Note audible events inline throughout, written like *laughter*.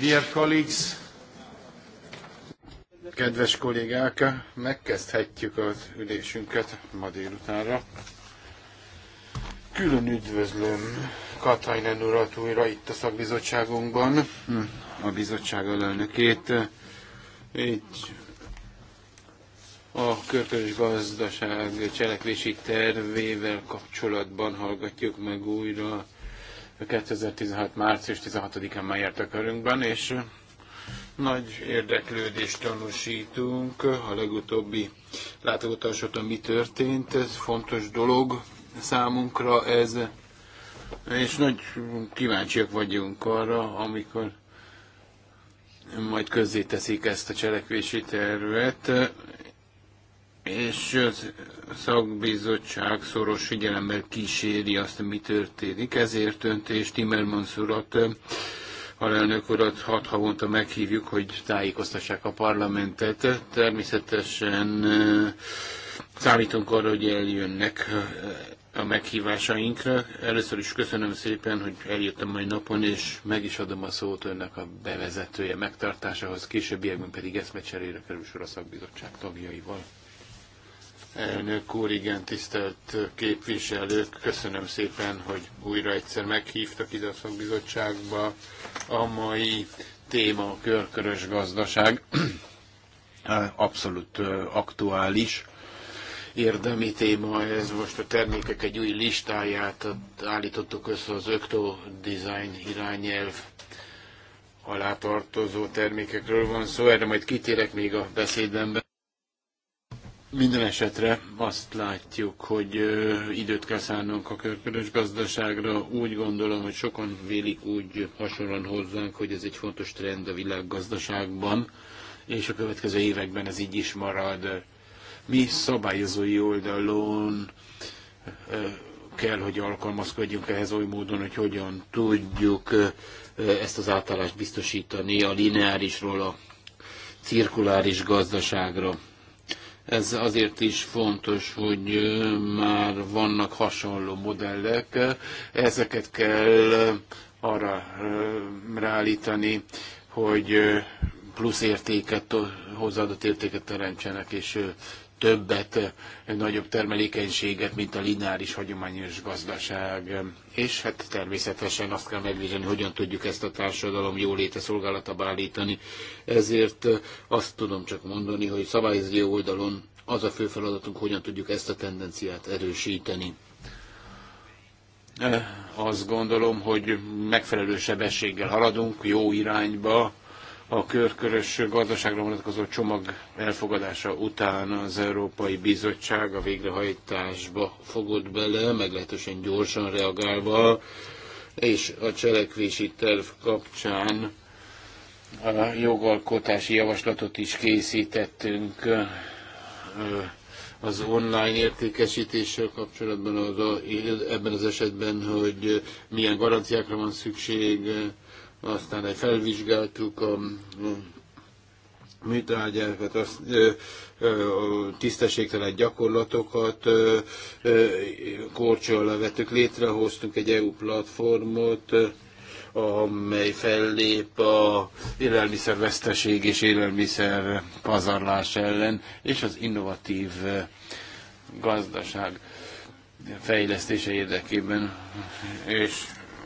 Dear colleagues, kedves kollégák, megkezdhetjük az ülésünket ma délutánra. Külön üdvözlöm Katajnen urat újra itt a szakbizottságunkban, a bizottság alelnökét. Így a körkörös gazdaság cselekvési tervével kapcsolatban hallgatjuk meg újra 2016. március 16-án már járt a körünkben, és nagy érdeklődést tanúsítunk a legutóbbi látogatás mi történt. Ez fontos dolog számunkra ez, és nagy kíváncsiak vagyunk arra, amikor majd közzéteszik ezt a cselekvési tervet, és az szakbizottság szoros figyelemmel kíséri azt, mi történik. Ezért döntés Timmermans urat, alelnök urat hat havonta meghívjuk, hogy tájékoztassák a parlamentet. Természetesen eh, számítunk arra, hogy eljönnek eh, a meghívásainkra. Először is köszönöm szépen, hogy eljöttem mai napon, és meg is adom a szót önnek a bevezetője megtartásához, későbbiekben pedig eszmecserére kerül sor a szakbizottság tagjaival. Elnök úr, igen, tisztelt képviselők, köszönöm szépen, hogy újra egyszer meghívtak ide a szakbizottságba. A mai téma a körkörös gazdaság *clears throat* abszolút aktuális érdemi téma. Ez most a termékek egy új listáját állítottuk össze az Ökto Design irányelv alá tartozó termékekről van szó, erre majd kitérek még a beszédemben. Minden esetre azt látjuk, hogy időt kell szánnunk a körkörös gazdaságra. Úgy gondolom, hogy sokan vélik úgy hasonlóan hozzánk, hogy ez egy fontos trend a világgazdaságban, és a következő években ez így is marad. Mi szabályozói oldalon kell, hogy alkalmazkodjunk ehhez oly módon, hogy hogyan tudjuk ezt az átállást biztosítani a lineárisról a cirkuláris gazdaságra ez azért is fontos, hogy már vannak hasonló modellek, ezeket kell arra ráállítani, hogy plusz értéket, hozzáadott értéket teremtsenek, és többet, nagyobb termelékenységet, mint a lineáris hagyományos gazdaság. És hát természetesen azt kell megvizsgálni, hogyan tudjuk ezt a társadalom jóléte szolgálatába állítani. Ezért azt tudom csak mondani, hogy szabályozó oldalon az a fő feladatunk, hogyan tudjuk ezt a tendenciát erősíteni. Azt gondolom, hogy megfelelő sebességgel haladunk, jó irányba, a körkörös gazdaságra vonatkozó csomag elfogadása után az Európai Bizottság a végrehajtásba fogott bele, meglehetősen gyorsan reagálva, és a cselekvési terv kapcsán a jogalkotási javaslatot is készítettünk az online értékesítéssel kapcsolatban az, a ebben az esetben, hogy milyen garanciákra van szükség, aztán felvizsgáltuk a műtrágyákat, a a tisztességtelen gyakorlatokat, ö, korcsol levettük, létrehoztunk egy EU platformot, amely fellép a élelmiszerveszteség és élelmiszer pazarlás ellen, és az innovatív gazdaság fejlesztése érdekében. És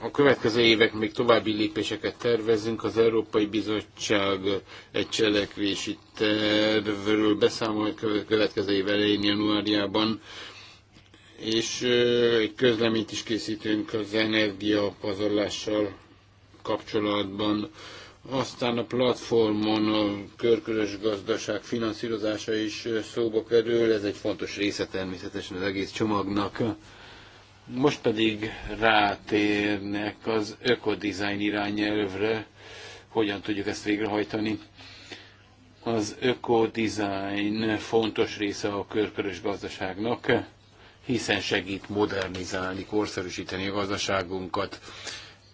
a következő évek még további lépéseket tervezünk. Az Európai Bizottság egy cselekvési tervről beszámol a következő év elején januárjában, és egy közleményt is készítünk az energiapazarlással kapcsolatban. Aztán a platformon a körkörös gazdaság finanszírozása is szóba kerül, ez egy fontos része természetesen az egész csomagnak. Most pedig rátérnek az ökodizájn irányelvre, hogyan tudjuk ezt végrehajtani. Az ökodizájn fontos része a körkörös gazdaságnak, hiszen segít modernizálni, korszerűsíteni a gazdaságunkat.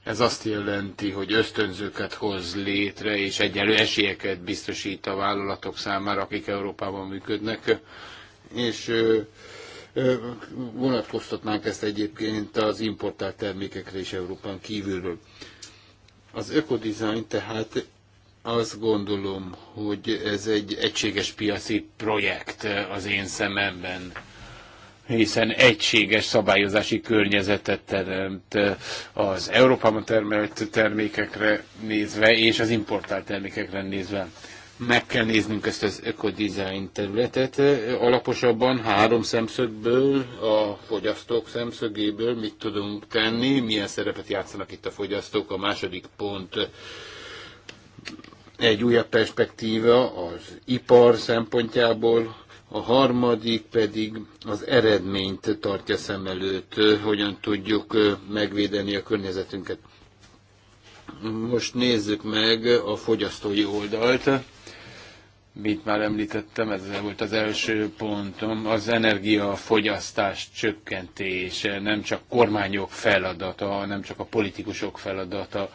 Ez azt jelenti, hogy ösztönzőket hoz létre, és egyenlő esélyeket biztosít a vállalatok számára, akik Európában működnek. És Vonatkoztatnánk ezt egyébként az importált termékekre is Európán kívülről. Az ökodizájn tehát azt gondolom, hogy ez egy egységes piaci projekt az én szememben hiszen egységes szabályozási környezetet teremt az Európában termelt termékekre nézve és az importált termékekre nézve meg kell néznünk ezt az ökodizájn területet alaposabban, három szemszögből, a fogyasztók szemszögéből mit tudunk tenni, milyen szerepet játszanak itt a fogyasztók. A második pont egy újabb perspektíva az ipar szempontjából, a harmadik pedig az eredményt tartja szem előtt, hogyan tudjuk megvédeni a környezetünket. Most nézzük meg a fogyasztói oldalt mint már említettem, ez volt az első pontom, az energiafogyasztás csökkentése nem csak kormányok feladata, nem csak a politikusok feladata,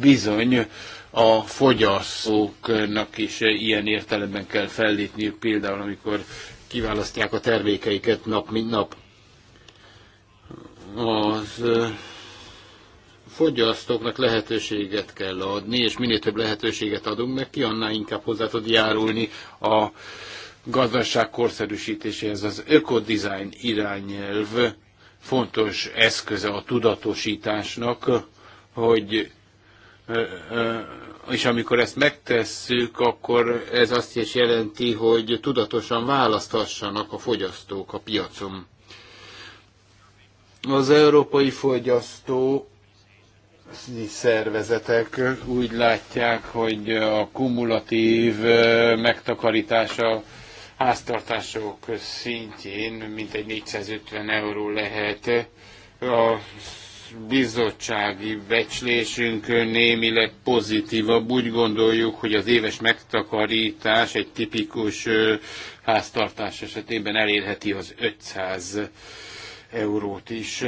bizony a fogyasztóknak is ilyen értelemben kell fellépniük, például amikor kiválasztják a termékeiket nap mint nap. Az fogyasztóknak lehetőséget kell adni, és minél több lehetőséget adunk neki, annál inkább hozzá tud járulni a gazdaság korszerűsítéséhez. Az ökodizájn irányelv fontos eszköze a tudatosításnak, hogy és amikor ezt megtesszük, akkor ez azt is jelenti, hogy tudatosan választhassanak a fogyasztók a piacon. Az európai fogyasztó szervezetek úgy látják, hogy a kumulatív megtakarítása háztartások szintjén mintegy 450 euró lehet. A bizottsági becslésünk némileg pozitívabb. Úgy gondoljuk, hogy az éves megtakarítás egy tipikus háztartás esetében elérheti az 500 eurót is.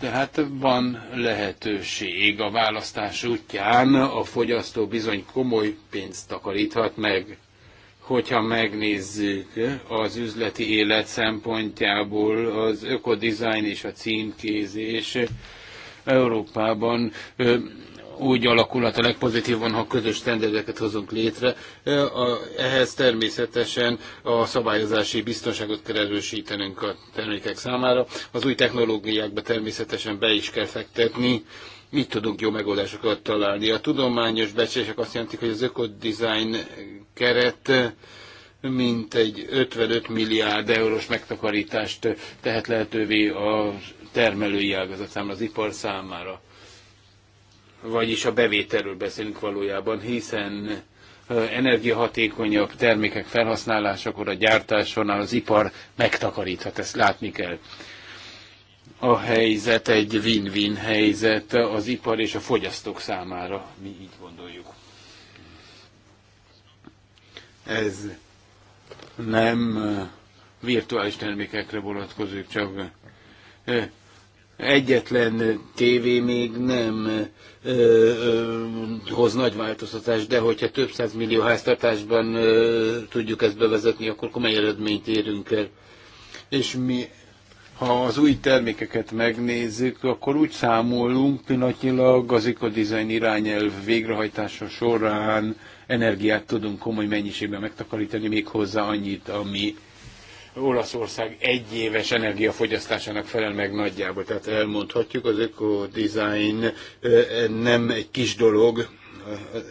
hát van lehetőség a választás útján, a fogyasztó bizony komoly pénzt takaríthat meg. Hogyha megnézzük az üzleti élet szempontjából az ökodizájn és a címkézés Európában úgy alakulhat a legpozitívan, ha közös tendereket hozunk létre. E, ehhez természetesen a szabályozási biztonságot kell erősítenünk a termékek számára. Az új technológiákba természetesen be is kell fektetni mit tudunk jó megoldásokat találni. A tudományos becslések azt jelentik, hogy az ökodizájn keret mint egy 55 milliárd eurós megtakarítást tehet lehetővé a termelői ágazat számára, az ipar számára vagyis a bevételről beszélünk valójában, hiszen energiahatékonyabb termékek felhasználásakor a gyártásonál az ipar megtakaríthat, ezt látni kell. A helyzet egy win-win helyzet az ipar és a fogyasztók számára, mi így gondoljuk. Ez nem virtuális termékekre vonatkozik, csak Egyetlen tévé még nem ö, ö, hoz nagy változtatást, de hogyha több száz millió háztartásban ö, tudjuk ezt bevezetni, akkor komoly eredményt érünk el. És mi, ha az új termékeket megnézzük, akkor úgy számolunk pillanatnyilag az ecodesign irányelv végrehajtása során energiát tudunk komoly mennyiségben megtakarítani, még hozzá annyit, ami Olaszország egyéves energiafogyasztásának felel meg nagyjából. Tehát elmondhatjuk, az ökodizájn nem egy kis dolog,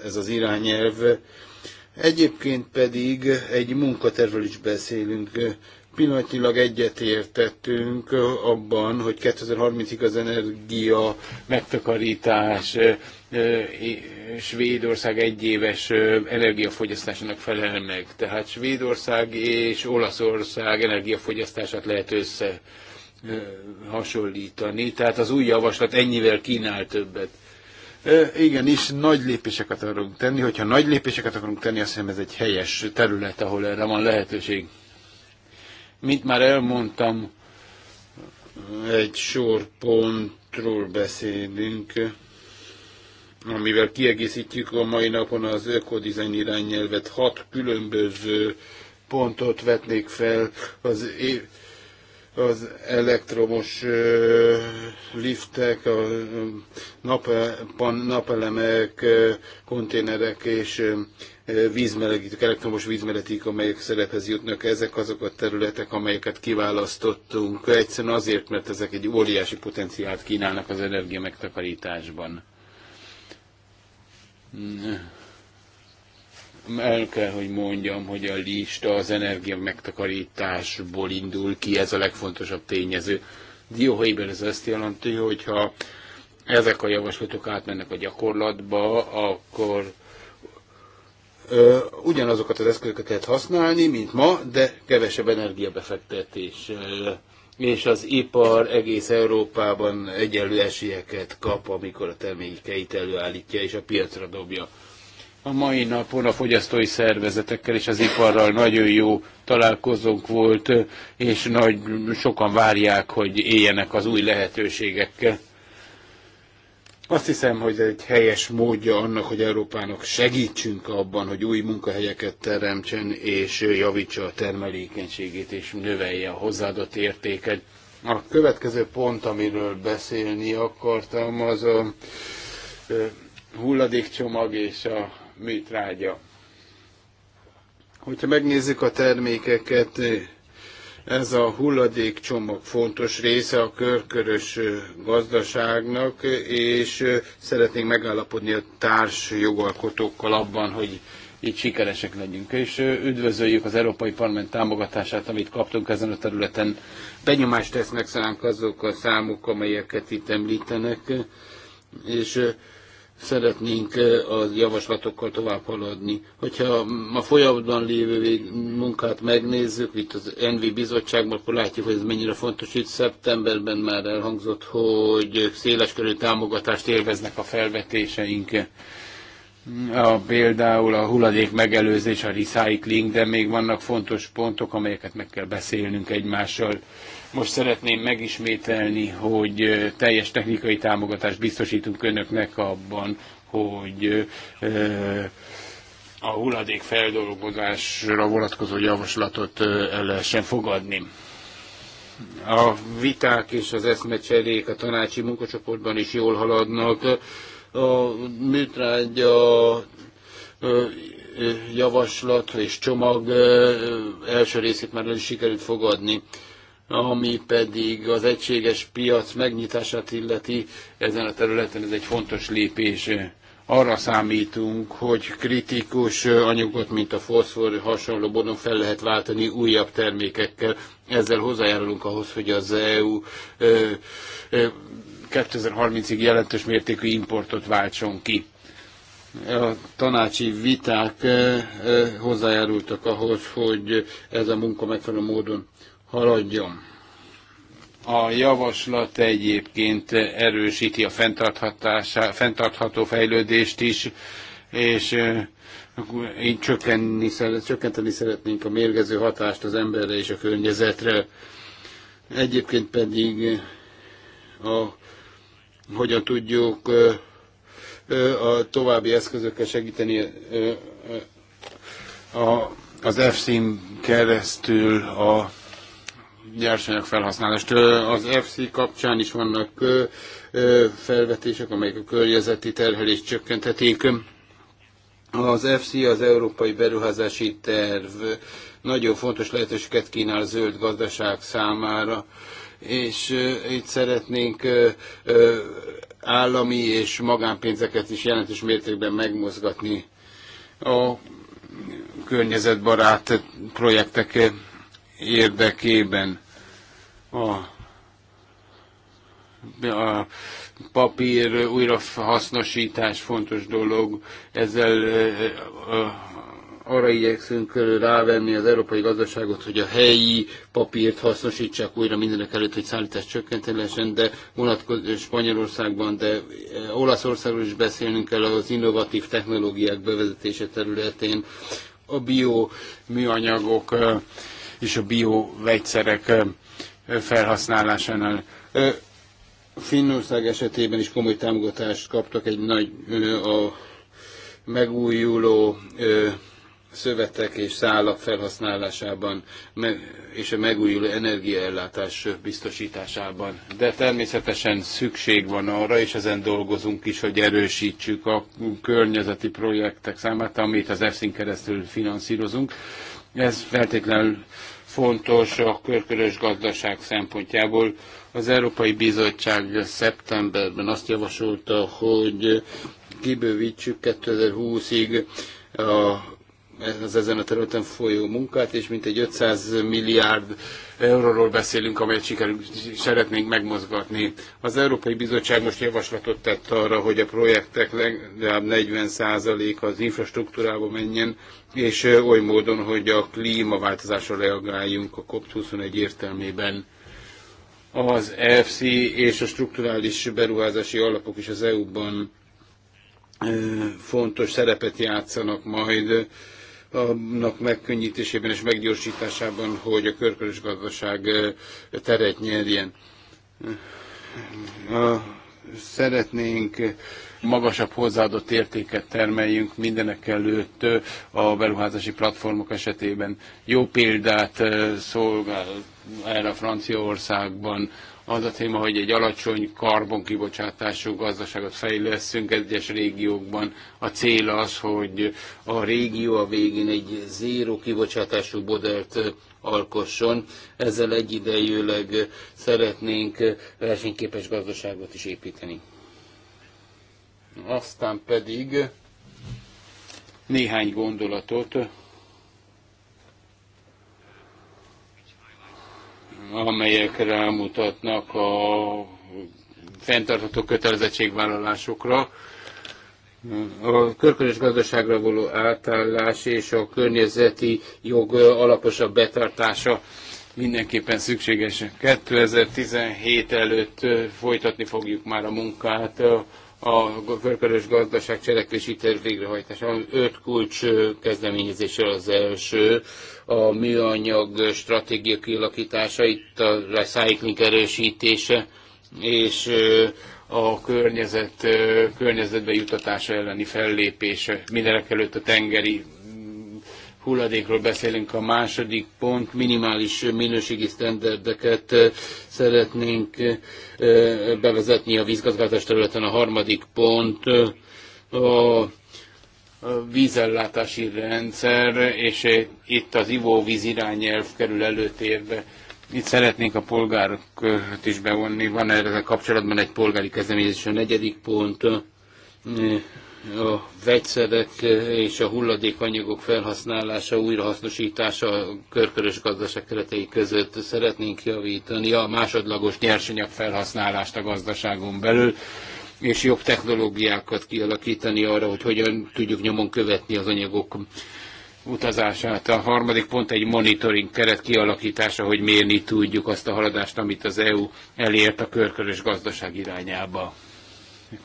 ez az irányelv. Egyébként pedig egy munkatervről is beszélünk, pillanatnyilag egyetértettünk abban, hogy 2030-ig az energia megtakarítás Svédország egyéves energiafogyasztásának felel meg. Tehát Svédország és Olaszország energiafogyasztását lehet össze hasonlítani. Tehát az új javaslat ennyivel kínál többet. Igen, és nagy lépéseket akarunk tenni. Hogyha nagy lépéseket akarunk tenni, azt hiszem ez egy helyes terület, ahol erre van lehetőség. Mint már elmondtam, egy sor pontról beszélünk, amivel kiegészítjük a mai napon az ökodizájn irányelvet. Hat különböző pontot vetnék fel az az elektromos liftek, a nap, pan, napelemek, konténerek és vízmelegítők, elektromos vízmelegítők, amelyek szerephez jutnak, ezek azok a területek, amelyeket kiválasztottunk, egyszerűen azért, mert ezek egy óriási potenciált kínálnak az energia megtakarításban. Mm. El kell, hogy mondjam, hogy a lista az energia megtakarításból indul ki, ez a legfontosabb tényező. Dióhelyben ez azt jelenti, hogyha ezek a javaslatok átmennek a gyakorlatba, akkor ugyanazokat az eszközöket lehet használni, mint ma, de kevesebb energiabefektetés, És az ipar egész Európában egyenlő esélyeket kap, amikor a termékeit előállítja és a piacra dobja. A mai napon a fogyasztói szervezetekkel és az iparral nagyon jó találkozónk volt, és nagy, sokan várják, hogy éljenek az új lehetőségekkel. Azt hiszem, hogy egy helyes módja annak, hogy Európának segítsünk abban, hogy új munkahelyeket teremtsen, és javítsa a termelékenységét, és növelje a hozzáadott értéket. A következő pont, amiről beszélni akartam, az a hulladékcsomag és a műtrágya. Hogyha megnézzük a termékeket, ez a hulladékcsomag fontos része a körkörös gazdaságnak, és szeretnénk megállapodni a társ jogalkotókkal abban, hogy így sikeresek legyünk. És üdvözöljük az Európai Parlament támogatását, amit kaptunk ezen a területen. Benyomást tesznek szánk azok a számok, amelyeket itt említenek, és szeretnénk a javaslatokkal tovább haladni. Hogyha a folyamatban lévő munkát megnézzük, itt az NV bizottságban, akkor látjuk, hogy ez mennyire fontos. Itt szeptemberben már elhangzott, hogy széleskörű támogatást élveznek a felvetéseink a, például a hulladék megelőzés, a recycling, de még vannak fontos pontok, amelyeket meg kell beszélnünk egymással. Most szeretném megismételni, hogy teljes technikai támogatást biztosítunk önöknek abban, hogy a hulladék feldolgozásra vonatkozó javaslatot el lehessen fogadni. A viták és az eszmecserék a tanácsi munkacsoportban is jól haladnak a műtrágya javaslat és csomag első részét már el is sikerült fogadni, ami pedig az egységes piac megnyitását illeti ezen a területen, ez egy fontos lépés. Arra számítunk, hogy kritikus anyagot, mint a foszfor hasonló bonon fel lehet váltani újabb termékekkel. Ezzel hozzájárulunk ahhoz, hogy az EU ö, ö, 2030-ig jelentős mértékű importot váltson ki. A tanácsi viták eh, eh, hozzájárultak ahhoz, hogy ez a munka megfelelő módon haladjon. A javaslat egyébként erősíti a fenntartható fejlődést is, és eh, így csökkenni, csökkenteni szeretnénk a mérgező hatást az emberre és a környezetre. Egyébként pedig a hogyan tudjuk a további eszközökkel segíteni a, az efsz keresztül a nyersanyag felhasználást. Az FC kapcsán is vannak felvetések, amelyek a környezeti terhelést csökkenthetik. Az FC, az Európai Beruházási Terv nagyon fontos lehetőséget kínál a zöld gazdaság számára és itt szeretnénk állami és magánpénzeket is jelentős mértékben megmozgatni a környezetbarát projektek érdekében. A a papír újrahasznosítás fontos dolog, ezzel arra igyekszünk rávenni az európai gazdaságot, hogy a helyi papírt hasznosítsák újra mindenek előtt, hogy szállítás csökkenteni lehessen, de vonatkozó Spanyolországban, de Olaszországról is beszélnünk kell az innovatív technológiák bevezetése területén, a bio műanyagok és a bio vegyszerek felhasználásánál. Finnország esetében is komoly támogatást kaptak egy nagy a megújuló szövetek és szálak felhasználásában és a megújuló energiaellátás biztosításában. De természetesen szükség van arra, és ezen dolgozunk is, hogy erősítsük a környezeti projektek számát, amit az EFSZ-n keresztül finanszírozunk. Ez feltétlenül fontos a körkörös gazdaság szempontjából. Az Európai Bizottság szeptemberben azt javasolta, hogy kibővítsük 2020-ig a az ezen a területen folyó munkát, és mintegy 500 milliárd euróról beszélünk, amelyet sikerül, szeretnénk megmozgatni. Az Európai Bizottság most javaslatot tett arra, hogy a projektek legalább 40% az infrastruktúrába menjen, és oly módon, hogy a klímaváltozásra reagáljunk a COP21 értelmében az EFC és a strukturális beruházási alapok is az EU-ban fontos szerepet játszanak majd annak megkönnyítésében és meggyorsításában, hogy a körkörös gazdaság teret nyerjen. Szeretnénk magasabb hozzáadott értéket termeljünk mindenek előtt a beruházási platformok esetében. Jó példát szolgál erre Franciaországban az a téma, hogy egy alacsony karbonkibocsátású gazdaságot fejleszünk egyes régiókban. A cél az, hogy a régió a végén egy zéró kibocsátású modellt alkosson. Ezzel egyidejűleg szeretnénk versenyképes gazdaságot is építeni. Aztán pedig néhány gondolatot amelyek rámutatnak a fenntartható kötelezettségvállalásokra, a körkörös gazdaságra való átállás és a környezeti jog alaposabb betartása mindenképpen szükséges. 2017 előtt folytatni fogjuk már a munkát a körkörös gazdaság cselekvési terv végrehajtása. Öt kulcs kezdeményezéssel az első, a műanyag stratégia kialakítása, itt a recycling erősítése, és a környezet, környezetbe jutatása elleni fellépése. Mindenek előtt a tengeri mm, hulladékról beszélünk. A második pont minimális minőségi sztenderdeket szeretnénk bevezetni a vízgazgatás területen. A harmadik pont a vízellátási rendszer, és itt az ivóvíz irányelv kerül előtérbe. Itt szeretnénk a polgárokat is bevonni. Van a kapcsolatban egy polgári kezdeményezés. A negyedik pont a vegyszerek és a hulladékanyagok felhasználása, újrahasznosítása a körkörös gazdaság keretei között szeretnénk javítani a másodlagos nyersanyag felhasználást a gazdaságon belül és jobb technológiákat kialakítani arra, hogy hogyan tudjuk nyomon követni az anyagok utazását. A harmadik pont egy monitoring keret kialakítása, hogy mérni tudjuk azt a haladást, amit az EU elért a körkörös gazdaság irányába.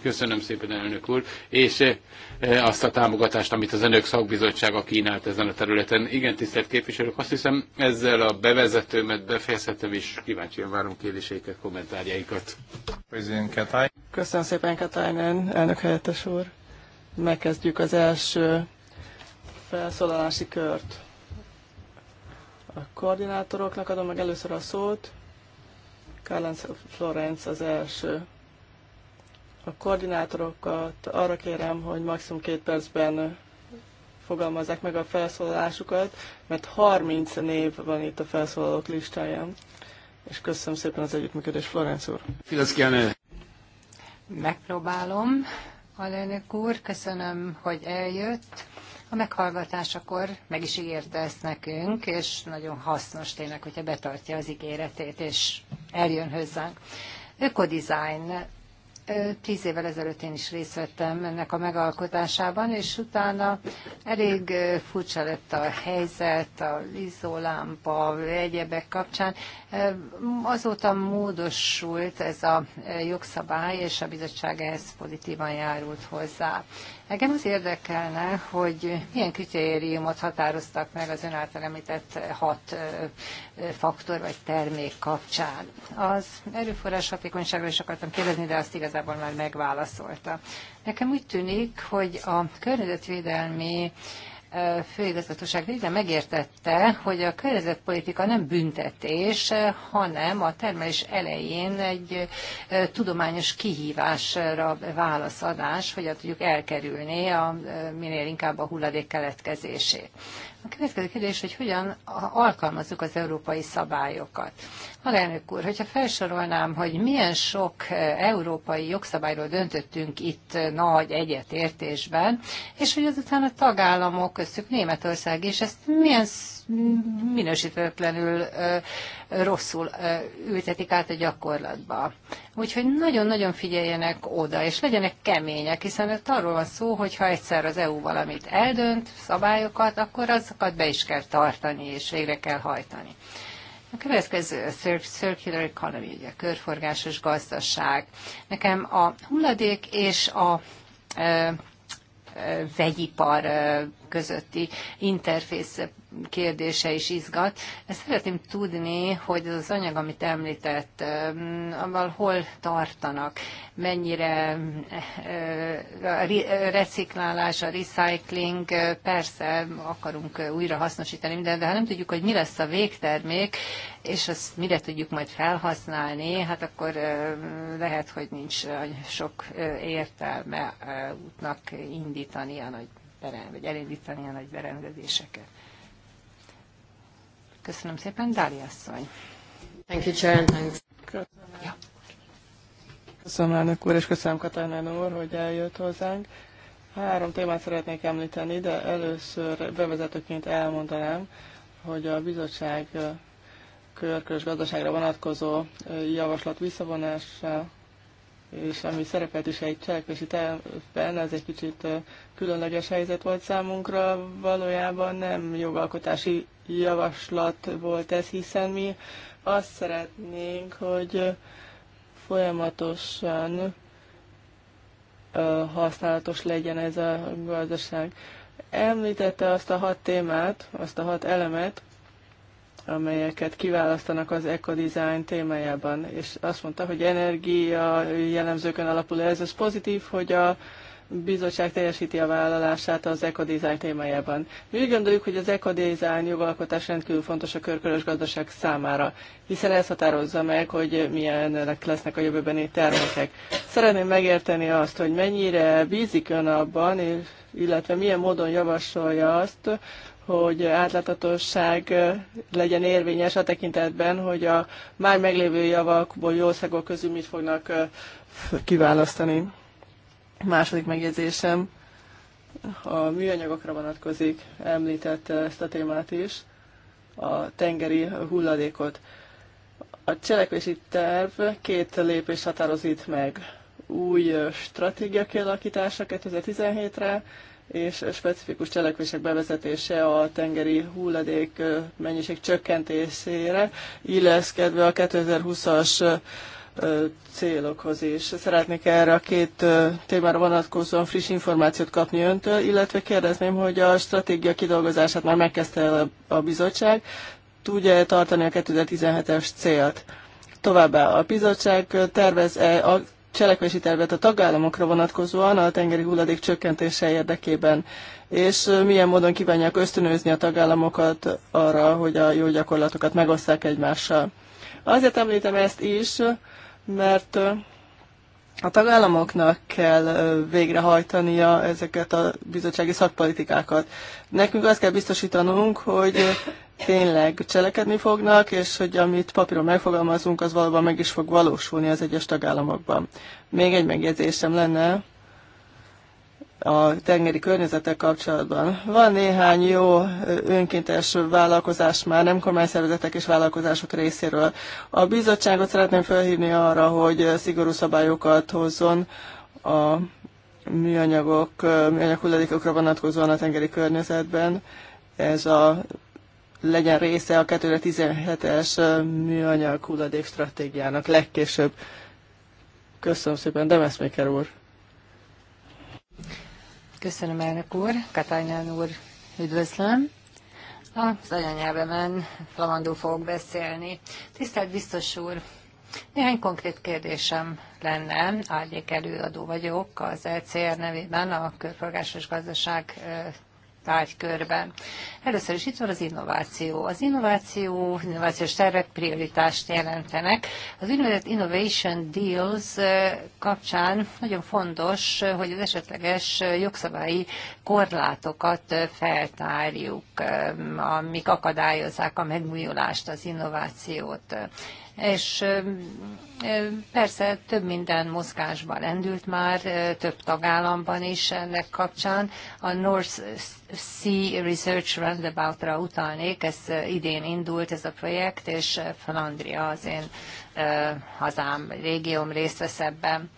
Köszönöm szépen, elnök úr, és eh, eh, azt a támogatást, amit az önök szakbizottsága kínált ezen a területen. Igen, tisztelt képviselők, azt hiszem ezzel a bevezetőmet befejezhetem, és kíváncsian várom kérdéseiket, kommentárjaikat. Köszönöm szépen, Katainen, elnök helyettes úr. Megkezdjük az első felszólalási kört. A koordinátoroknak adom meg először a szót. Kállenc Florenc az első. A koordinátorokat arra kérem, hogy maximum két percben fogalmazzák meg a felszólalásukat, mert 30 név van itt a felszólalók listáján. És köszönöm szépen az együttműködést, Florenc úr. Megpróbálom. Alelnök úr, köszönöm, hogy eljött. A meghallgatásakor meg is ígérte ezt nekünk, és nagyon hasznos tényleg, hogyha betartja az ígéretét, és eljön hozzánk. Ökodizájn Tíz évvel ezelőtt én is részt vettem ennek a megalkotásában, és utána elég furcsa lett a helyzet, a lizolámpa, egyebek kapcsán. Azóta módosult ez a jogszabály, és a bizottság ehhez pozitívan járult hozzá. Engem az érdekelne, hogy milyen kritériumot határoztak meg az ön által említett hat faktor vagy termék kapcsán. Az erőforrás hatékonyságról is akartam kérdezni, de azt igazából már megválaszolta. Nekem úgy tűnik, hogy a környezetvédelmi főigazgatóság végre megértette, hogy a környezetpolitika nem büntetés, hanem a termelés elején egy tudományos kihívásra válaszadás, hogy tudjuk elkerülni a, minél inkább a hulladék keletkezését. A következő kérdés, hogy hogyan alkalmazzuk az európai szabályokat. Magánök úr, hogyha felsorolnám, hogy milyen sok eh, európai jogszabályról döntöttünk itt eh, nagy egyetértésben, és hogy azután a tagállamok köztük Németország is ezt milyen minősítetlenül rosszul ültetik át a gyakorlatba. Úgyhogy nagyon-nagyon figyeljenek oda, és legyenek kemények, hiszen ott arról van szó, hogy ha egyszer az EU valamit eldönt, szabályokat, akkor azokat be is kell tartani, és végre kell hajtani. A következő a circular economy, ugye a körforgásos gazdaság. Nekem a hulladék és a e, e, vegyipar közötti interfész kérdése is izgat. Ezt szeretném tudni, hogy az az anyag, amit említett, abban hol tartanak, mennyire a reciklálás, a recycling, persze akarunk újra hasznosítani de ha nem tudjuk, hogy mi lesz a végtermék, és azt mire tudjuk majd felhasználni, hát akkor lehet, hogy nincs sok értelme útnak indítani a nagy vagy elindítani a nagy berendezéseket. Köszönöm szépen, Dália asszony. Thank you, Chair, thanks. Köszönöm. Köszönöm, elnök úr, és köszönöm Katalin úr, hogy eljött hozzánk. Három témát szeretnék említeni, de először bevezetőként elmondanám, hogy a bizottság körkörös gazdaságra vonatkozó javaslat visszavonása, és ami szerepelt is egy cselekvési tervben, ez egy kicsit különleges helyzet volt számunkra, valójában nem jogalkotási javaslat volt ez, hiszen mi azt szeretnénk, hogy folyamatosan használatos legyen ez a gazdaság. Említette azt a hat témát, azt a hat elemet, amelyeket kiválasztanak az ekodizájn témájában, és azt mondta, hogy energia jellemzőkön alapul ez. az pozitív, hogy a bizottság teljesíti a vállalását az ekodizájn témájában. Mi úgy gondoljuk, hogy az ekodizájn jogalkotás rendkívül fontos a körkörös gazdaság számára, hiszen ez határozza meg, hogy milyenek lesznek a jövőbeni termékek. Szeretném megérteni azt, hogy mennyire bízik ön abban, illetve milyen módon javasolja azt, hogy átláthatóság legyen érvényes a tekintetben, hogy a már meglévő javakból, jószágok közül mit fognak kiválasztani. Második megjegyzésem a műanyagokra vonatkozik, említette ezt a témát is, a tengeri hulladékot. A cselekvési terv két lépés határozít meg. Új stratégia kialakítása 2017-re, és specifikus cselekvések bevezetése a tengeri hulladék mennyiség csökkentésére, illeszkedve a 2020-as célokhoz is. Szeretnék erre a két témára vonatkozóan friss információt kapni öntől, illetve kérdezném, hogy a stratégia kidolgozását már megkezdte a bizottság, tudja tartani a 2017-es célt. Továbbá a bizottság tervez-e a cselekvési tervet a tagállamokra vonatkozóan a tengeri hulladék csökkentése érdekében, és milyen módon kívánják ösztönözni a tagállamokat arra, hogy a jó gyakorlatokat megosszák egymással. Azért említem ezt is, mert a tagállamoknak kell végrehajtania ezeket a bizottsági szakpolitikákat. Nekünk azt kell biztosítanunk, hogy tényleg cselekedni fognak, és hogy amit papíron megfogalmazunk, az valóban meg is fog valósulni az egyes tagállamokban. Még egy megjegyzésem lenne, a tengeri környezettel kapcsolatban. Van néhány jó önkéntes vállalkozás már nem kormányszervezetek és vállalkozások részéről. A bizottságot szeretném felhívni arra, hogy szigorú szabályokat hozzon a műanyagok, műanyag hulladékokra vonatkozóan a tengeri környezetben. Ez a legyen része a 2017-es műanyag hulladék stratégiának legkésőbb. Köszönöm szépen, Demeszméker úr! Köszönöm, elnök úr. Katajnán úr, üdvözlöm. Az anyanyelvemen flamandó fogok beszélni. Tisztelt biztos úr, néhány konkrét kérdésem lenne. Árnyék előadó vagyok az ECR nevében a körforgásos gazdaság tárgykörben. Először is itt van az innováció. Az innováció, innovációs tervek prioritást jelentenek. Az úgynevezett Innovation Deals kapcsán nagyon fontos, hogy az esetleges jogszabályi korlátokat feltárjuk, amik akadályozzák a megújulást, az innovációt és persze több minden mozgásban rendült már, több tagállamban is ennek kapcsán. A North Sea Research Roundabout-ra utalnék, ez idén indult ez a projekt, és Flandria az én hazám, régióm részt vesz ebben.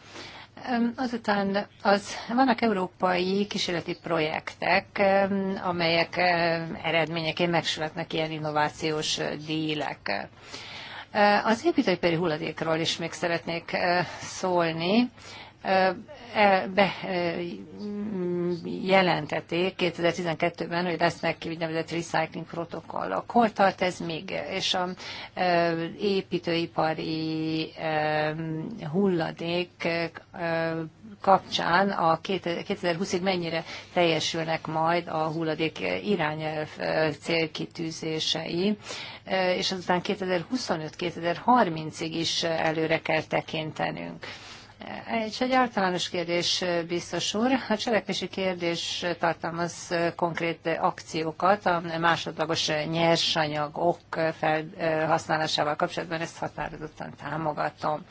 Azután az, vannak európai kísérleti projektek, amelyek eredményeként megsületnek ilyen innovációs dílek. Az építőipari hulladékról is még szeretnék szólni e, be 2012-ben, hogy lesznek ki úgynevezett recycling protokollok. Hol tart ez még? És a építőipari hulladék kapcsán a 2020-ig mennyire teljesülnek majd a hulladék irányelv célkitűzései, és azután 2025-2030-ig is előre kell tekintenünk. És egy általános kérdés, biztos úr. A cselekvési kérdés tartalmaz konkrét akciókat a másodlagos nyersanyagok felhasználásával kapcsolatban, ezt határozottan támogatom.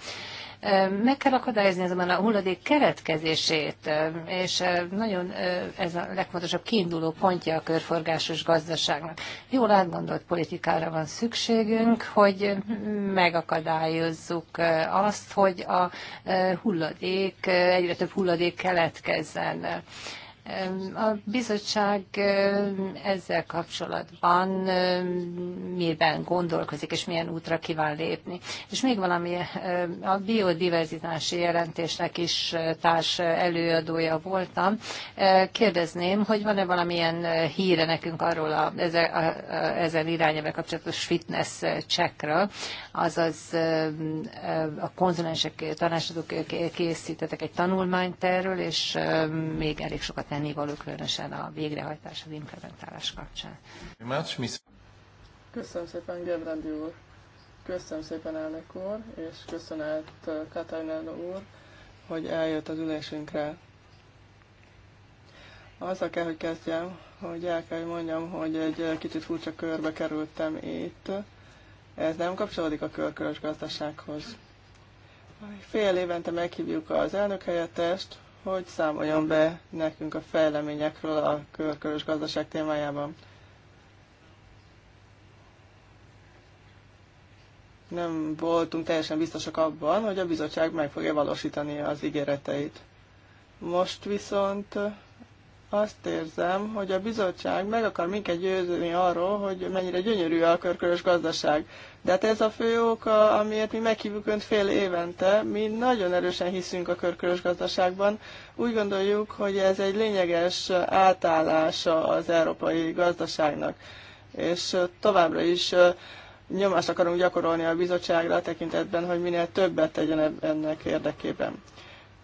Meg kell akadályozni azonban a hulladék keletkezését, és nagyon ez a legfontosabb kiinduló pontja a körforgásos gazdaságnak. Jól átgondolt politikára van szükségünk, hogy megakadályozzuk azt, hogy a hulladék, egyre több hulladék keletkezzen. A bizottság ezzel kapcsolatban miben gondolkozik, és milyen útra kíván lépni. És még valami, a biodiverzitási jelentésnek is eh, társ előadója voltam. Eh, kérdezném, hogy van-e valamilyen eh, híre nekünk arról a, ezen, a, ezen kapcsolatos fitness checkra, azaz a konzulensek, tanácsadók készítettek egy tanulmányt erről, és még elég sokat nem tennivaló, különösen a végrehajtás, az implementálás kapcsán. Köszönöm szépen, Gebrandi úr! Köszönöm szépen, elnök úr, és köszönet uh, Katajnána úr, hogy eljött az ülésünkre. Azzal kell, hogy kezdjem, hogy el kell, hogy mondjam, hogy egy uh, kicsit furcsa körbe kerültem itt. Ez nem kapcsolódik a körkörös gazdasághoz. Fél évente meghívjuk az elnök helyettest, hogy számoljon be nekünk a fejleményekről a körkörös gazdaság témájában. Nem voltunk teljesen biztosak abban, hogy a bizottság meg fogja valósítani az ígéreteit. Most viszont azt érzem, hogy a bizottság meg akar minket győzni arról, hogy mennyire gyönyörű a körkörös gazdaság. De hát ez a fő oka, amiért mi meghívjuk Önt fél évente. Mi nagyon erősen hiszünk a körkörös gazdaságban. Úgy gondoljuk, hogy ez egy lényeges átállása az európai gazdaságnak. És továbbra is nyomást akarunk gyakorolni a bizottságra a tekintetben, hogy minél többet tegyen ennek érdekében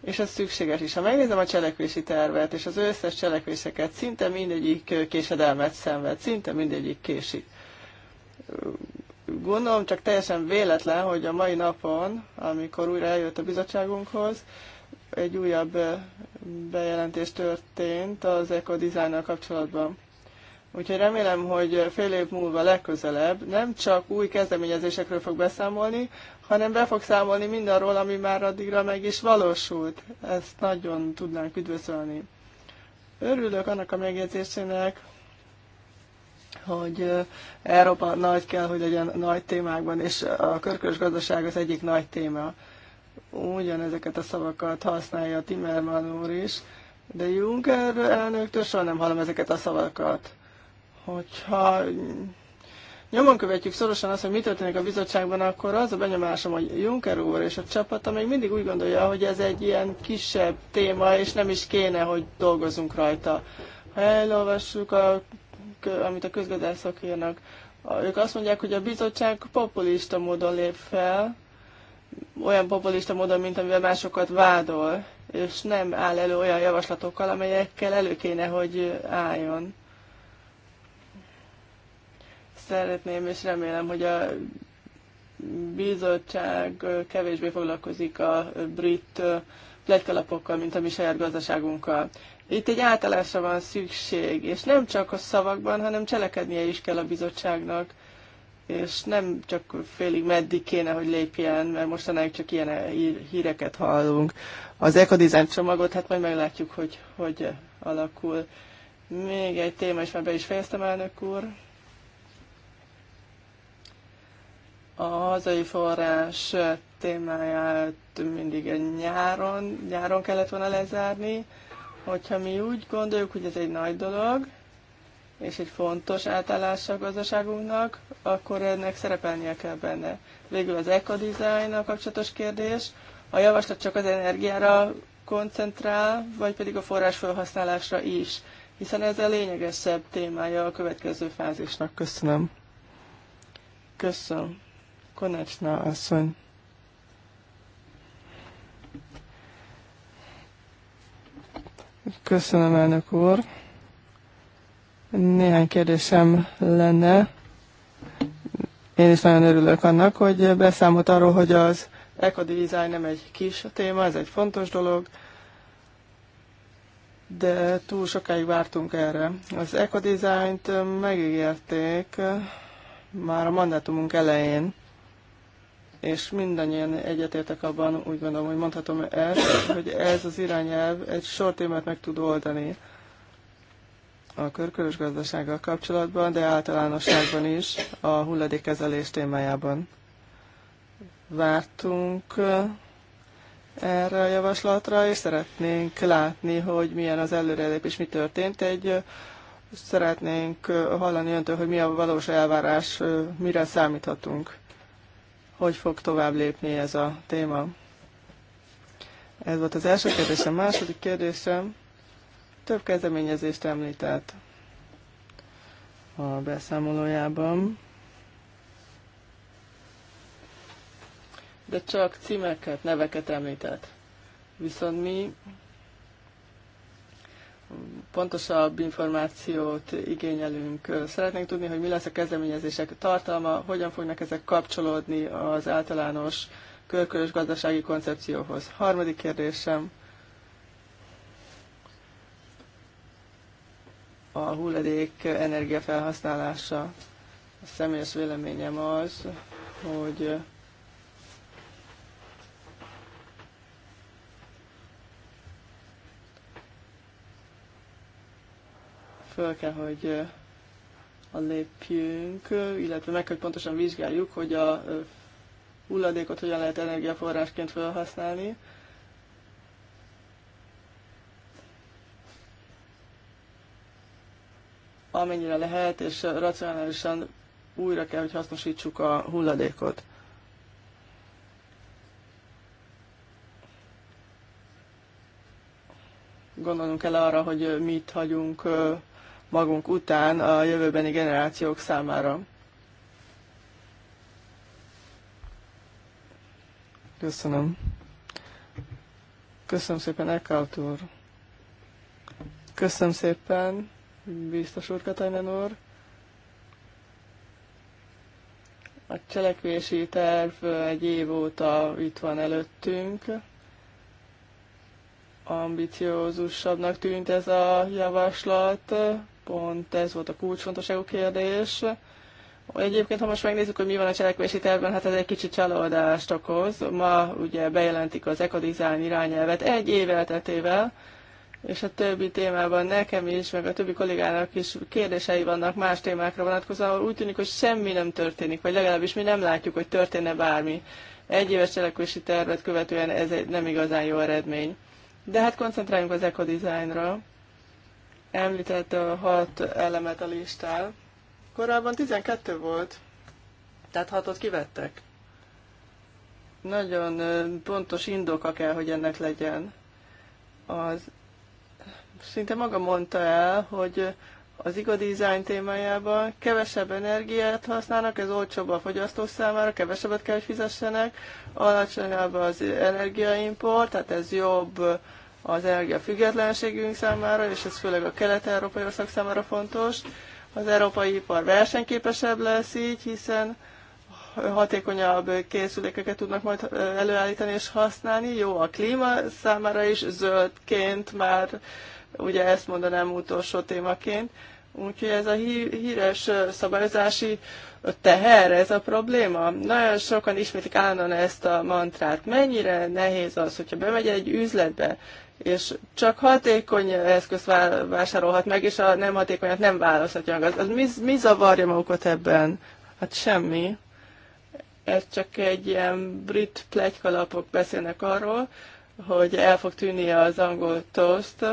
és ez szükséges is. Ha megnézem a cselekvési tervet, és az összes cselekvéseket, szinte mindegyik késedelmet szenved, szinte mindegyik késik. Gondolom csak teljesen véletlen, hogy a mai napon, amikor újra eljött a bizottságunkhoz, egy újabb bejelentés történt az design kapcsolatban. Úgyhogy remélem, hogy fél év múlva legközelebb nem csak új kezdeményezésekről fog beszámolni, hanem be fog számolni mindarról, ami már addigra meg is valósult. Ezt nagyon tudnánk üdvözölni. Örülök annak a megjegyzésének, hogy eh, Európa nagy kell, hogy legyen nagy témákban, és a körkörös gazdaság az egyik nagy téma. Ugyanezeket a szavakat használja Timmerman úr is, de Juncker elnöktől soha nem hallom ezeket a szavakat. Hogyha nyomon követjük szorosan azt, hogy mi történik a bizottságban, akkor az a benyomásom, hogy Juncker úr és a csapata még mindig úgy gondolja, hogy ez egy ilyen kisebb téma, és nem is kéne, hogy dolgozunk rajta. Ha elolvassuk, a, amit a közgazdászok írnak, ők azt mondják, hogy a bizottság populista módon lép fel, olyan populista módon, mint amivel másokat vádol, és nem áll elő olyan javaslatokkal, amelyekkel elő kéne, hogy álljon szeretném, és remélem, hogy a bizottság kevésbé foglalkozik a brit plegykalapokkal, mint a mi saját gazdaságunkkal. Itt egy átállásra van szükség, és nem csak a szavakban, hanem cselekednie is kell a bizottságnak, és nem csak félig meddig kéne, hogy lépjen, mert mostanáig csak ilyen híreket hallunk. Az ekodizán csomagot, hát majd meglátjuk, hogy hogy alakul. Még egy téma, és már be is fejeztem, elnök úr. A hazai forrás témáját mindig nyáron, nyáron kellett volna lezárni. Hogyha mi úgy gondoljuk, hogy ez egy nagy dolog, és egy fontos átállása a gazdaságunknak, akkor ennek szerepelnie kell benne. Végül az ekodizájnnal kapcsolatos kérdés. A javaslat csak az energiára koncentrál, vagy pedig a forrás felhasználásra is, hiszen ez a lényegesebb témája a következő fázisnak. Köszönöm. Köszönöm. Konecsna asszony. Köszönöm, elnök úr. Néhány kérdésem lenne. Én is nagyon örülök annak, hogy beszámolt arról, hogy az ekodivizáj nem egy kis téma, ez egy fontos dolog, de túl sokáig vártunk erre. Az ekodizájnt megígérték már a mandátumunk elején, és mindannyian egyetértek abban, úgy gondolom, hogy mondhatom ezt, hogy ez az irányelv egy sor témát meg tud oldani a körkörös gazdasággal kapcsolatban, de általánosságban is a hulladékkezelés témájában. Vártunk eh, erre a javaslatra, és szeretnénk látni, hogy milyen az előrelépés, mi történt. Egy eh, szeretnénk eh, hallani öntől, hogy mi a valós elvárás, mire számíthatunk hogy fog tovább lépni ez a téma. Ez volt az első kérdésem. Második kérdésem, több kezdeményezést említett a beszámolójában, de csak címeket, neveket említett. Viszont mi pontosabb információt igényelünk. Szeretnénk tudni, hogy mi lesz a kezdeményezések tartalma, hogyan fognak ezek kapcsolódni az általános körkörös gazdasági koncepcióhoz. Harmadik kérdésem. A hulladék energiafelhasználása. A személyes véleményem az, hogy föl kell, hogy a lépjünk, illetve meg kell pontosan vizsgáljuk, hogy a hulladékot hogyan lehet energiaforrásként felhasználni. Amennyire lehet, és racionálisan újra kell, hogy hasznosítsuk a hulladékot. Gondolnunk kell arra, hogy mit hagyunk magunk után a jövőbeni generációk számára. Köszönöm. Köszönöm szépen, Eckhart úr. Köszönöm szépen, biztos úr Katajnen úr. A cselekvési terv egy év óta itt van előttünk. Ambiciózusabbnak tűnt ez a javaslat, pont, ez volt a kulcsfontosságú kérdés. Egyébként, ha most megnézzük, hogy mi van a cselekvési tervben, hát ez egy kicsit csalódást okoz. Ma ugye bejelentik az ekodizájn irányelvet egy év elteltével, és a többi témában nekem is, meg a többi kollégának is kérdései vannak más témákra vonatkozóan, ahol úgy tűnik, hogy semmi nem történik, vagy legalábbis mi nem látjuk, hogy történne bármi. Egy éves cselekvési tervet követően ez egy nem igazán jó eredmény. De hát koncentráljunk az ekodizájnra. Említett a hat elemet a listál. Korábban 12 volt, tehát hatot kivettek. Nagyon pontos indoka kell, hogy ennek legyen. Az, szinte maga mondta el, hogy az igazi design témájában kevesebb energiát használnak, ez olcsóbb a fogyasztó számára, kevesebbet kell, hogy fizessenek, alacsonyabb az energiaimport, tehát ez jobb az energia függetlenségünk számára, és ez főleg a kelet-európai ország számára fontos. Az európai ipar versenyképesebb lesz így, hiszen hatékonyabb készülékeket tudnak majd előállítani és használni. Jó a klíma számára is, zöldként már, ugye ezt mondanám utolsó témaként. Úgyhogy ez a híres szabályozási teher, ez a probléma. Nagyon sokan ismétlik állandóan ezt a mantrát. Mennyire nehéz az, hogyha bemegy egy üzletbe, és csak hatékony eszköz vásárolhat meg, és a nem hatékonyat nem választhatja meg. Az, mi, mi zavarja magukat ebben? Hát semmi. Ez csak egy ilyen brit plegykalapok beszélnek arról, hogy el fog tűnni az angol toast,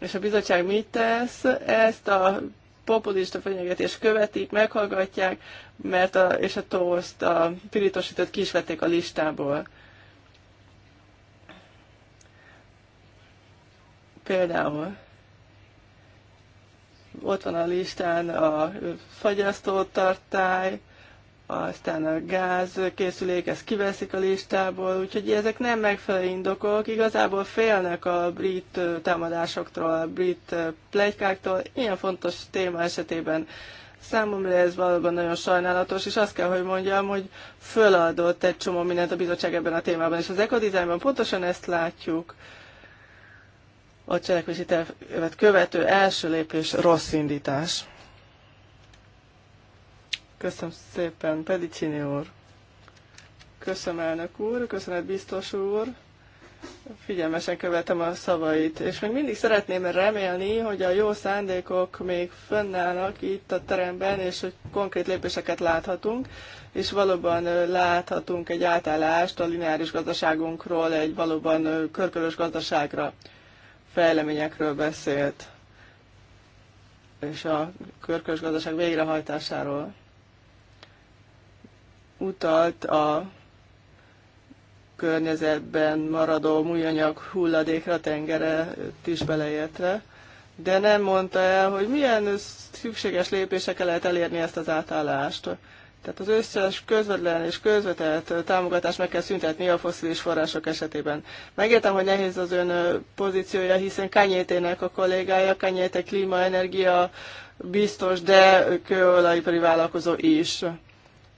és a bizottság mit tesz? Ezt a populista fenyegetést követik, meghallgatják, mert a, és a toast, a pirítósított kisvették a listából Például ott van a listán a tartály, aztán a gázkészülék, ezt kiveszik a listából, úgyhogy ezek nem megfelelő indokok, igazából félnek a brit támadásoktól, a brit plegykáktól, ilyen fontos téma esetében. Számomra ez valóban nagyon sajnálatos, és azt kell, hogy mondjam, hogy föladott egy csomó mindent a bizottság ebben a témában, és az ekodizájban pontosan ezt látjuk a cselekvési tervet követő első lépés rossz indítás. Köszönöm szépen, Pedicini úr. Köszönöm, elnök úr, köszönet, biztos úr. Figyelmesen követem a szavait, és még mindig szeretném remélni, hogy a jó szándékok még fönnállnak itt a teremben, és hogy konkrét lépéseket láthatunk, és valóban láthatunk egy átállást a lineáris gazdaságunkról egy valóban körkörös gazdaságra fejleményekről beszélt, és a körkös gazdaság végrehajtásáról utalt a környezetben maradó műanyag hulladékra, tengere is beleértve, de nem mondta el, hogy milyen szükséges lépésekkel lehet elérni ezt az átállást. Tehát az összes közvetlen és közvetett támogatást meg kell szüntetni a foszilis források esetében. Megértem, hogy nehéz az ön pozíciója, hiszen Kanyétének a kollégája, Kanyéte klíma, energia, biztos, de kőolajipari vállalkozó is.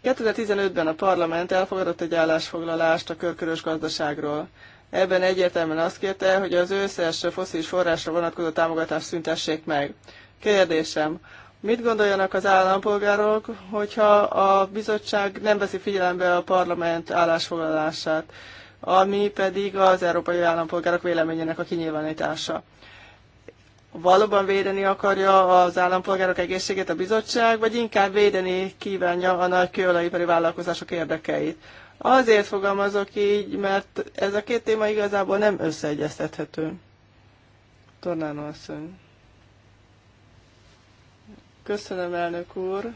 2015-ben a parlament elfogadott egy állásfoglalást a körkörös gazdaságról. Ebben egyértelműen azt kérte, hogy az összes foszilis forrásra vonatkozó támogatást szüntessék meg. Kérdésem, Mit gondoljanak az állampolgárok, hogyha a bizottság nem veszi figyelembe a parlament állásfoglalását, ami pedig az európai állampolgárok véleményének a kinyilvánítása? Valóban védeni akarja az állampolgárok egészségét a bizottság, vagy inkább védeni kívánja a nagy kőolajipari vállalkozások érdekeit? Azért fogalmazok így, mert ez a két téma igazából nem összeegyeztethető. Tornánó asszony. Köszönöm, elnök úr,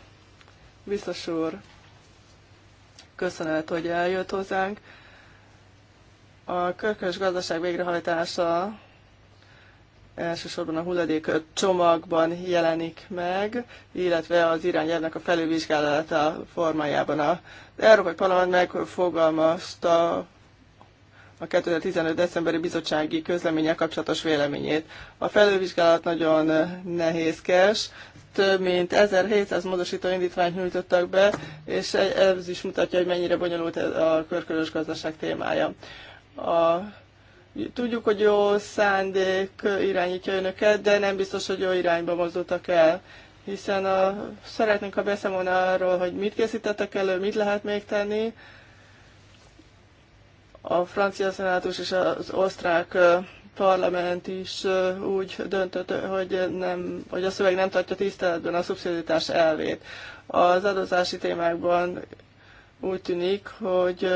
biztos úr, köszönet, hogy eljött hozzánk. A körkörös gazdaság végrehajtása elsősorban a hulladék csomagban jelenik meg, illetve az irányelvnek a felülvizsgálata formájában. Az Európai Parlament megfogalmazta a 2015. decemberi bizottsági közleménye kapcsolatos véleményét. A felővizsgálat nagyon nehézkes, több mint 1700 módosító indítványt nyújtottak be, és ez is mutatja, hogy mennyire bonyolult a körkörös gazdaság témája. A Tudjuk, hogy jó szándék irányítja önöket, de nem biztos, hogy jó irányba mozdultak el hiszen a, szeretnénk, ha beszámolna arról, hogy mit készítettek elő, mit lehet még tenni, a francia szenátus és az osztrák parlament is úgy döntött, hogy, nem, hogy a szöveg nem tartja tiszteletben a szubszidiaritás elvét. Az adózási témákban úgy tűnik, hogy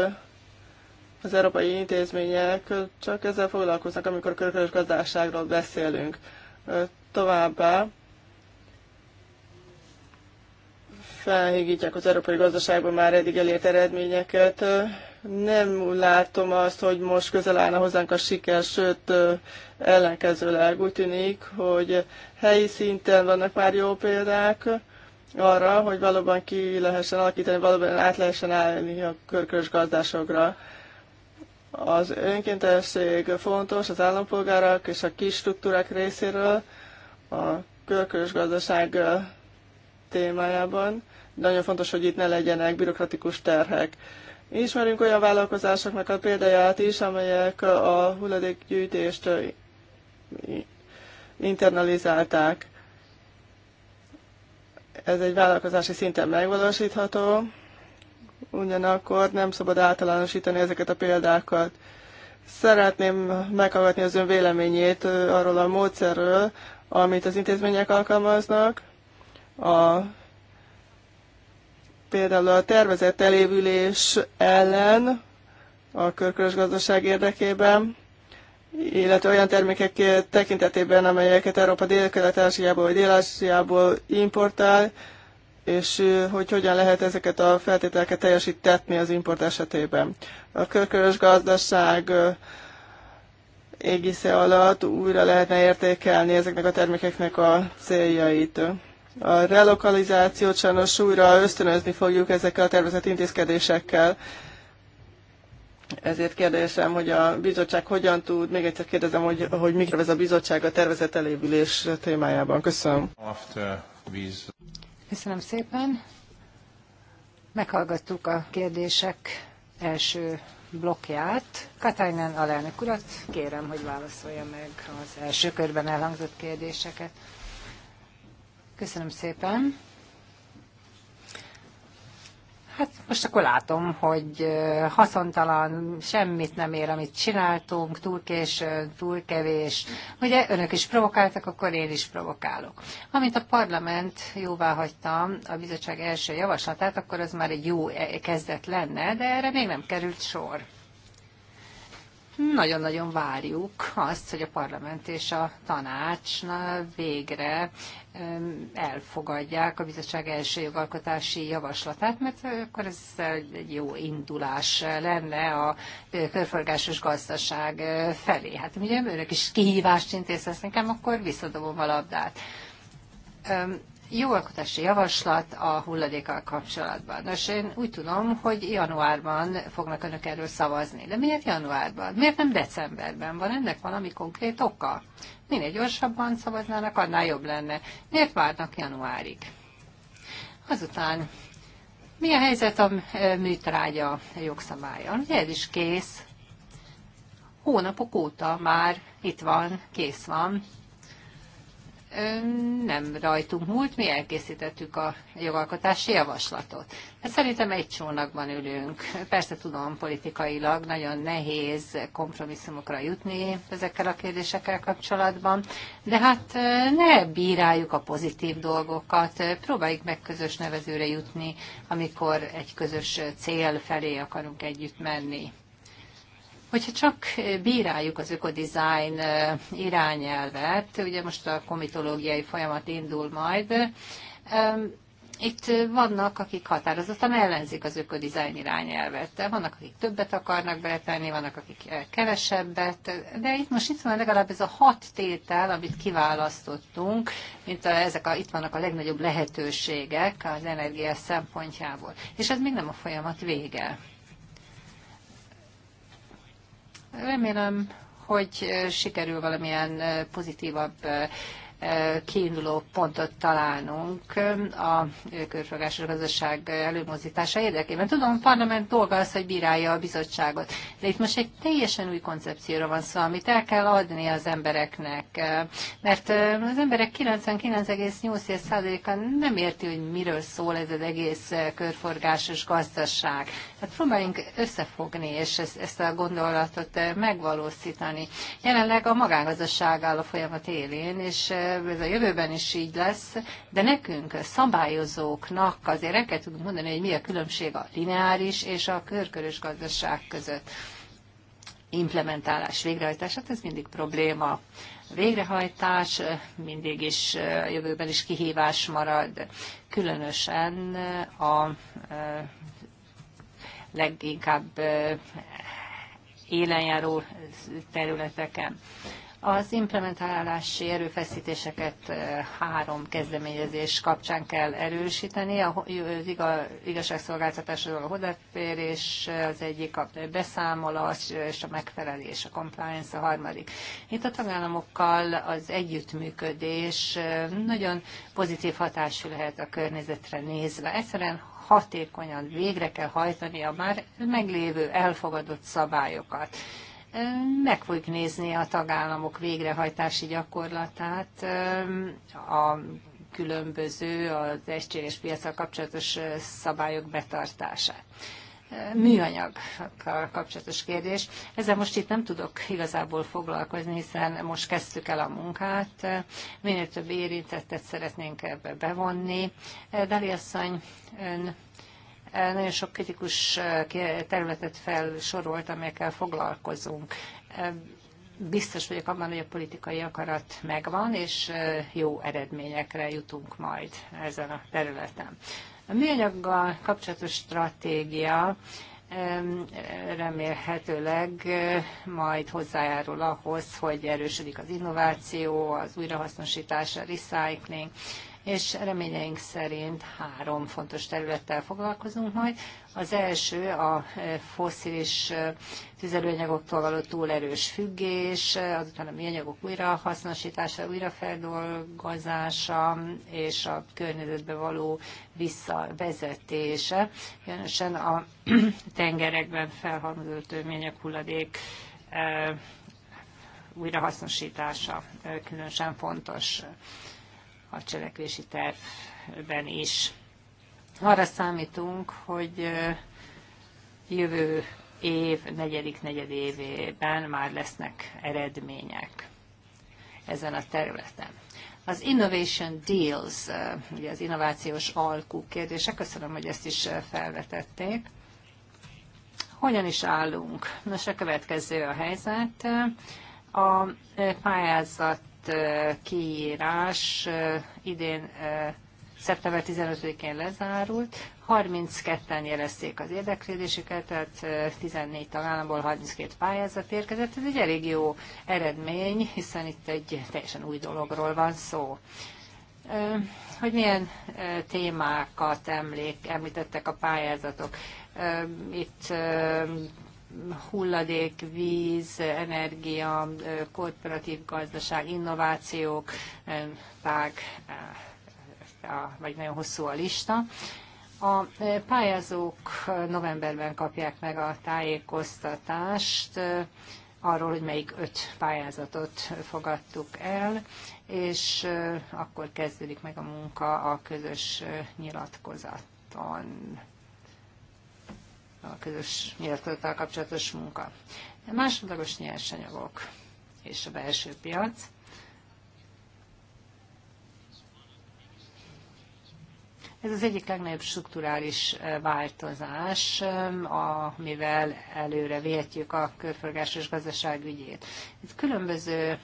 az európai intézmények csak ezzel foglalkoznak, amikor körkörös gazdaságról beszélünk. Továbbá felhígítják az európai gazdaságban már eddig elért eredményeket, nem látom azt, hogy most közel állna hozzánk a siker, sőt ellenkezőleg úgy tűnik, hogy helyi szinten vannak már jó példák arra, hogy valóban ki lehessen alakítani, valóban át lehessen állni a körkörös gazdásokra. Az önkéntesség fontos az állampolgárak és a kis struktúrák részéről a körkörös gazdaság témájában. nagyon fontos, hogy itt ne legyenek bürokratikus terhek Ismerünk olyan vállalkozásoknak a példáját is, amelyek a hulladékgyűjtést internalizálták. Ez egy vállalkozási szinten megvalósítható, ugyanakkor nem szabad általánosítani ezeket a példákat. Szeretném meghallgatni az ön véleményét arról a módszerről, amit az intézmények alkalmaznak, a például a tervezett elévülés ellen a körkörös gazdaság érdekében, illetve olyan termékek tekintetében, amelyeket Európa dél-kelet-ázsiából vagy dél-ázsiából importál, és hogy hogyan lehet ezeket a feltételeket teljesítetni az import esetében. A körkörös gazdaság égisze alatt újra lehetne értékelni ezeknek a termékeknek a céljait. A relokalizációt sajnos újra ösztönözni fogjuk ezekkel a tervezett intézkedésekkel. Ezért kérdésem, hogy a bizottság hogyan tud, még egyszer kérdezem, hogy, hogy mikor ez a bizottság a tervezett elévülés témájában. Köszönöm. Köszönöm szépen. Meghallgattuk a kérdések első blokját. Katajnán alelnök urat kérem, hogy válaszolja meg az első körben elhangzott kérdéseket. Köszönöm szépen. Hát most akkor látom, hogy haszontalan, semmit nem ér, amit csináltunk, túl későn, túl kevés. Ugye önök is provokáltak, akkor én is provokálok. Amint a parlament jóvá hagyta a bizottság első javaslatát, akkor az már egy jó e, kezdet lenne, de erre még nem került sor nagyon-nagyon várjuk azt, hogy a parlament és a tanács végre elfogadják a bizottság első jogalkotási javaslatát, mert akkor ez egy jó indulás lenne a körforgásos gazdaság felé. Hát ugye önök is kihívást intézhetnek nekem, akkor visszadobom a labdát jó alkotási javaslat a hulladékkal kapcsolatban. Nos, én úgy tudom, hogy januárban fognak önök erről szavazni. De miért januárban? Miért nem decemberben? Van ennek valami konkrét oka? Minél gyorsabban szavaznának, annál jobb lenne. Miért várnak januárig? Azután, mi a helyzet a e, műtrágya jogszabálya? Ugye ez is kész. Hónapok óta már itt van, kész van, nem rajtunk múlt, mi elkészítettük a jogalkotási javaslatot. De hát szerintem egy csónakban ülünk. Persze tudom, politikailag nagyon nehéz kompromisszumokra jutni ezekkel a kérdésekkel kapcsolatban, de hát ne bíráljuk a pozitív dolgokat, próbáljuk meg közös nevezőre jutni, amikor egy közös cél felé akarunk együtt menni. Hogyha csak bíráljuk az ökodizájn irányelvet, ugye most a komitológiai folyamat indul majd, itt vannak, akik határozottan ellenzik az ökodizájn irányelvet. Vannak, akik többet akarnak beletenni, vannak, akik kevesebbet, de itt most itt van legalább ez a hat tétel, amit kiválasztottunk, mint a, ezek a, itt vannak a legnagyobb lehetőségek az energia szempontjából. És ez még nem a folyamat vége. Remélem, hogy sikerül valamilyen pozitívabb kiinduló pontot találnunk a körforgásos gazdaság előmozdítása érdekében. Tudom, a parlament dolga az, hogy bírálja a bizottságot, de itt most egy teljesen új koncepcióra van szó, amit el kell adni az embereknek, mert az emberek 99,8%-a nem érti, hogy miről szól ez az egész körforgásos gazdaság. Hát próbáljunk összefogni, és ezt, ezt a gondolatot megvalósítani. Jelenleg a magángazdaság áll a folyamat élén, és ez a jövőben is így lesz, de nekünk, szabályozóknak azért el kell tudunk mondani, hogy mi a különbség a lineáris és a körkörös gazdaság között. Implementálás, végrehajtás, hát ez mindig probléma. Végrehajtás eh, mindig is eh, jövőben is kihívás marad, különösen eh, a leginkább élenjáró területeken. Az implementálási erőfeszítéseket eh, három kezdeményezés kapcsán kell erősíteni. Az igazságszolgáltatásról a hozzáférés az egyik, a beszámolás és a megfelelés, a compliance a harmadik. Itt a tagállamokkal az együttműködés eh, nagyon pozitív hatású lehet a környezetre nézve. Egyszerűen hatékonyan végre kell hajtani a már meglévő elfogadott szabályokat meg fogjuk nézni a tagállamok végrehajtási gyakorlatát, a különböző az egységes piacsal kapcsolatos szabályok betartását műanyagkal kapcsolatos kérdés. Ezzel most itt nem tudok igazából foglalkozni, hiszen most kezdtük el a munkát. Minél több érintettet szeretnénk ebbe bevonni. Dali asszony, ön nagyon sok kritikus eh, területet felsorolt, amelyekkel foglalkozunk. Eh, biztos vagyok abban, hogy a politikai akarat megvan, és eh, jó eredményekre jutunk majd ezen a területen. A műanyaggal kapcsolatos stratégia remélhetőleg majd hozzájárul ahhoz, hogy erősödik az innováció, az újrahasznosítás, a recycling, és reményeink szerint három fontos területtel foglalkozunk majd. Az első a e, foszilis e, tüzelőanyagoktól való túlerős függés, e, azután a műanyagok újrahasznosítása, újrafeldolgozása és a környezetbe való visszavezetése, különösen a *clears throat* tengerekben felhalmozott műanyag hulladék újrahasznosítása különösen fontos a cselekvési tervben is. Arra számítunk, hogy jövő év negyedik negyedévében már lesznek eredmények ezen a területen. Az Innovation Deals, ugye az innovációs alkú kérdése, köszönöm, hogy ezt is felvetették. Hogyan is állunk? Nos, a következő a helyzet. A pályázat projekt kiírás idén szeptember 15-én lezárult. 32-en jelezték az érdeklődésüket, tehát 14 tagállamból 32 pályázat érkezett. Ez egy elég jó eredmény, hiszen itt egy teljesen új dologról van szó. Hogy milyen témákat emlék, említettek a pályázatok? Itt hulladék, víz, energia, korporatív gazdaság, innovációk, tág, vagy nagyon hosszú a lista. A pályázók novemberben kapják meg a tájékoztatást arról, hogy melyik öt pályázatot fogadtuk el, és akkor kezdődik meg a munka a közös nyilatkozaton a közös nyilatkozattal kapcsolatos munka. A másodlagos nyersanyagok és a belső piac. Ez az egyik legnagyobb strukturális változás, amivel előre vihetjük a körforgásos gazdaság ügyét. Itt különböző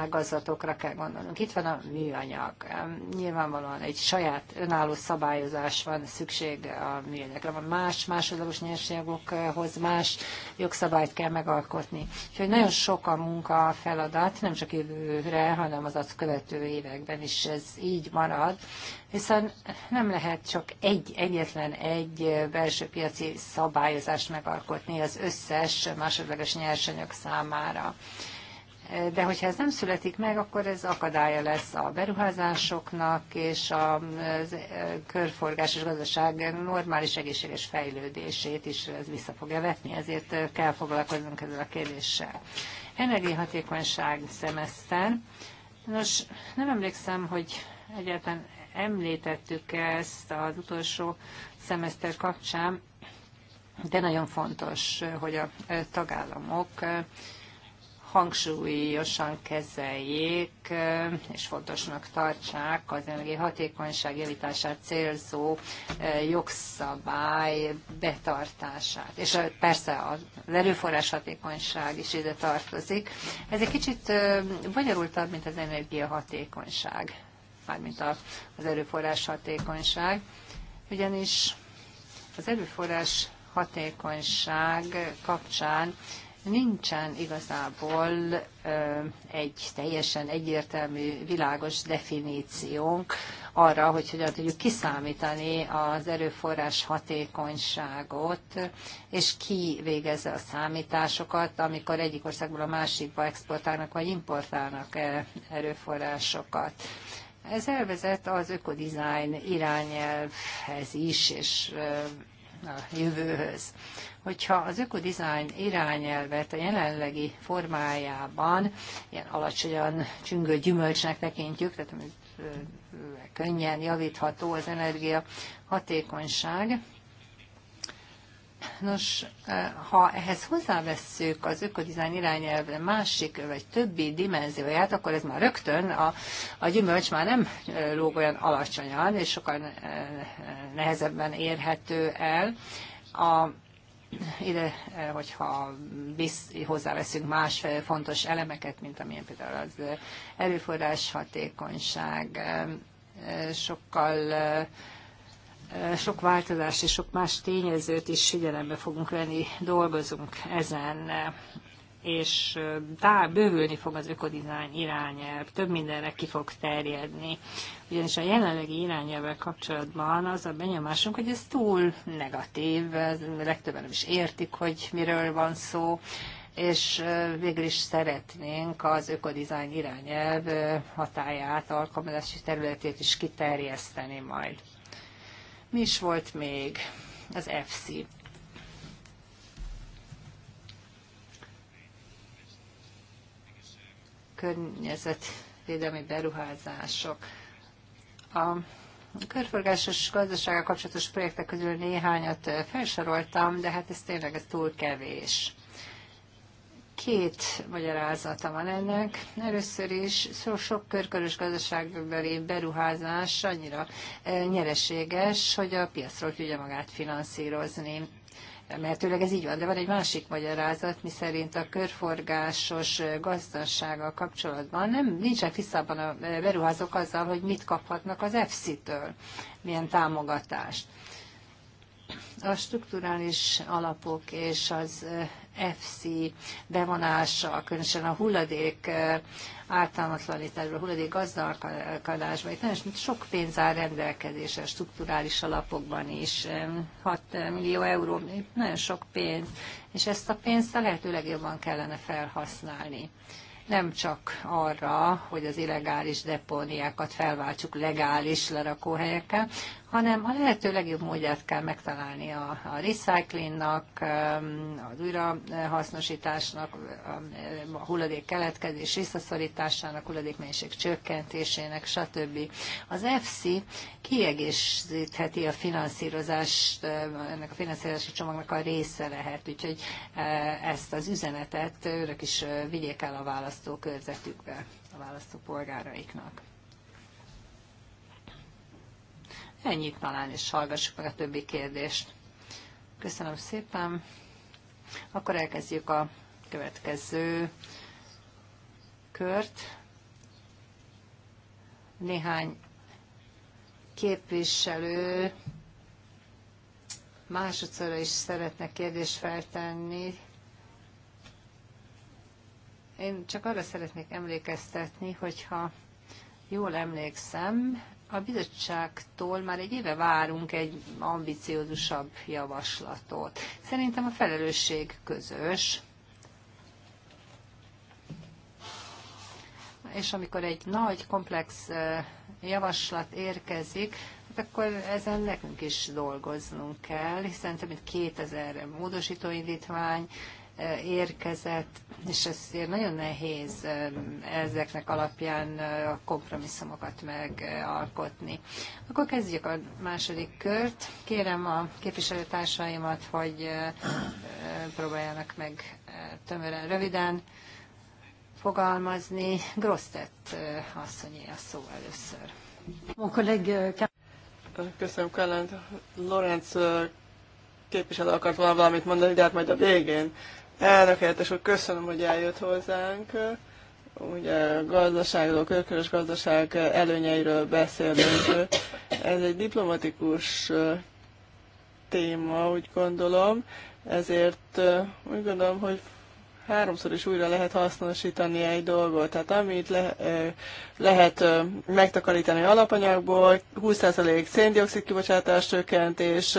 ágazatokra kell gondolnunk. Itt van a műanyag. Nyilvánvalóan egy saját önálló szabályozás van szükség a műanyagra. Van más másodlagos nyersanyagokhoz más jogszabályt kell megalkotni. Úgyhogy nagyon sok a munka, a feladat, nem csak jövőre, hanem az azt követő években is ez így marad hiszen nem lehet csak egy, egyetlen egy belső piaci szabályozást megalkotni az összes másodleges nyersanyag számára de hogyha ez nem születik meg, akkor ez akadálya lesz a beruházásoknak és a e, körforgásos gazdaság normális egészséges fejlődését is ez vissza fogja vetni, ezért e, kell foglalkoznunk ezzel a kérdéssel. Energiahatékonyság szemeszten. Nos, nem emlékszem, hogy egyáltalán említettük -e ezt az utolsó szemeszter kapcsán, de nagyon fontos, hogy a tagállamok hangsúlyosan kezeljék, és fontosnak tartsák az hatékonyság javítását célzó jogszabály betartását. És persze az erőforrás hatékonyság is ide tartozik. Ez egy kicsit bonyolultabb, mint az energiahatékonyság, mármint az erőforrás hatékonyság, ugyanis az erőforrás hatékonyság kapcsán nincsen igazából egy teljesen egyértelmű, világos definíciónk arra, hogy hogyan tudjuk kiszámítani az erőforrás hatékonyságot, és ki végezze a számításokat, amikor egyik országból a másikba exportálnak vagy importálnak erőforrásokat. Ez elvezet az ökodizájn irányelvhez is, és a jövőhöz. Hogyha az ökodizájn irányelvet a jelenlegi formájában ilyen alacsonyan csüngő gyümölcsnek tekintjük, tehát könnyen javítható az energia hatékonyság, Nos, eh, ha ehhez hozzávesszük az ökodizájn irányelv másik vagy többi dimenzióját, akkor ez már rögtön a, a gyümölcs már nem eh, lóg olyan alacsonyan, és sokkal eh, nehezebben érhető el. A, ide, hogyha visz, hozzáveszünk más fontos elemeket, mint amilyen például az erőforrás hatékonyság, sokkal sok változást és sok más tényezőt is figyelembe fogunk venni, dolgozunk ezen, és tá, bővülni fog az ökodizájn irányelv, több mindenre ki fog terjedni. Ugyanis a jelenlegi irányelvvel kapcsolatban az a benyomásunk, hogy ez túl negatív, legtöbben nem is értik, hogy miről van szó, és végül is szeretnénk az ökodizájn irányelv hatáját, alkalmazási területét is kiterjeszteni majd. Mi is volt még az FC? Környezetvédelmi beruházások. A körforgásos gazdasággal kapcsolatos projektek közül néhányat eh, felsoroltam, de hát ez tényleg ez túl kevés. Két magyarázata van ennek. Először is szó, sok körkörös gazdaságbeli beruházás annyira e, nyereséges, hogy a piacról tudja magát finanszírozni lehetőleg ez így van, de van egy másik magyarázat, miszerint a körforgásos gazdasággal kapcsolatban nem nincsen tisztában a e, beruházók azzal, hogy mit kaphatnak az EFSI-től, milyen támogatást. A strukturális alapok és az e, FC bevonása, különösen a hulladék ártalmatlanításba, hulladék gazdálkodásba. Itt nagyon sok pénz áll rendelkezésre, strukturális alapokban is, 6 millió euró, nagyon sok pénz, és ezt a pénzt a lehető legjobban kellene felhasználni nem csak arra, hogy az illegális depóniákat felváltsuk legális lerakóhelyekkel, hanem a lehető legjobb módját kell megtalálni a, a recyclingnak, az újrahasznosításnak, a hulladék keletkezés visszaszorításának, hulladékmennyiség csökkentésének, stb. Az FC kiegészítheti a finanszírozást, ennek a finanszírozási csomagnak a része lehet, úgyhogy ezt az üzenetet ők is vigyék el a választókörzetükbe, a választópolgáraiknak. Ennyit talán, és hallgassuk meg a többi kérdést. Köszönöm szépen. Akkor elkezdjük a következő kört. Néhány képviselő másodszorra is szeretne kérdést feltenni. Én csak arra szeretnék emlékeztetni, hogyha jól emlékszem, a bizottságtól már egy éve várunk egy ambiciózusabb javaslatot. Szerintem a felelősség közös. És amikor egy nagy, komplex javaslat érkezik, hát akkor ezen nekünk is dolgoznunk kell, hiszen több mint 2000 módosítóindítvány érkezett, és ezért nagyon nehéz ezeknek alapján a kompromisszumokat megalkotni. Akkor kezdjük a második kört. Kérem a képviselőtársaimat, hogy próbáljanak meg tömören, röviden fogalmazni. Grosztett asszonyé a szó először. Mon euh, Köszönöm, Kellen. Lorenz képviselő akart volna valamit mondani, de hát majd a végén. Elnök helyettes úr, köszönöm, hogy eljött hozzánk. Ugye gazdaságról, körkörös gazdaság előnyeiről beszélünk. Ez egy diplomatikus téma, úgy gondolom, ezért úgy gondolom, hogy háromszor is újra lehet hasznosítani egy dolgot. Tehát amit le, lehet megtakarítani alapanyagból, 20% széndiokszid kibocsátás csökkentés,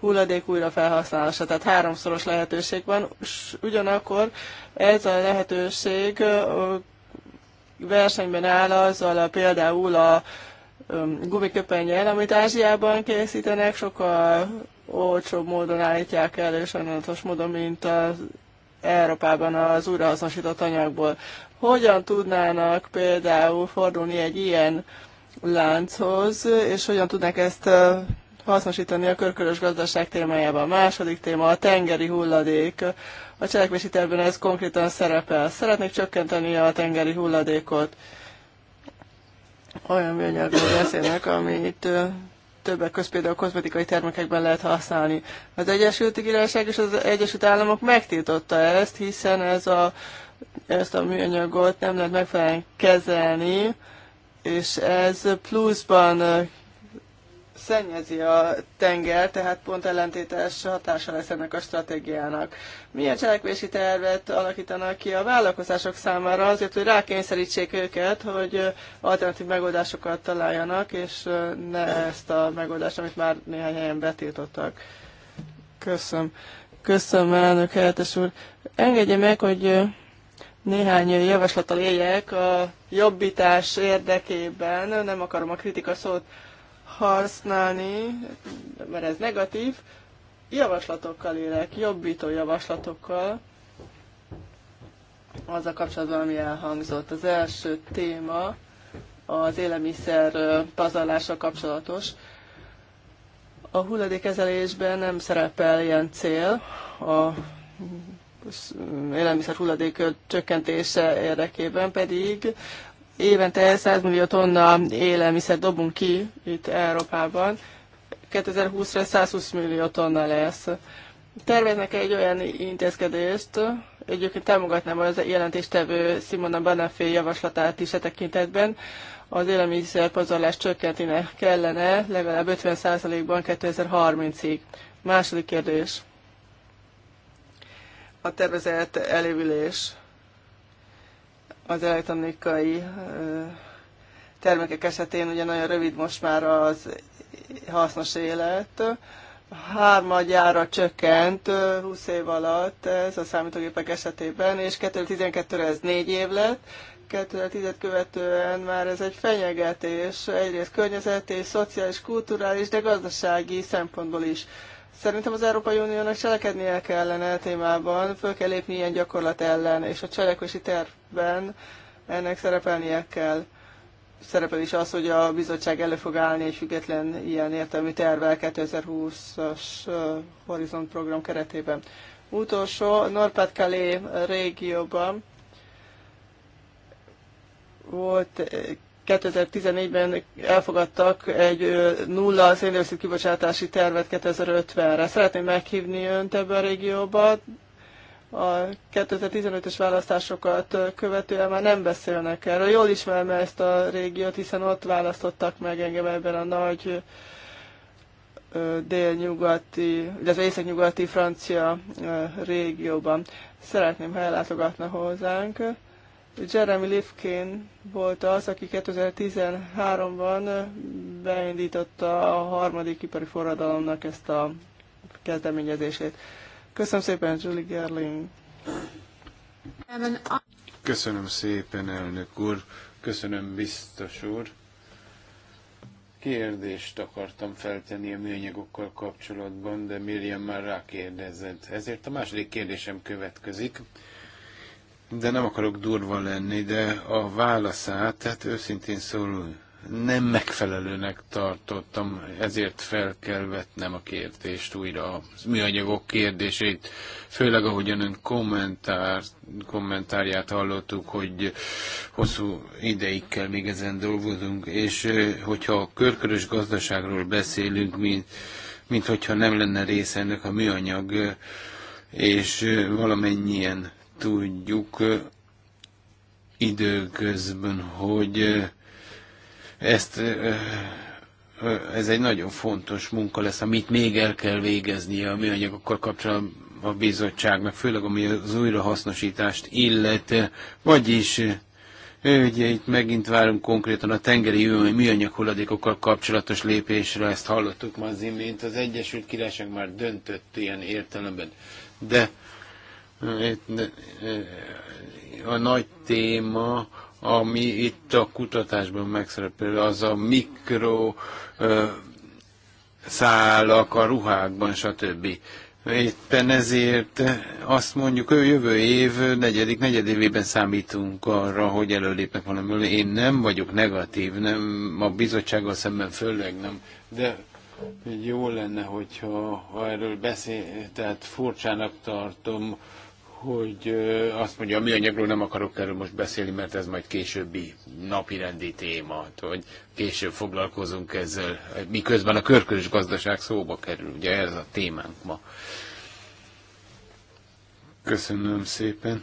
hulladék újra felhasználása, tehát háromszoros lehetőség van. S ugyanakkor ez a lehetőség versenyben áll azzal a, például a gumiköpennyel, amit Ázsiában készítenek, sokkal olcsóbb módon állítják elő, sajnálatos módon, mint az Európában az újrahasznosított anyagból. Hogyan tudnának például fordulni egy ilyen lánchoz, és hogyan tudnák ezt hasznosítani a körkörös gazdaság témájában. A második téma a tengeri hulladék. A cselekvési tervben ez konkrétan szerepel. Szeretnék csökkenteni a tengeri hulladékot. Olyan műanyagról beszélnek, amit többek között például kozmetikai termékekben lehet használni. Az Egyesült Királyság és az Egyesült Államok megtiltotta ezt, hiszen ez a, ezt a műanyagot nem lehet megfelelően kezelni, és ez pluszban szennyezi a tenger, tehát pont ellentétes hatása lesz ennek a stratégiának. Milyen cselekvési tervet alakítanak ki a vállalkozások számára azért, hogy rákényszerítsék őket, hogy alternatív megoldásokat találjanak, és ne ezt a megoldást, amit már néhány helyen betiltottak. Köszönöm. Köszönöm, elnök helyettes úr. Engedje meg, hogy néhány javaslattal éljek a jobbítás érdekében. Nem akarom a kritika szót használni, mert ez negatív, javaslatokkal élek, jobbító javaslatokkal, a kapcsolatban, ami elhangzott. Az első téma az élelmiszer pazarlása kapcsolatos. A hulladékezelésben nem szerepel ilyen cél. A élelmiszer hulladék csökkentése érdekében pedig évente 100 millió tonna élelmiszer dobunk ki itt Európában, 2020-ra 120 millió tonna lesz. Terveznek egy olyan intézkedést, egyébként támogatnám az jelentéstevő Simona Banafé javaslatát is e tekintetben, az élelmiszer pazarlás csökkentine kellene legalább 50%-ban 2030-ig. Második kérdés. A tervezett elévülés az elektronikai termékek esetén ugye nagyon rövid most már az hasznos élet. Hármadjára csökkent 20 év alatt ez a számítógépek esetében, és 2012-re ez 4 év lett, 2010 követően már ez egy fenyegetés, egyrészt környezeti, szociális, kulturális, de gazdasági szempontból is. Szerintem az Európai Uniónak cselekednie kellene a témában, föl kell lépni ilyen gyakorlat ellen, és a cselekvési tervben ennek szerepelnie kell. Szerepel is az, hogy a bizottság elő fog állni egy független ilyen értelmű tervvel 2020-as Horizont program keretében. Utolsó, norpát régióban volt 2014-ben elfogadtak egy nulla széndiokszid kibocsátási tervet 2050-re. Szeretném meghívni önt ebbe a régióba. A 2015 es választásokat követően már nem beszélnek erről. Jól ismerem ezt a régiót, hiszen ott választottak meg engem ebben a nagy délnyugati, illetve északnyugati francia régióban. Szeretném, ha ellátogatna hozzánk Jeremy Lifkin volt az, aki 2013-ban beindította a harmadik ipari forradalomnak ezt a kezdeményezését. Köszönöm szépen, Julie Gerling. Köszönöm szépen, elnök úr. Köszönöm, biztos úr. Kérdést akartam feltenni a műanyagokkal kapcsolatban, de Miriam már rákérdezett. Ezért a második kérdésem következik de nem akarok durva lenni, de a válaszát, tehát őszintén szóló, nem megfelelőnek tartottam, ezért fel kell vetnem a kérdést újra, a műanyagok kérdését, főleg ahogyan ön kommentár, kommentárját hallottuk, hogy hosszú ideig kell még ezen dolgozunk, és hogyha a körkörös gazdaságról beszélünk, mint, mint hogyha nem lenne része ennek a műanyag, és valamennyien tudjuk időközben, hogy ezt ez egy nagyon fontos munka lesz, amit még el kell végeznie a műanyagokkal kapcsolatban a bizottságnak, főleg ami az újrahasznosítást illet, vagyis Ugye itt megint várunk konkrétan a tengeri műanyag hulladékokkal kapcsolatos lépésre, ezt hallottuk már az imént, az Egyesült Királyság már döntött ilyen értelemben. De itt eh, a nagy téma, ami itt a kutatásban megszerepel, az a mikro eh, szálak a ruhákban, stb. Éppen ezért azt mondjuk, hogy jövő év negyedik, negyedévében számítunk arra, hogy előlépnek valami. Én nem vagyok negatív, nem a bizottsággal szemben főleg nem, de jó lenne, hogyha ha erről beszél, tehát furcsának tartom, hogy azt mondja, a műanyagról nem akarok erről most beszélni, mert ez majd későbbi napirendi téma, hogy később foglalkozunk ezzel, miközben a körkörös gazdaság szóba kerül, ugye ez a témánk ma. Köszönöm szépen.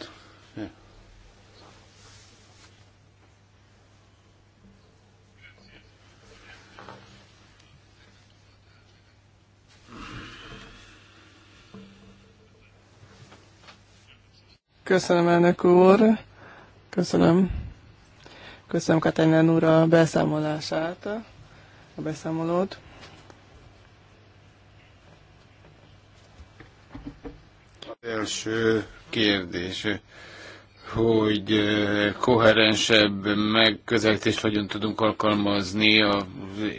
Köszönöm, elnök úr. Köszönöm. Köszönöm Katajnán úr a beszámolását, a beszámolót. Az első kérdés hogy koherensebb megközelítést vagyunk tudunk alkalmazni a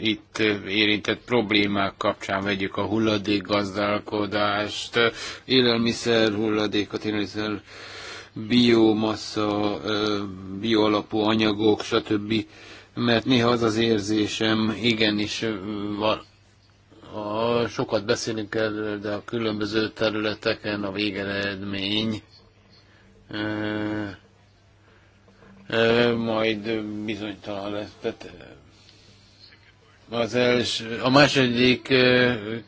itt érintett problémák kapcsán. Vegyük a hulladék gazdálkodást élelmiszer hulladékot, élelmiszer biomassa, bioalapú anyagok, stb. Mert néha az az érzésem, igenis van, a, sokat beszélünk erről, de a különböző területeken a végeredmény majd bizonytalan lesz. Tehát az első, a második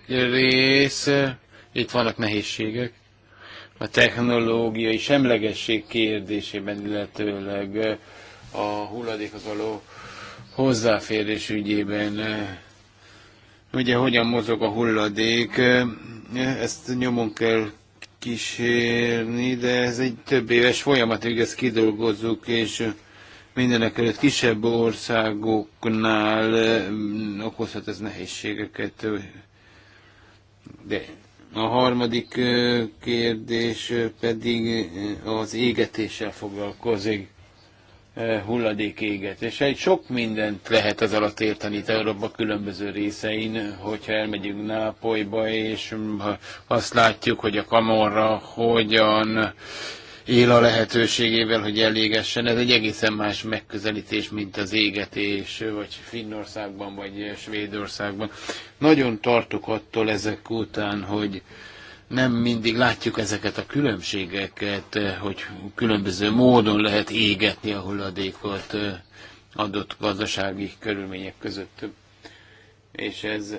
rész, itt vannak nehézségek. A technológiai semlegesség kérdésében, illetőleg a hulladékhoz való hozzáférés ügyében, ugye hogyan mozog a hulladék, ezt nyomon kell kísérni, de ez egy több éves folyamat, hogy ezt kidolgozzuk, és mindenek előtt kisebb országoknál mm, okozhat ez nehézségeket. De a harmadik kérdés pedig az égetéssel foglalkozik. E, hulladék éget. És egy sok mindent lehet az alatt érteni itt Európa különböző részein, hogyha elmegyünk Nápolyba, és azt látjuk, hogy a kamorra hogyan él a lehetőségével, hogy elégessen. Ez egy egészen más megközelítés, mint az égetés, vagy Finnországban, vagy Svédországban. Nagyon tartok attól ezek után, hogy nem mindig látjuk ezeket a különbségeket, hogy különböző módon lehet égetni a hulladékot adott gazdasági körülmények között. És ez,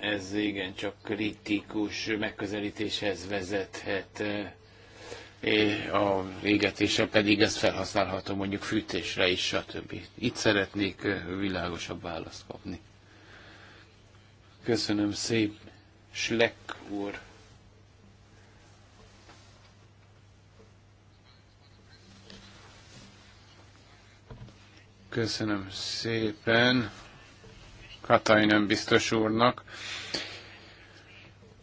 ez igen csak kritikus megközelítéshez vezethet, a égetése pedig ezt felhasználható mondjuk fűtésre is, stb. Itt szeretnék világosabb választ kapni. Köszönöm szép Schleck úr. Köszönöm szépen Katajnön biztos úrnak.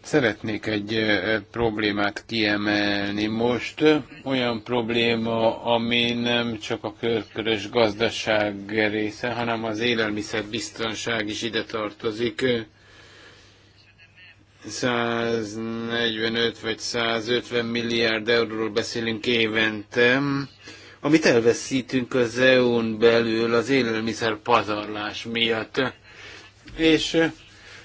Szeretnék egy problémát kiemelni most. Olyan probléma, ami nem csak a körkörös gazdaság része, hanem az élelmiszerbiztonság is ide tartozik. 145 vagy 150 milliárd euróról beszélünk évente, amit elveszítünk az EU-n belül az élelmiszer pazarlás miatt. És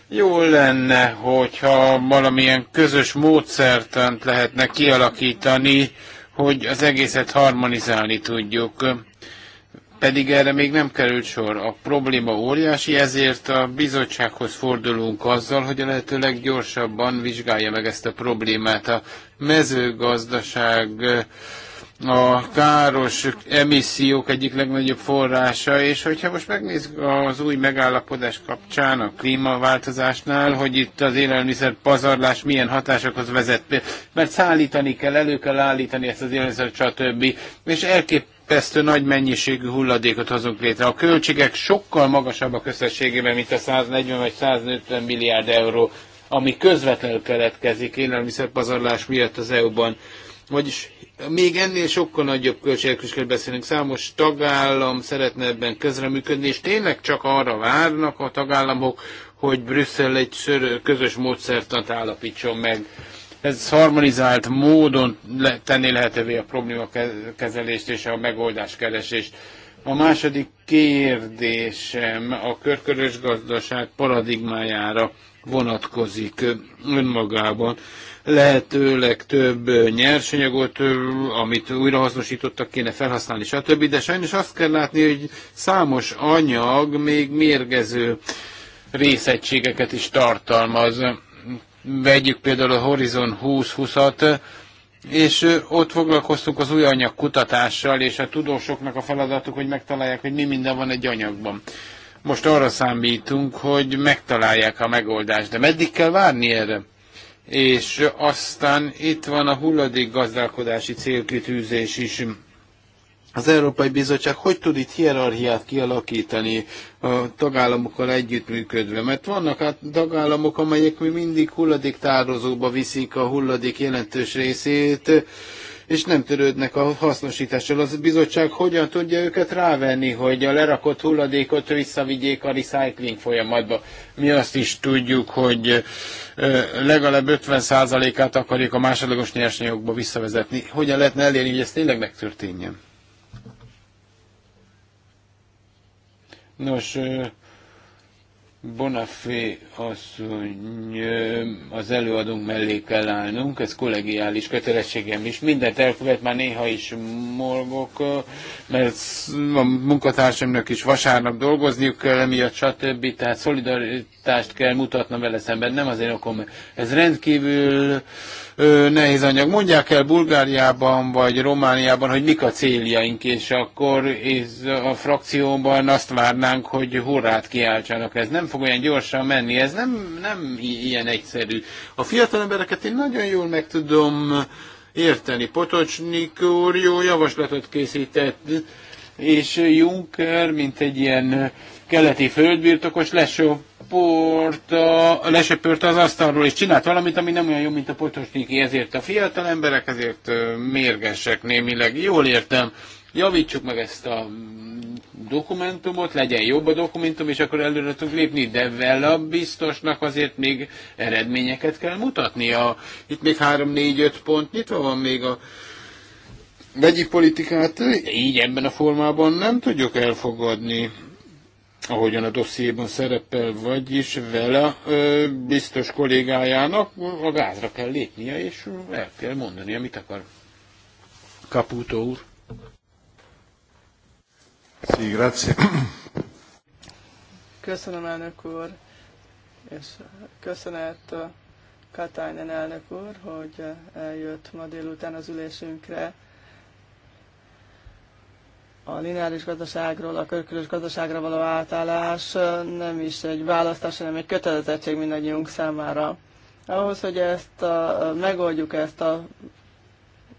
jó lenne, hogyha valamilyen közös módszertant lehetne kialakítani, hogy az egészet harmonizálni tudjuk. Pedig erre még nem került sor. A probléma óriási, ezért a bizottsághoz fordulunk azzal, hogy a lehető leggyorsabban vizsgálja meg ezt a problémát. A mezőgazdaság a káros emissziók egyik legnagyobb forrása, és hogyha most megnézzük az új megállapodás kapcsán a klímaváltozásnál, hogy itt az élelmiszer pazarlás milyen hatásokhoz vezet, mert szállítani kell, elő kell állítani ezt az élelmiszer, stb. És elképesztő nagy mennyiségű hulladékot hozunk létre. A költségek sokkal magasabbak összességében, mint a 140 vagy 150 milliárd euró, ami közvetlenül keletkezik élelmiszerpazarlás miatt az EU-ban. Vagyis még ennél sokkal nagyobb költségekről beszélünk. Számos tagállam szeretne ebben közreműködni, és tényleg csak arra várnak a tagállamok, hogy Brüsszel egy közös módszertant állapítson meg. Ez harmonizált módon tenni lehetővé a probléma kezelést és a megoldás keresést. A második kérdésem a körkörös gazdaság paradigmájára vonatkozik önmagában lehetőleg több nyersanyagot, amit újrahasznosítottak kéne felhasználni, stb. De sajnos azt kell látni, hogy számos anyag még mérgező részegységeket is tartalmaz. Vegyük például a Horizon 2020-at, és ott foglalkoztunk az új anyag kutatással, és a tudósoknak a feladatuk, hogy megtalálják, hogy mi minden van egy anyagban. Most arra számítunk, hogy megtalálják a megoldást, de meddig kell várni erre? és aztán itt van a hulladék gazdálkodási célkitűzés is. Az Európai Bizottság hogy tud itt hierarchiát kialakítani a tagállamokkal együttműködve? Mert vannak hát tagállamok, amelyek mi mindig hulladéktározóba viszik a hulladék jelentős részét, és nem törődnek a hasznosítással. Az bizottság hogyan tudja őket rávenni, hogy a lerakott hulladékot visszavigyék a recycling folyamatba? Mi azt is tudjuk, hogy legalább 50%-át akarjuk a másodlagos nyersanyagokba visszavezetni. Hogyan lehetne elérni, hogy ez tényleg megtörténjen? Nos, Bonafé asszony, az előadónk mellé kell állnunk, ez kollegiális kötelességem is. Mindent elkövet, már néha is morgok, mert a munkatársamnak is vasárnap dolgozniuk kell, emiatt stb. Tehát szolidaritást kell mutatnom vele szemben, nem azért okom. Ez rendkívül nehéz anyag. Mondják el Bulgáriában vagy Romániában, hogy mik a céljaink, és akkor és a frakcióban azt várnánk, hogy hurrát kiáltsanak. Ez nem fog olyan gyorsan menni, ez nem, nem ilyen egyszerű. A fiatal embereket én nagyon jól meg tudom érteni. Potocsnik úr jó javaslatot készített, és Juncker, mint egy ilyen keleti földbirtokos lesöpörte, az asztalról, és csinált valamit, ami nem olyan jó, mint a potosnyiki, ezért a fiatal emberek ezért mérgesek némileg. Jól értem, javítsuk meg ezt a mm, dokumentumot, legyen jobb a dokumentum, és akkor előre tudunk lépni, de vele a biztosnak azért még eredményeket kell mutatnia. Itt még 3-4-5 pont nyitva van még a vegyi politikát, így ebben a formában nem tudjuk elfogadni ahogyan a dossziéban szerepel, vagyis vele ö, biztos kollégájának a gázra kell lépnie, és el kell mondani, amit akar. Caputo úr. Sí, grazie. Köszönöm, elnök úr, és köszönet Katainen elnök úr, hogy eljött ma délután az ülésünkre a lineáris gazdaságról, a körkörös gazdaságra való átállás nem is egy választás, hanem egy kötelezettség mindannyiunk számára. Ahhoz, hogy ezt a, megoldjuk ezt a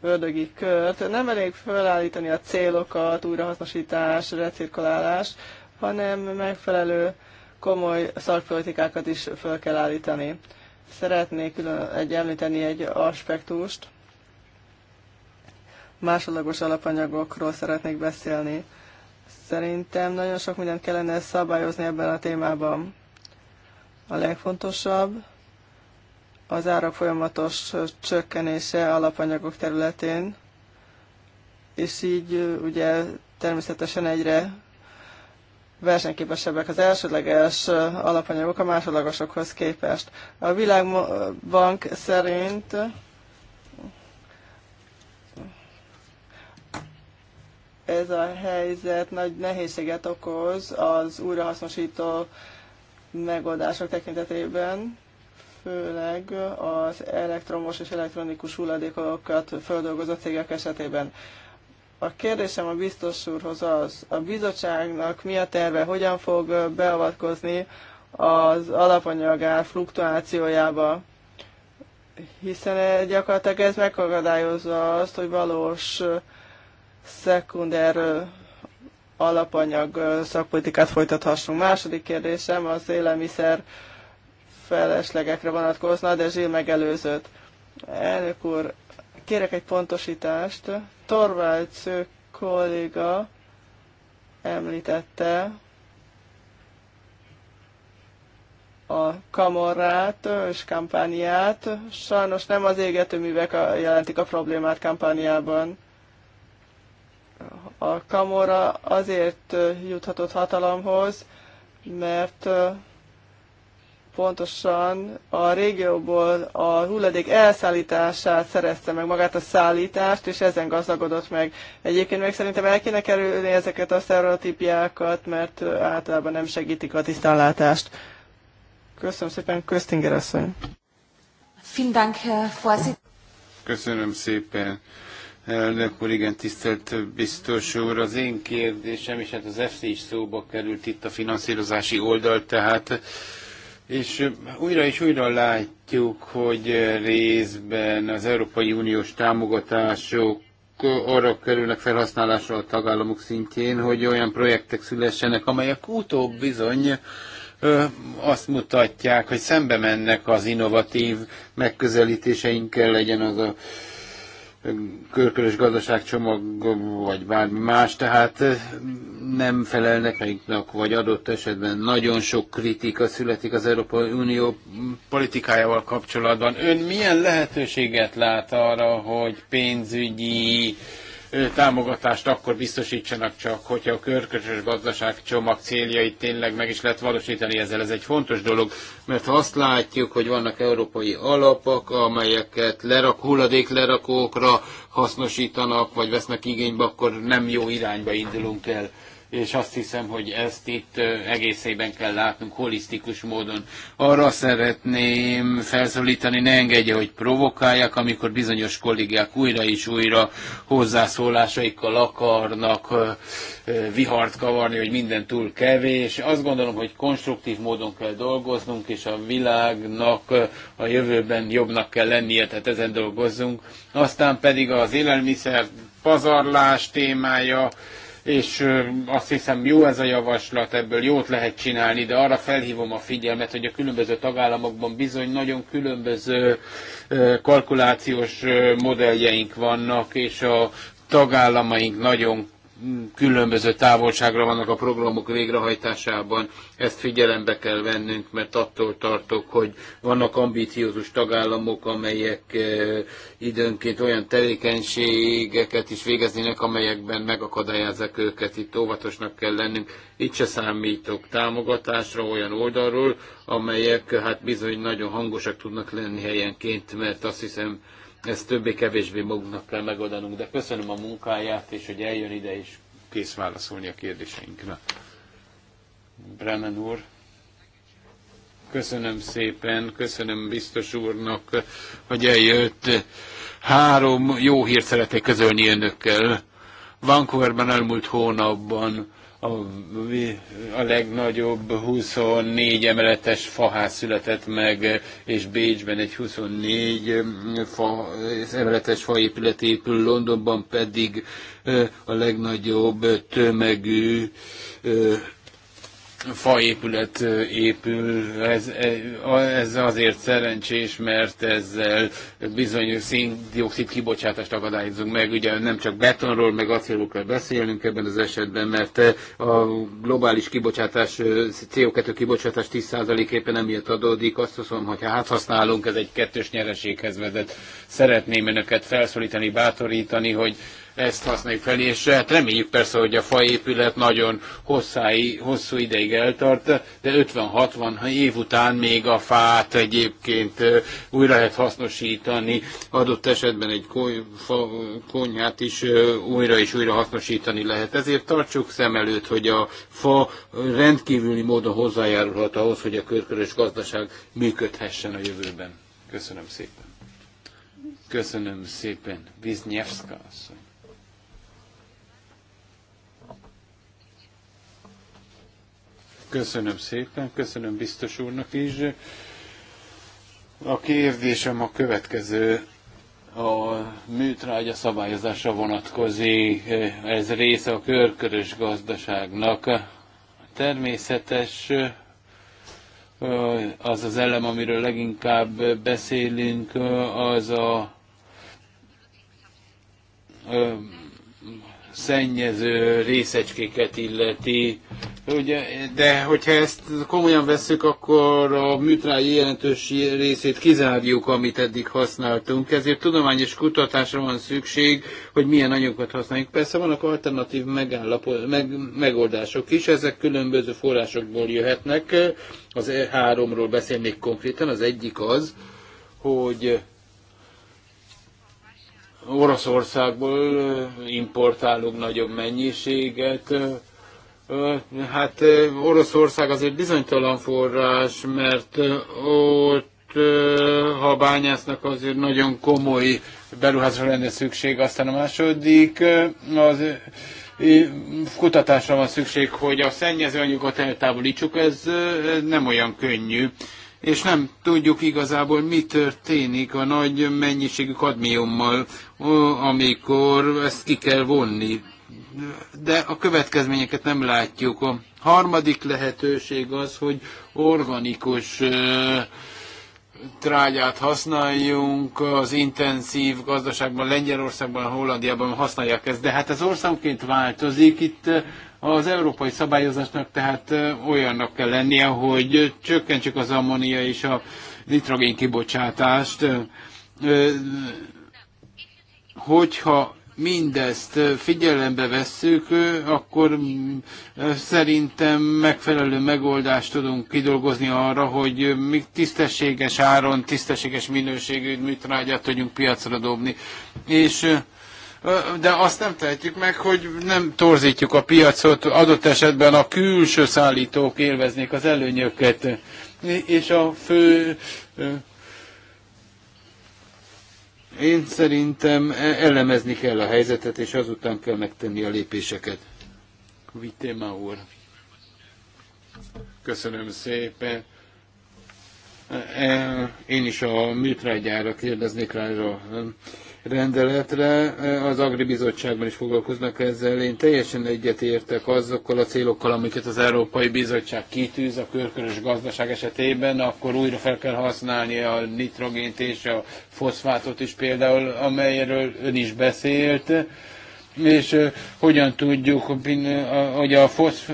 ördögi kört, nem elég felállítani a célokat, újrahasznosítás, recirkulálás, hanem megfelelő komoly szakpolitikákat is fel kell állítani. Szeretnék külön egy, említeni egy aspektust, másodlagos alapanyagokról szeretnék beszélni. Szerintem nagyon sok mindent kellene szabályozni ebben a témában. A legfontosabb az árak folyamatos csökkenése alapanyagok területén, és így ugye természetesen egyre versenyképesebbek az elsődleges alapanyagok a másodlagosokhoz képest. A Világbank szerint ez a helyzet nagy nehézséget okoz az újrahasznosító megoldások tekintetében, főleg az elektromos és elektronikus hulladékokat földolgozó cégek esetében. A kérdésem a biztos úrhoz az, a bizottságnak mi a terve, hogyan fog beavatkozni az alapanyagár fluktuációjába, hiszen eh, gyakorlatilag ez megakadályozza azt, hogy valós szekunder alapanyag szakpolitikát folytathassunk. Második kérdésem az élelmiszer feleslegekre vonatkozna, de Zsil megelőzött. Elnök úr, kérek egy pontosítást. Torvalds kolléga említette a kamorát és kampániát. Sajnos nem az égetőművek jelentik a problémát kampániában. A kamora azért juthatott hatalomhoz, mert pontosan a régióból a hulladék elszállítását szerezte meg magát a szállítást, és ezen gazdagodott meg. Egyébként meg szerintem el kéne kerülni ezeket a sztereotípiákat, mert általában nem segítik a tisztánlátást. Köszönöm szépen, Köztinger asszony. Köszönöm szépen. Elnök úr, igen, tisztelt biztos úr, az én kérdésem, és hát az FC is szóba került itt a finanszírozási oldal, tehát és újra és újra látjuk, hogy részben az Európai Uniós támogatások arra kerülnek felhasználásra a tagállamok szintjén, hogy olyan projektek szülessenek, amelyek utóbb bizony ö, azt mutatják, hogy szembe mennek az innovatív megközelítéseinkkel, legyen az a körkörös gazdaságcsomag, vagy bármi más, tehát eh, nem felelnek megnak, vagy adott esetben nagyon sok kritika születik az Európai Unió politikájával kapcsolatban. Ön milyen lehetőséget lát arra, hogy pénzügyi támogatást akkor biztosítsanak csak, hogyha a körkörös gazdaság csomag céljait tényleg meg is lehet valósítani ezzel. Ez egy fontos dolog, mert azt látjuk, hogy vannak európai alapok, amelyeket lerak, hulladéklerakókra hasznosítanak, vagy vesznek igénybe, akkor nem jó irányba indulunk el és azt hiszem, hogy ezt itt egészében kell látnunk holisztikus módon. Arra szeretném felszólítani, ne engedje, hogy provokálják, amikor bizonyos kollégák újra és újra hozzászólásaikkal akarnak vihart kavarni, hogy minden túl kevés. Azt gondolom, hogy konstruktív módon kell dolgoznunk, és a világnak a jövőben jobbnak kell lennie, tehát ezen dolgozzunk. Aztán pedig az élelmiszer pazarlás témája, és azt hiszem jó ez a javaslat, ebből jót lehet csinálni, de arra felhívom a figyelmet, hogy a különböző tagállamokban bizony nagyon különböző kalkulációs modelljeink vannak, és a tagállamaink nagyon különböző távolságra vannak a programok végrehajtásában. Ezt figyelembe kell vennünk, mert attól tartok, hogy vannak ambíciózus tagállamok, amelyek eh, időnként olyan tevékenységeket is végeznének, amelyekben megakadályozzák őket. Itt óvatosnak kell lennünk. Itt se számítok támogatásra olyan oldalról, amelyek hát bizony nagyon hangosak tudnak lenni helyenként, mert azt hiszem, ezt többé-kevésbé magunknak kell megoldanunk, de köszönöm a munkáját, és hogy eljön ide, és kész válaszolni a kérdéseinkre. Bremen úr. Köszönöm szépen, köszönöm biztos úrnak, hogy eljött. Három jó hírt szeretnék közölni önökkel. Vancouverben elmúlt hónapban a, a legnagyobb 24 emeletes faház született meg, és Bécsben egy 24 fa, emeletes faépület épül, Londonban pedig a legnagyobb tömegű faépület épül, ez, e, ez azért szerencsés, mert ezzel bizonyos széndiokszid kibocsátást akadályozunk meg. Ugye nem csak betonról, meg acélról kell beszélnünk ebben az esetben, mert e, a globális kibocsátás, CO2 kibocsátás 10% éppen emiatt adódik. Azt hiszem, hogy ha áthasználunk, ez egy kettős nyereséghez vezet. Szeretném önöket felszólítani, bátorítani, hogy ezt használjuk fel, és eh, hát reméljük persze, hogy a faépület nagyon hosszái, hosszú ideig eltart, de 50-60 év után még a fát egyébként eh, újra lehet hasznosítani, adott esetben egy konyhát is eh, újra és újra hasznosítani lehet. Ezért tartsuk szem előtt, hogy a fa rendkívüli módon hozzájárulhat ahhoz, hogy a körkörös gazdaság működhessen a jövőben. Köszönöm szépen. Köszönöm szépen, Viznyevszka asszony. Köszönöm szépen, köszönöm biztos úrnak is. A kérdésem a következő. A műtrágya szabályozása vonatkozik, ez része a körkörös gazdaságnak. Természetes az az elem, amiről leginkább beszélünk, az a szennyező részecskéket illeti. Ugye, de hogyha ezt komolyan vesszük, akkor a műtrágyi jelentős részét kizárjuk, amit eddig használtunk. Ezért tudományos kutatásra van szükség, hogy milyen anyagokat használjunk. Persze vannak alternatív megállapod, meg, megoldások is, ezek különböző forrásokból jöhetnek. Az E3-ról beszélnék konkrétan, az egyik az, hogy Oroszországból importálunk nagyobb mennyiséget. Hát Oroszország azért bizonytalan forrás, mert ott ha bányásznak, azért nagyon komoly beruházásra lenne szükség. Aztán a második, az kutatásra van szükség, hogy a szennyezőanyagot eltávolítsuk, ez nem olyan könnyű. És nem tudjuk igazából, mi történik a nagy mennyiségű kadmiummal amikor ezt ki kell vonni. De a következményeket nem látjuk. A harmadik lehetőség az, hogy organikus trágyát használjunk, az intenzív gazdaságban, Lengyelországban, Hollandiában használják ezt, de hát ez országként változik, itt az európai szabályozásnak tehát olyannak kell lennie, hogy csökkentsük az ammónia és a nitrogén kibocsátást, Hogyha mindezt figyelembe vesszük, akkor mm, szerintem megfelelő megoldást tudunk kidolgozni arra, hogy mi tisztességes áron, tisztességes minőségű műtrágyát tudjunk piacra dobni. És de azt nem tehetjük meg, hogy nem torzítjuk a piacot, adott esetben a külső szállítók élveznék az előnyöket. És a fő én szerintem e, elemezni kell a helyzetet, és azután kell megtenni a lépéseket. Vitéma úr. Köszönöm szépen. E, én is a műtrágyára kérdeznék rá, hm rendeletre. Az Agri Bizottságban is foglalkoznak ezzel. Én teljesen egyetértek azokkal a célokkal, amiket az Európai Bizottság kitűz a körkörös gazdaság esetében, akkor újra fel kell használni a nitrogént és a foszfátot is például, amelyről ön is beszélt és hogyan tudjuk, hogy a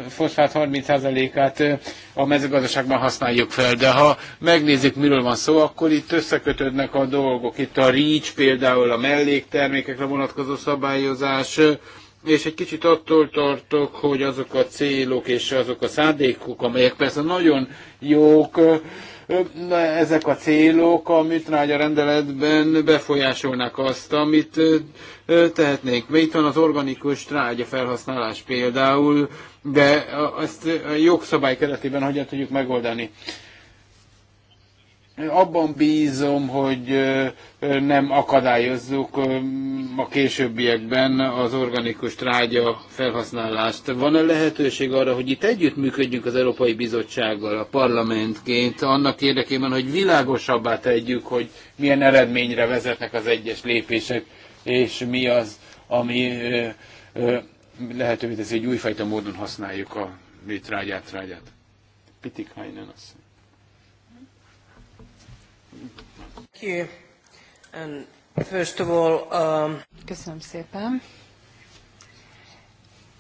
foszfát 30%-át a mezőgazdaságban használjuk fel. De ha megnézzük, miről van szó, akkor itt összekötődnek a dolgok. Itt a REACH például a melléktermékekre vonatkozó szabályozás, és egy kicsit attól tartok, hogy azok a célok és azok a szándékok, amelyek persze nagyon jók, Na, ezek a célok a műtrágya rendeletben befolyásolnak azt, amit tehetnénk. Mert itt van az organikus trágya felhasználás például, de ezt a jogszabály keretében hogyan tudjuk megoldani abban bízom, hogy nem akadályozzuk a későbbiekben az organikus trágya felhasználást. Van-e lehetőség arra, hogy itt együttműködjünk az Európai Bizottsággal, a parlamentként, annak érdekében, hogy világosabbá tegyük, hogy milyen eredményre vezetnek az egyes lépések, és mi az, ami lehetővé teszi, hogy újfajta módon használjuk a trágyát, trágyát. Pitik Heinen asszony. Um, Köszönöm szépen.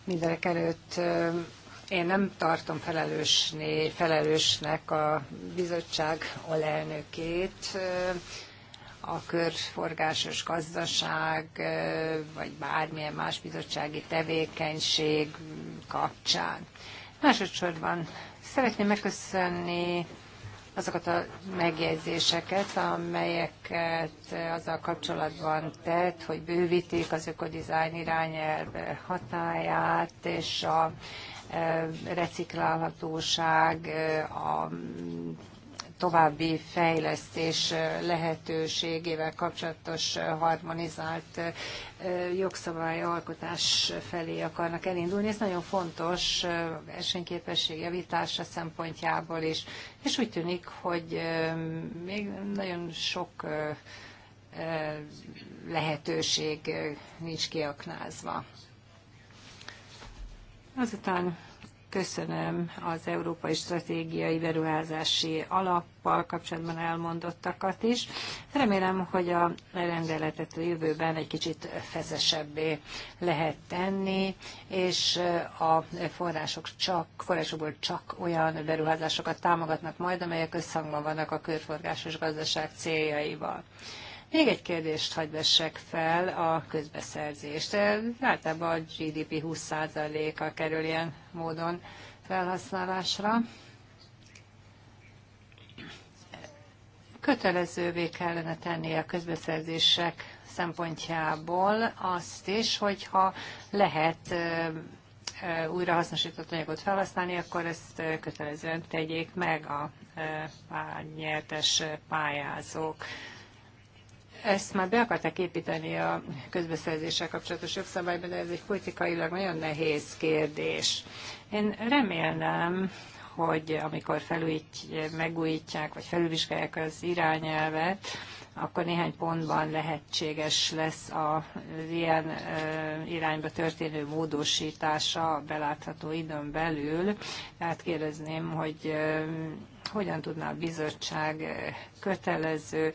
Mindenek előtt um, én nem tartom felelősné, felelősnek a bizottság alelnökét, um, a körforgásos gazdaság, vagy bármilyen más bizottsági tevékenység kapcsán. Másodszorban szeretném megköszönni azokat a megjegyzéseket, amelyeket eh, azzal kapcsolatban tett, hogy bővítik az ökodizájn irányelv hatáját, és a eh, reciklálhatóság, eh, a további fejlesztés lehetőségével kapcsolatos harmonizált jogszabályalkotás felé akarnak elindulni. Ez nagyon fontos a versenyképesség javítása szempontjából is, és úgy tűnik, hogy még nagyon sok lehetőség nincs kiaknázva. Azután Köszönöm az Európai Stratégiai Beruházási Alappal kapcsolatban elmondottakat is. Remélem, hogy a rendeletet a jövőben egy kicsit fezesebbé lehet tenni, és a források csak, forrásokból csak olyan beruházásokat támogatnak majd, amelyek összhangban vannak a körforgásos gazdaság céljaival. Még egy kérdést hagy vessek fel, a közbeszerzést. Általában a GDP 20%-a kerül ilyen módon felhasználásra. Kötelezővé kellene tenni a közbeszerzések szempontjából azt is, hogyha lehet újrahasznosított anyagot felhasználni, akkor ezt kötelezően tegyék meg a nyertes pályázók. Ezt már be akarták építeni a közbeszerzéssel kapcsolatos jogszabályba, de ez egy politikailag nagyon nehéz kérdés. Én remélem, hogy amikor felújít, megújítják, vagy felülvizsgálják az irányelvet, akkor néhány pontban lehetséges lesz az ilyen irányba történő módosítása belátható időn belül. Tehát kérdezném, hogy hogyan tudná a bizottság kötelező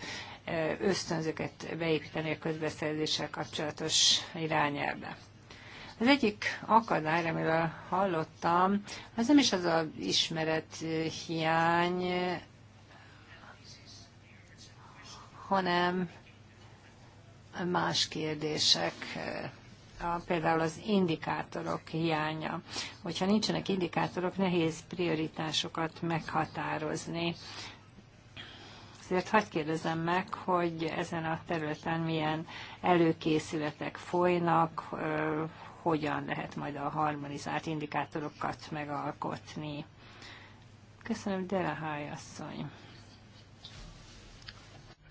ösztönzőket beépíteni a közbeszerzéssel kapcsolatos irányelbe. Az egyik akadály, amivel hallottam, az nem is az a ismeret hiány, hanem más kérdések, például az indikátorok hiánya. Hogyha nincsenek indikátorok, nehéz prioritásokat meghatározni Azért hagyd kérdezem meg, hogy ezen a területen milyen előkészületek folynak, hogyan lehet majd a harmonizált indikátorokat megalkotni. Köszönöm, Delahály asszony.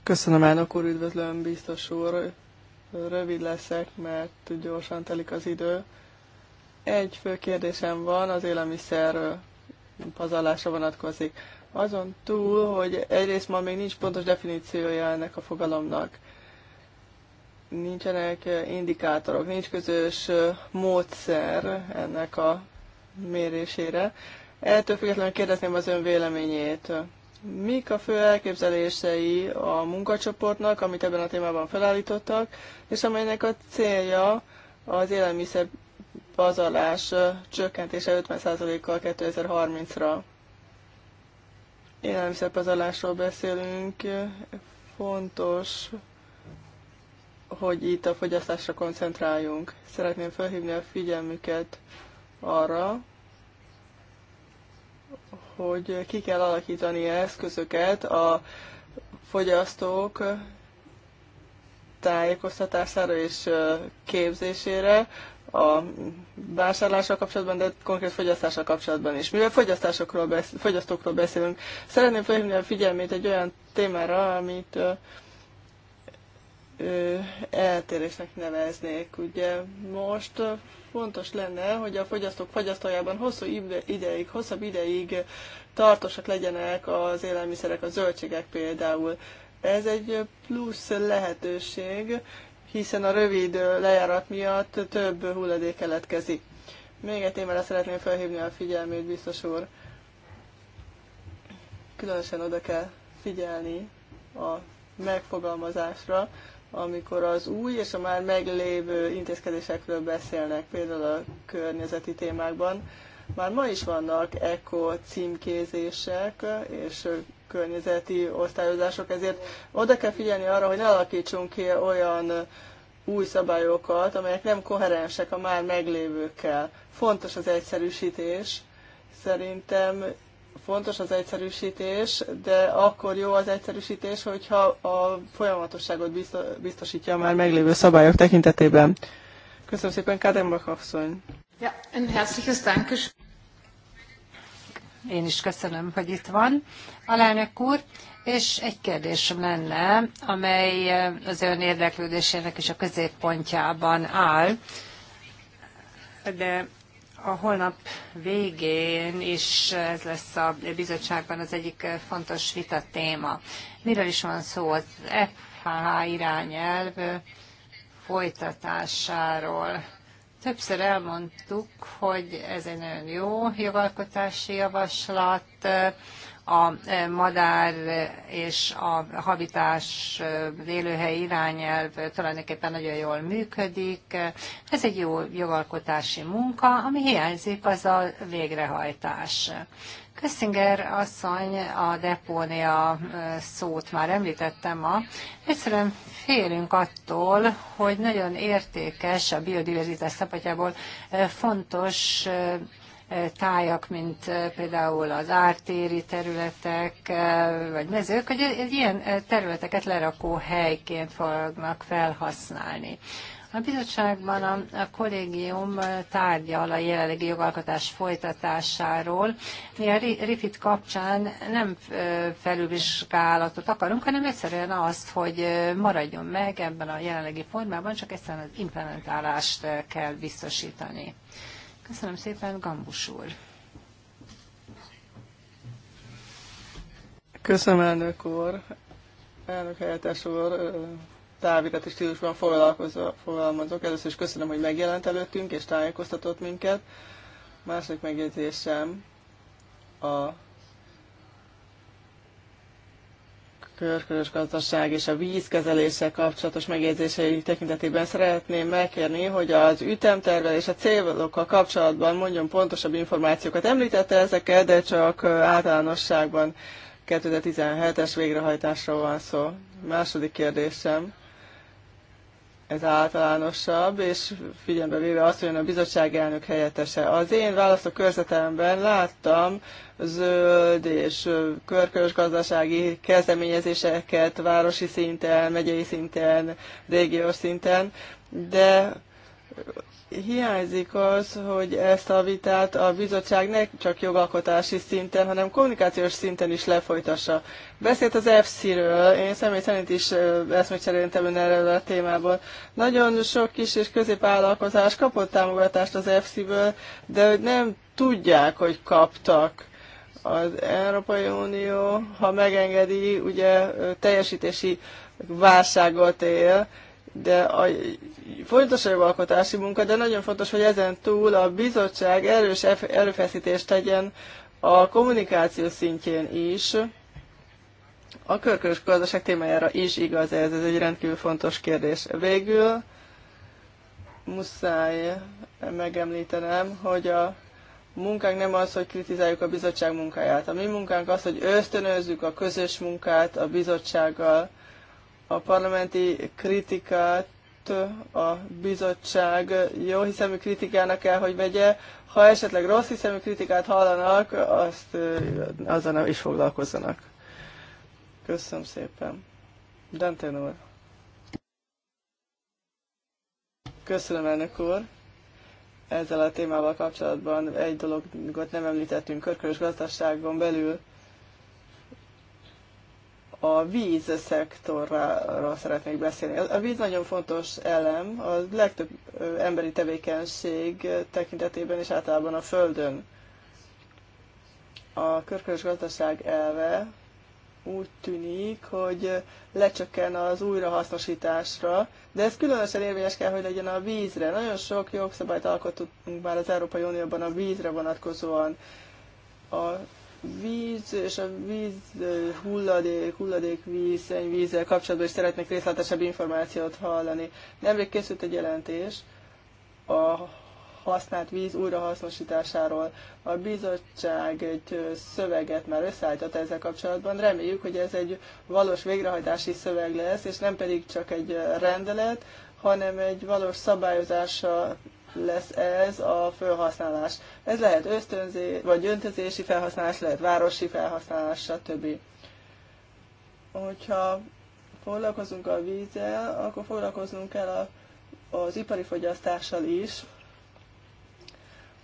Köszönöm, elnök úr, üdvözlöm, biztos úr. Rövid leszek, mert gyorsan telik az idő. Egy fő kérdésem van, az élelmiszer pazarlásra vonatkozik. Azon túl, hogy egyrészt ma még nincs pontos definíciója ennek a fogalomnak. Nincsenek indikátorok, nincs közös módszer ennek a mérésére. Ettől függetlenül kérdezném az ön véleményét. Mik a fő elképzelései a munkacsoportnak, amit ebben a témában felállítottak, és amelynek a célja az élelmiszer pazarlás csökkentése 50%-kal 2030-ra? élelmiszerpazarlásról beszélünk, fontos, hogy itt a fogyasztásra koncentráljunk. Szeretném felhívni a figyelmüket arra, hogy ki kell alakítani eszközöket a fogyasztók tájékoztatására és képzésére, a vásárlással kapcsolatban, de konkrét fogyasztással kapcsolatban is. Mivel fogyasztásokról beszél, fogyasztókról beszélünk, szeretném felhívni a figyelmét egy olyan témára, amit ö, ö, eltérésnek neveznék. Ugye most fontos lenne, hogy a fogyasztók fogyasztójában hosszú ideig, hosszabb ideig tartósak legyenek az élelmiszerek, a zöldségek például. Ez egy plusz lehetőség, hiszen a rövid lejárat miatt több hulladék keletkezik. Még egy témára szeretném felhívni a figyelmét, biztos úr. Különösen oda kell figyelni a megfogalmazásra, amikor az új és a már meglévő intézkedésekről beszélnek, például a környezeti témákban, már ma is vannak eko címkézések és környezeti osztályozások, ezért oda kell figyelni arra, hogy ne alakítsunk ki olyan új szabályokat, amelyek nem koherensek a már meglévőkkel. Fontos az egyszerűsítés. Szerintem fontos az egyszerűsítés, de akkor jó az egyszerűsítés, hogyha a folyamatosságot biztosítja a már meglévő szabályok tekintetében. Köszönöm szépen, Kádenbach asszony. Ja, ein herzliches Dankeschön. Én is köszönöm, hogy itt van. Alelnök úr, és egy kérdésem lenne, amely eh, az ön érdeklődésének is a középpontjában áll, de a holnap végén is ez lesz a bizottságban az egyik eh, fontos vita téma. Miről is van szó? Az FH irányelv eh, folytatásáról Többször elmondtuk, hogy ez egy nagyon jó jogalkotási javaslat, a e, madár és a habitás e, élőhely irányelv tulajdonképpen nagyon jól működik. Ez egy jó jogalkotási munka, ami hiányzik, az a végrehajtás. Köszinger asszony a depónia szót már említettem ma. Egyszerűen félünk attól, hogy nagyon értékes a biodiverzitás szempontjából fontos tájak, mint például az ártéri területek, vagy mezők, hogy ilyen területeket lerakó helyként fognak felhasználni. A bizottságban a, a kollégium tárgyal a jelenlegi jogalkotás folytatásáról. Mi a RIFIT kapcsán nem felülvizsgálatot akarunk, hanem egyszerűen azt, hogy maradjon meg ebben a jelenlegi formában, csak egyszerűen az implementálást kell biztosítani. Köszönöm szépen, Gambus úr! Köszönöm, elnök úr. Elnök helyettes úr, távirati stílusban fogalmazok. Először is köszönöm, hogy megjelent előttünk és tájékoztatott minket. Második megjegyzésem a körkörös gazdaság és a vízkezeléssel kapcsolatos megjegyzései tekintetében szeretném megkérni, hogy az ütemtervel és a célokkal kapcsolatban mondjon pontosabb információkat. Említette ezeket, de csak általánosságban 2017-es végrehajtásról van szó. Második kérdésem ez általánosabb, és figyelembe véve azt, hogy a bizottság elnök helyettese. Az én körzetemben láttam zöld és körkörös gazdasági kezdeményezéseket városi szinten, megyei szinten, régiós szinten, de hiányzik az, hogy ezt a vitát a bizottság ne csak jogalkotási szinten, hanem kommunikációs szinten is lefolytassa. Beszélt az EFSZ-ről, én személy szerint is eszmét cseréltem ön erről a témából. Nagyon sok kis és középvállalkozás kapott támogatást az EFSZ-ből, de hogy nem tudják, hogy kaptak. Az Európai Unió, ha megengedi, ugye teljesítési válságot él, de a, fontos a jogalkotási munka, de nagyon fontos, hogy ezen túl a bizottság erős erőfeszítést tegyen a kommunikáció szintjén is, a körkörös gazdaság témájára is igaz ez, ez egy rendkívül fontos kérdés. Végül muszáj megemlítenem, hogy a munkánk nem az, hogy kritizáljuk a bizottság munkáját. A mi munkánk az, hogy ösztönözzük a közös munkát a bizottsággal, a parlamenti kritikát a bizottság jó hiszemű kritikának kell, hogy vegye. Ha esetleg rossz hiszemű kritikát hallanak, azt azon is foglalkozzanak. Köszönöm szépen. Dantén úr. Köszönöm, elnök úr. Ezzel a témával kapcsolatban egy dologot nem említettünk körkörös gazdaságon belül a víz szektorra szeretnék beszélni. A víz nagyon fontos elem a legtöbb emberi tevékenység tekintetében és általában a Földön. A körkörös gazdaság elve úgy tűnik, hogy lecsökken az újrahasznosításra, de ez különösen érvényes kell, hogy legyen a vízre. Nagyon sok jogszabályt alkottunk már az Európai Unióban a vízre vonatkozóan. A víz és a víz hulladék, hulladékvíz, szennyvízzel kapcsolatban is szeretnék részletesebb információt hallani. Nemrég készült egy jelentés a használt víz újrahasznosításáról. A bizottság egy szöveget már összeállított ezzel kapcsolatban. Reméljük, hogy ez egy valós végrehajtási szöveg lesz, és nem pedig csak egy rendelet, hanem egy valós szabályozása lesz ez a felhasználás. Ez lehet ösztönzés, vagy öntözési felhasználás, lehet városi felhasználás, stb. Hogyha foglalkozunk a vízzel, akkor foglalkoznunk kell a, az ipari fogyasztással is.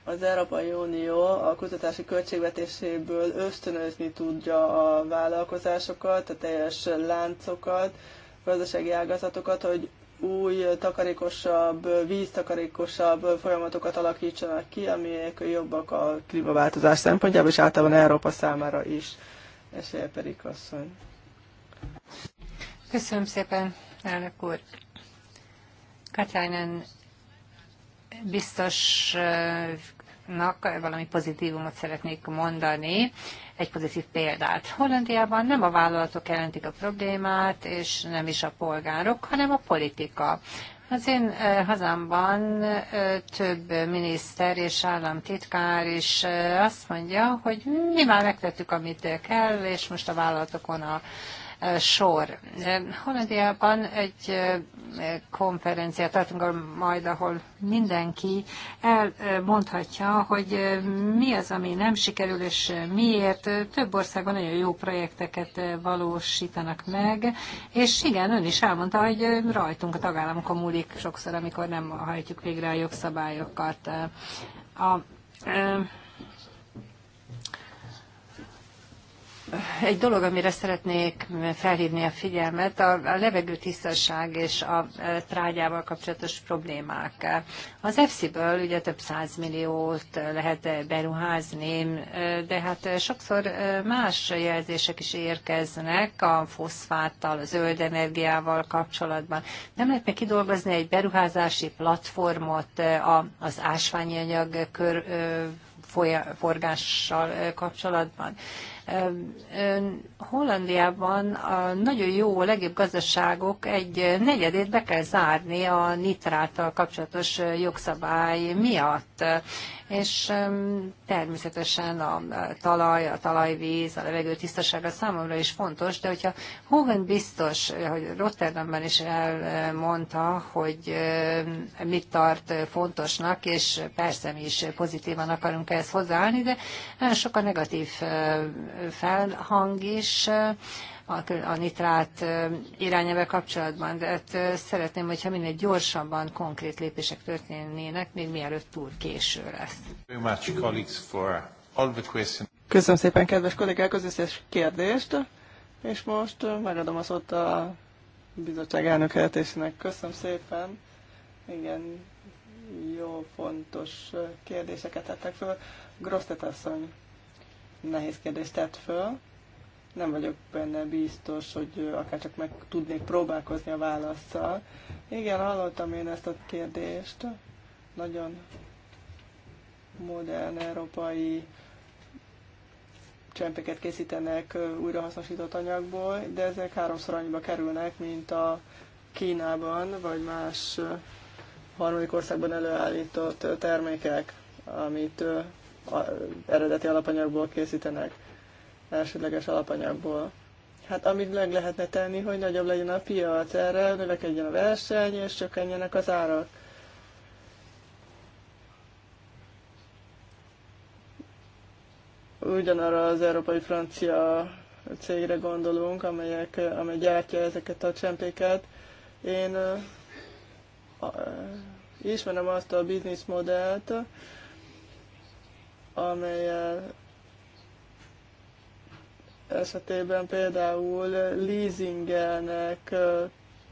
Az Európai Unió a kutatási költségvetéséből ösztönözni tudja a vállalkozásokat, a teljes láncokat, gazdasági ágazatokat, hogy új, takarékosabb, víztakarékosabb folyamatokat alakítsanak ki, amelyek jobbak a klímaváltozás szempontjából, és általában Európa számára is. Esélye pedig asszony. Köszönöm szépen, elnök úr. Katainen biztos nak valami pozitívumot szeretnék mondani, egy pozitív példát. Hollandiában nem a vállalatok jelentik a problémát, és nem is a polgárok, hanem a politika. Az én hazámban több miniszter és államtitkár is azt mondja, hogy mi már megtettük, amit kell, és most a vállalatokon a sor. Hollandiában egy konferenciát tartunk majd, ahol mindenki elmondhatja, hogy mi az, ami nem sikerül, és miért. Több országban nagyon jó projekteket valósítanak meg, és igen, ön is elmondta, hogy rajtunk a tagállamokon múlik sokszor, amikor nem hajtjuk végre a jogszabályokat. A, a egy dolog, amire szeretnék felhívni a figyelmet, a, a levegő tisztaság és a e, trágyával kapcsolatos problémák. Az EFSI-ből ugye több százmilliót e, lehet e, beruházni, de hát sokszor más jelzések is érkeznek a foszfáttal, a zöld energiával kapcsolatban. Nem lehetne kidolgozni egy beruházási platformot a, az ásványi anyag kör, forgással kapcsolatban. Hollandiában a nagyon jó, a legjobb gazdaságok egy negyedét be kell zárni a nitráttal kapcsolatos jogszabály miatt és természetesen a talaj, a talajvíz, a levegő tisztasága számomra is fontos, de hogyha Hogan biztos, hogy Rotterdamban is elmondta, hogy mit tart fontosnak, és persze mi is pozitívan akarunk ehhez hozzáállni, de nagyon sok a negatív felhang is, a, a nitrát irányelve kapcsolatban, de hát szeretném, hogyha minél gyorsabban konkrét lépések történnének, még mielőtt túl késő lesz. Köszönöm szépen, kedves kollégák, az összes kérdést, és most megadom a szót a bizottság elnök Köszönöm szépen. Igen, jó, fontos kérdéseket tettek föl. Grosztet asszony nehéz kérdést tett föl nem vagyok benne biztos, hogy akár csak meg tudnék próbálkozni a válaszsal. Igen, hallottam én ezt a kérdést. Nagyon modern európai csempeket készítenek újrahasznosított anyagból, de ezek háromszor annyiba kerülnek, mint a Kínában vagy más harmadik országban előállított termékek, amit eredeti alapanyagból készítenek elsődleges alapanyagból. Hát amit meg lehetne tenni, hogy nagyobb legyen a piac, erre növekedjen a verseny, és csökkenjenek az árak. Ugyanarra az európai francia cégre gondolunk, amelyek, amely gyártja ezeket a csempéket. Én ismerem azt a bizniszmodellt, amelyel esetében például leasingelnek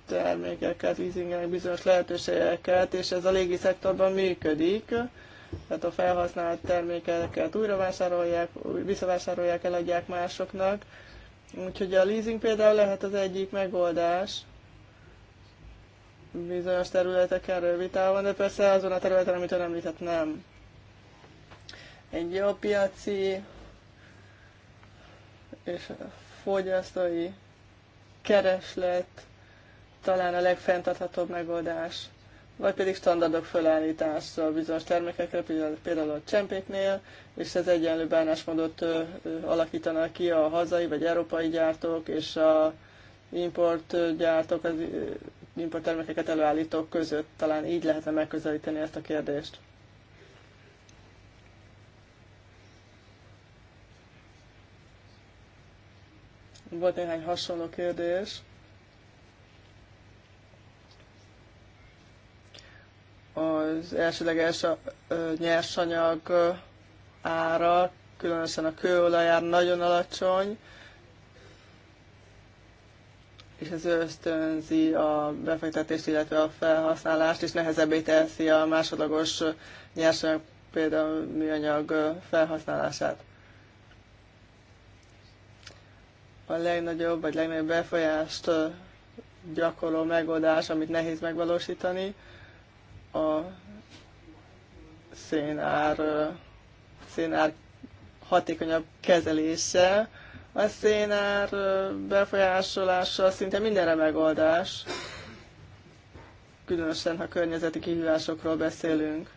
termékeket, leasingelnek bizonyos lehetőségeket, és ez a légi szektorban működik. Tehát a felhasznált termékeket újra vásárolják, visszavásárolják, eladják másoknak. Úgyhogy a leasing például lehet az egyik megoldás bizonyos területeken rövid távon, de persze azon a területen, amit ön említett, nem. Egy jó piaci és fogyasztói kereslet talán a legfenntarthatóbb megoldás, vagy pedig standardok felállítása bizonyos termékekre, például a csempéknél, és ez egyenlő bánásmódot alakítanak ki a hazai vagy európai gyártók és a import gyártók az importtermékeket előállítók között. Talán így lehetne megközelíteni ezt a kérdést. Volt néhány hasonló kérdés. Az elsőleges nyersanyag ára, különösen a kőolajár nagyon alacsony, és ez ösztönzi a befektetést, illetve a felhasználást, és nehezebbé teszi a másodlagos nyersanyag, például műanyag felhasználását. a legnagyobb vagy legnagyobb befolyást gyakorló megoldás, amit nehéz megvalósítani, a szénár, szénár hatékonyabb kezelése. A szénár befolyásolása szinte mindenre megoldás, különösen ha környezeti kihívásokról beszélünk.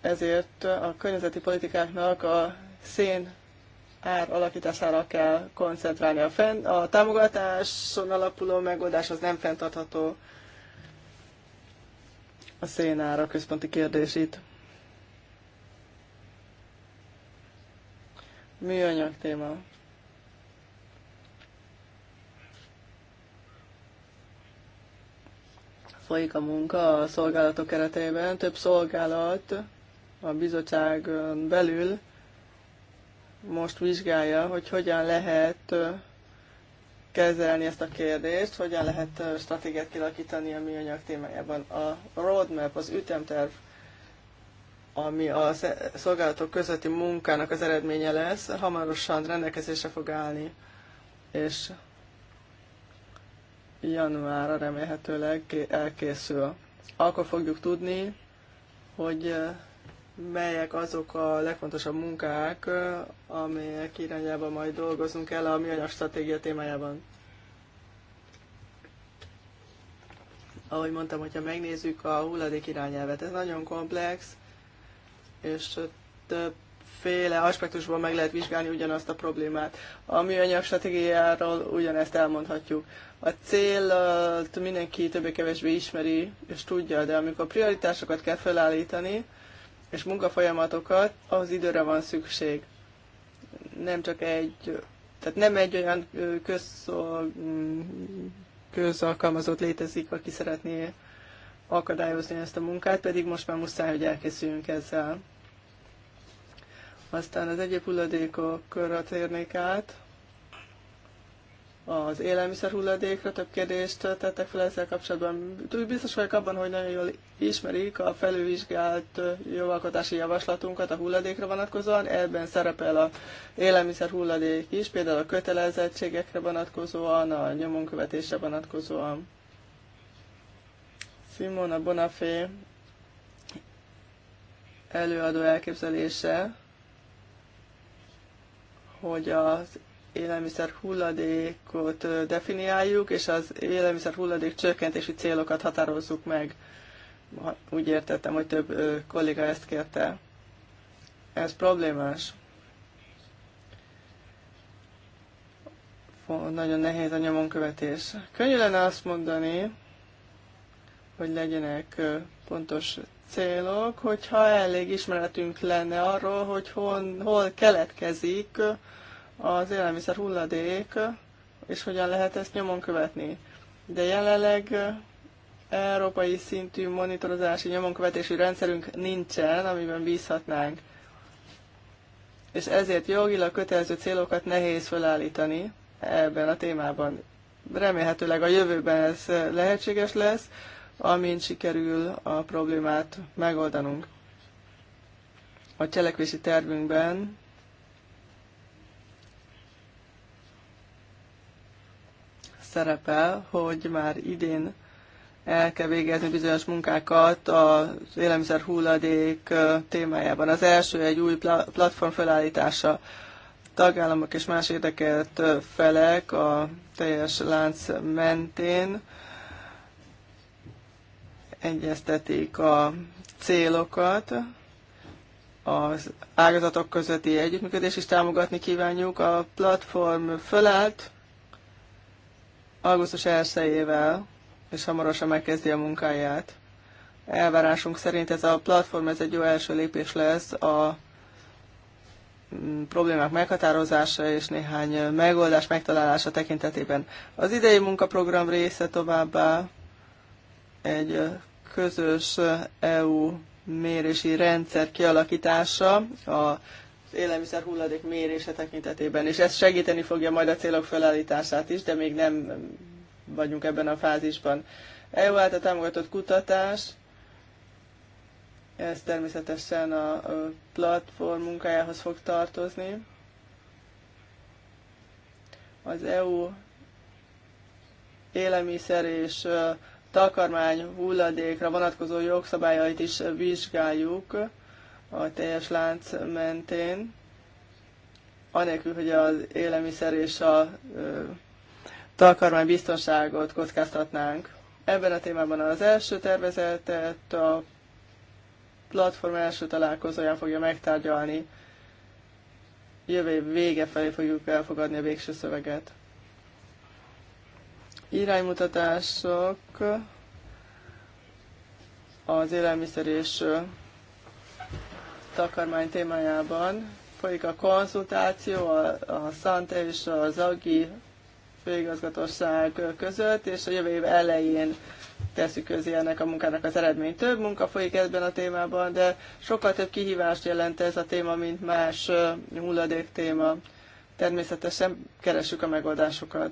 Ezért a környezeti politikáknak a szén ár alakítására kell koncentrálni. A, fenn, a támogatáson alapuló megoldás az nem fenntartható. A szénára központi kérdés itt. Műanyag téma. Folyik a munka a szolgálatok keretében. Több szolgálat a bizottságon belül most vizsgálja, hogy hogyan lehet kezelni ezt a kérdést, hogyan lehet stratégiát kilakítani a műanyag témájában. A roadmap, az ütemterv, ami a szolgálatok közötti munkának az eredménye lesz, hamarosan rendelkezésre fog állni, és januárra remélhetőleg elkészül. Akkor fogjuk tudni, hogy melyek azok a legfontosabb munkák, amelyek irányában majd dolgozunk el a műanyag stratégia témájában. Ahogy mondtam, hogyha megnézzük a hulladék irányelvet, ez nagyon komplex, és többféle aspektusban meg lehet vizsgálni ugyanazt a problémát. A műanyag stratégiáról ugyanezt elmondhatjuk. A cél mindenki többé-kevésbé ismeri és tudja, de amikor prioritásokat kell felállítani, és munkafolyamatokat, ahhoz időre van szükség. Nem csak egy, tehát nem egy olyan mm, közalkalmazott létezik, aki szeretné akadályozni ezt a munkát, pedig most már muszáj, hogy elkészüljünk ezzel. Aztán az egyéb hulladékokra térnék át az élelmiszer hulladékra több kérdést tettek fel ezzel kapcsolatban. Biztos vagyok abban, hogy nagyon jól ismerik a felülvizsgált jogalkotási javaslatunkat a hulladékra vonatkozóan. Ebben szerepel a élelmiszer hulladék is, például a kötelezettségekre vonatkozóan, a nyomonkövetésre vonatkozóan. Simona Bonafé előadó elképzelése, hogy az élelmiszer hulladékot definiáljuk, és az élelmiszer hulladék csökkentési célokat határozzuk meg. Úgy értettem, hogy több kolléga ezt kérte. Ez problémás. Nagyon nehéz a nyomonkövetés. Könnyű lenne azt mondani, hogy legyenek pontos célok, hogyha elég ismeretünk lenne arról, hogy hon, hol keletkezik az élelmiszer hulladék, és hogyan lehet ezt nyomon követni. De jelenleg eh, európai szintű monitorozási nyomonkövetési rendszerünk nincsen, amiben bízhatnánk. És ezért jogilag kötelező célokat nehéz felállítani ebben a témában. Remélhetőleg a jövőben ez eh, lehetséges lesz, amint sikerül a problémát megoldanunk. A cselekvési tervünkben szerepel, hogy már idén el kell végezni bizonyos munkákat az élelmiszer hulladék témájában. Az első egy új platform felállítása. Tagállamok és más érdekelt felek a teljes lánc mentén egyeztetik a célokat, az ágazatok közötti együttműködést is támogatni kívánjuk. A platform fölállt, augusztus 1-ével, és hamarosan megkezdi a munkáját. Elvárásunk szerint ez a platform, ez egy jó első lépés lesz a mm, problémák meghatározása és néhány megoldás megtalálása tekintetében. Az idei munkaprogram része továbbá egy közös EU e, mérési rendszer kialakítása a élelmiszer hulladék mérése tekintetében, és ez segíteni fogja majd a célok felállítását is, de még nem vagyunk ebben a fázisban. EU által támogatott kutatás, ez természetesen a platform munkájához fog tartozni. Az EU élelmiszer és takarmány hulladékra vonatkozó jogszabályait is vizsgáljuk a teljes lánc mentén, anélkül, hogy az élelmiszer és a ö, takarmány biztonságot kockáztatnánk. Ebben a témában az első tervezetet a platform első találkozóján fogja megtárgyalni. Jövő év vége felé fogjuk elfogadni a végső szöveget. Iránymutatások az élelmiszer és takarmány témájában. Folyik a konzultáció a, a Szante és az AGI főigazgatóság között, és a jövő év elején teszük közé ennek a munkának az eredmény. Több munka folyik ebben a témában, de sokkal több kihívást jelent ez a téma, mint más hulladék téma. Természetesen keresjük a megoldásokat.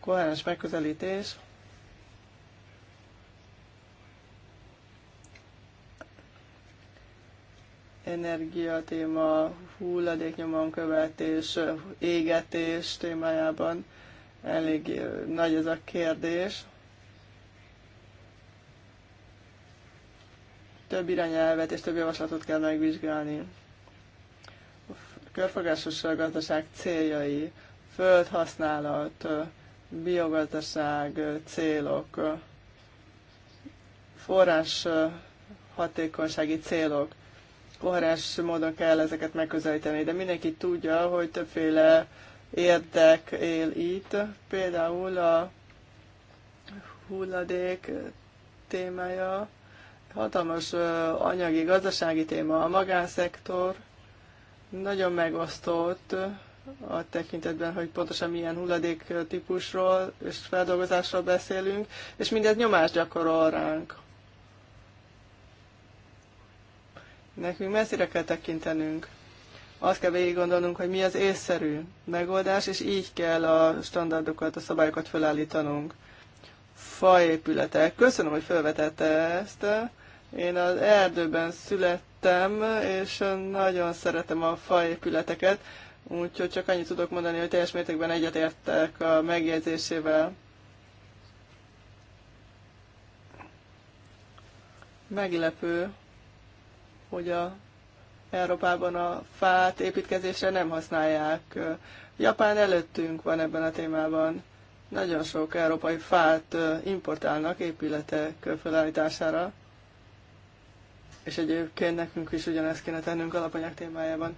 Koherens megközelítés energia téma, követés, égetés témájában elég nagy ez a kérdés. Több irányelvet és több javaslatot kell megvizsgálni. A körfogásos gazdaság céljai, földhasználat, biogazdaság célok, forrás hatékonysági célok koherens módon kell ezeket megközelíteni, de mindenki tudja, hogy többféle érdek él itt, például a hulladék témája, hatalmas anyagi, gazdasági téma, a magánszektor, nagyon megosztott a tekintetben, hogy pontosan milyen hulladék típusról és feldolgozásról beszélünk, és mindez nyomást gyakorol ránk, Nekünk messzire kell tekintenünk. Azt kell végig gondolnunk, hogy mi az észszerű megoldás, és így kell a standardokat, a szabályokat felállítanunk. Faépületek. Köszönöm, hogy felvetette ezt. Én az erdőben születtem, és nagyon szeretem a faépületeket, úgyhogy csak annyit tudok mondani, hogy teljes mértékben egyetértek a megjegyzésével. Meglepő, hogy a Európában a fát építkezésre nem használják. Japán előttünk van ebben a témában. Nagyon sok európai fát importálnak épületek felállítására, és egyébként nekünk is ugyanezt kéne tennünk alapanyag témájában.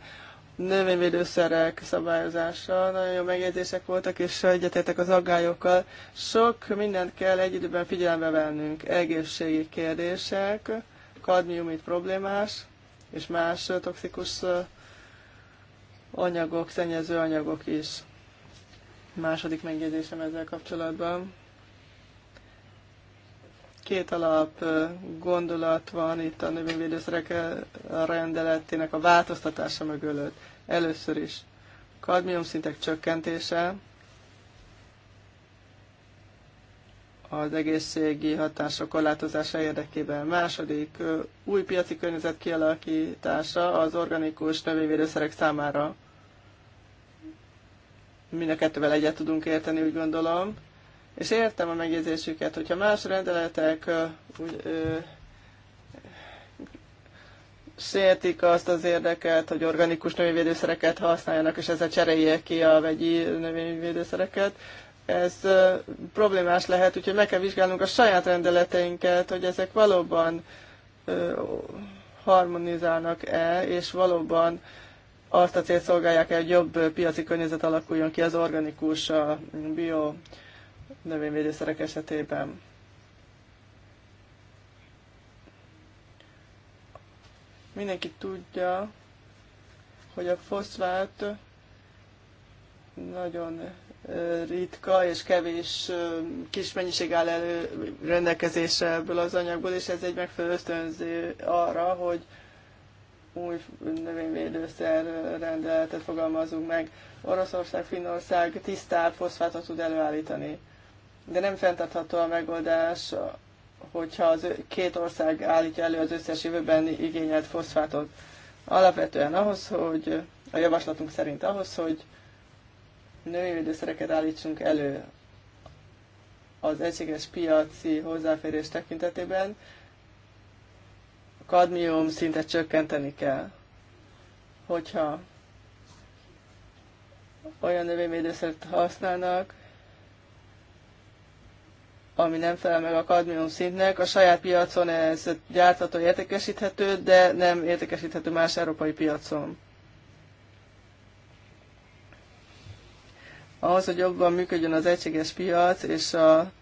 Növényvédőszerek szabályozása, nagyon jó megjegyzések voltak, és egyetértek az aggályokkal. Sok mindent kell egy időben figyelembe vennünk. Egészségi kérdések, kadmium itt problémás, és más toxikus anyagok, szennyező anyagok is. Második megjegyzésem ezzel kapcsolatban. Két alap gondolat van itt a növényvédőszerek rendeletének a változtatása mögött. Először is kadmium szintek csökkentése, az egészségi hatások korlátozása érdekében. Második, új piaci környezet kialakítása az organikus növényvédőszerek számára. Mind a kettővel egyet tudunk érteni, úgy gondolom. És értem a megjegyzésüket, hogyha más rendeletek úgy, ö, sértik azt az érdeket, hogy organikus növényvédőszereket használjanak, és ezzel cseréljék ki a vegyi növényvédőszereket, ez problémás lehet, úgyhogy meg kell vizsgálnunk a saját rendeleteinket, hogy ezek valóban harmonizálnak-e, és valóban azt a célt szolgálják-e, hogy jobb piaci környezet alakuljon ki az organikus, a bio növényvédőszerek esetében. Mindenki tudja, hogy a foszfát nagyon ritka és kevés kis mennyiség áll elő rendelkezésre ebből az anyagból, és ez egy megfelelő ösztönző arra, hogy új növényvédőszer rendeletet fogalmazunk meg. Oroszország, Finnország tisztább foszfátot tud előállítani. De nem fenntartható a megoldás, hogyha az két ország állítja elő az összes jövőben igényelt foszfátot. Alapvetően ahhoz, hogy a javaslatunk szerint ahhoz, hogy védőszereket állítsunk elő az egységes piaci hozzáférés tekintetében, a kadmium szintet csökkenteni kell. Hogyha olyan növényvédőszert használnak, ami nem felel meg a kadmium szintnek. A saját piacon ez gyártható, értékesíthető, de nem értékesíthető más európai piacon. Ahhoz, hogy jobban működjön az egységes piac, és a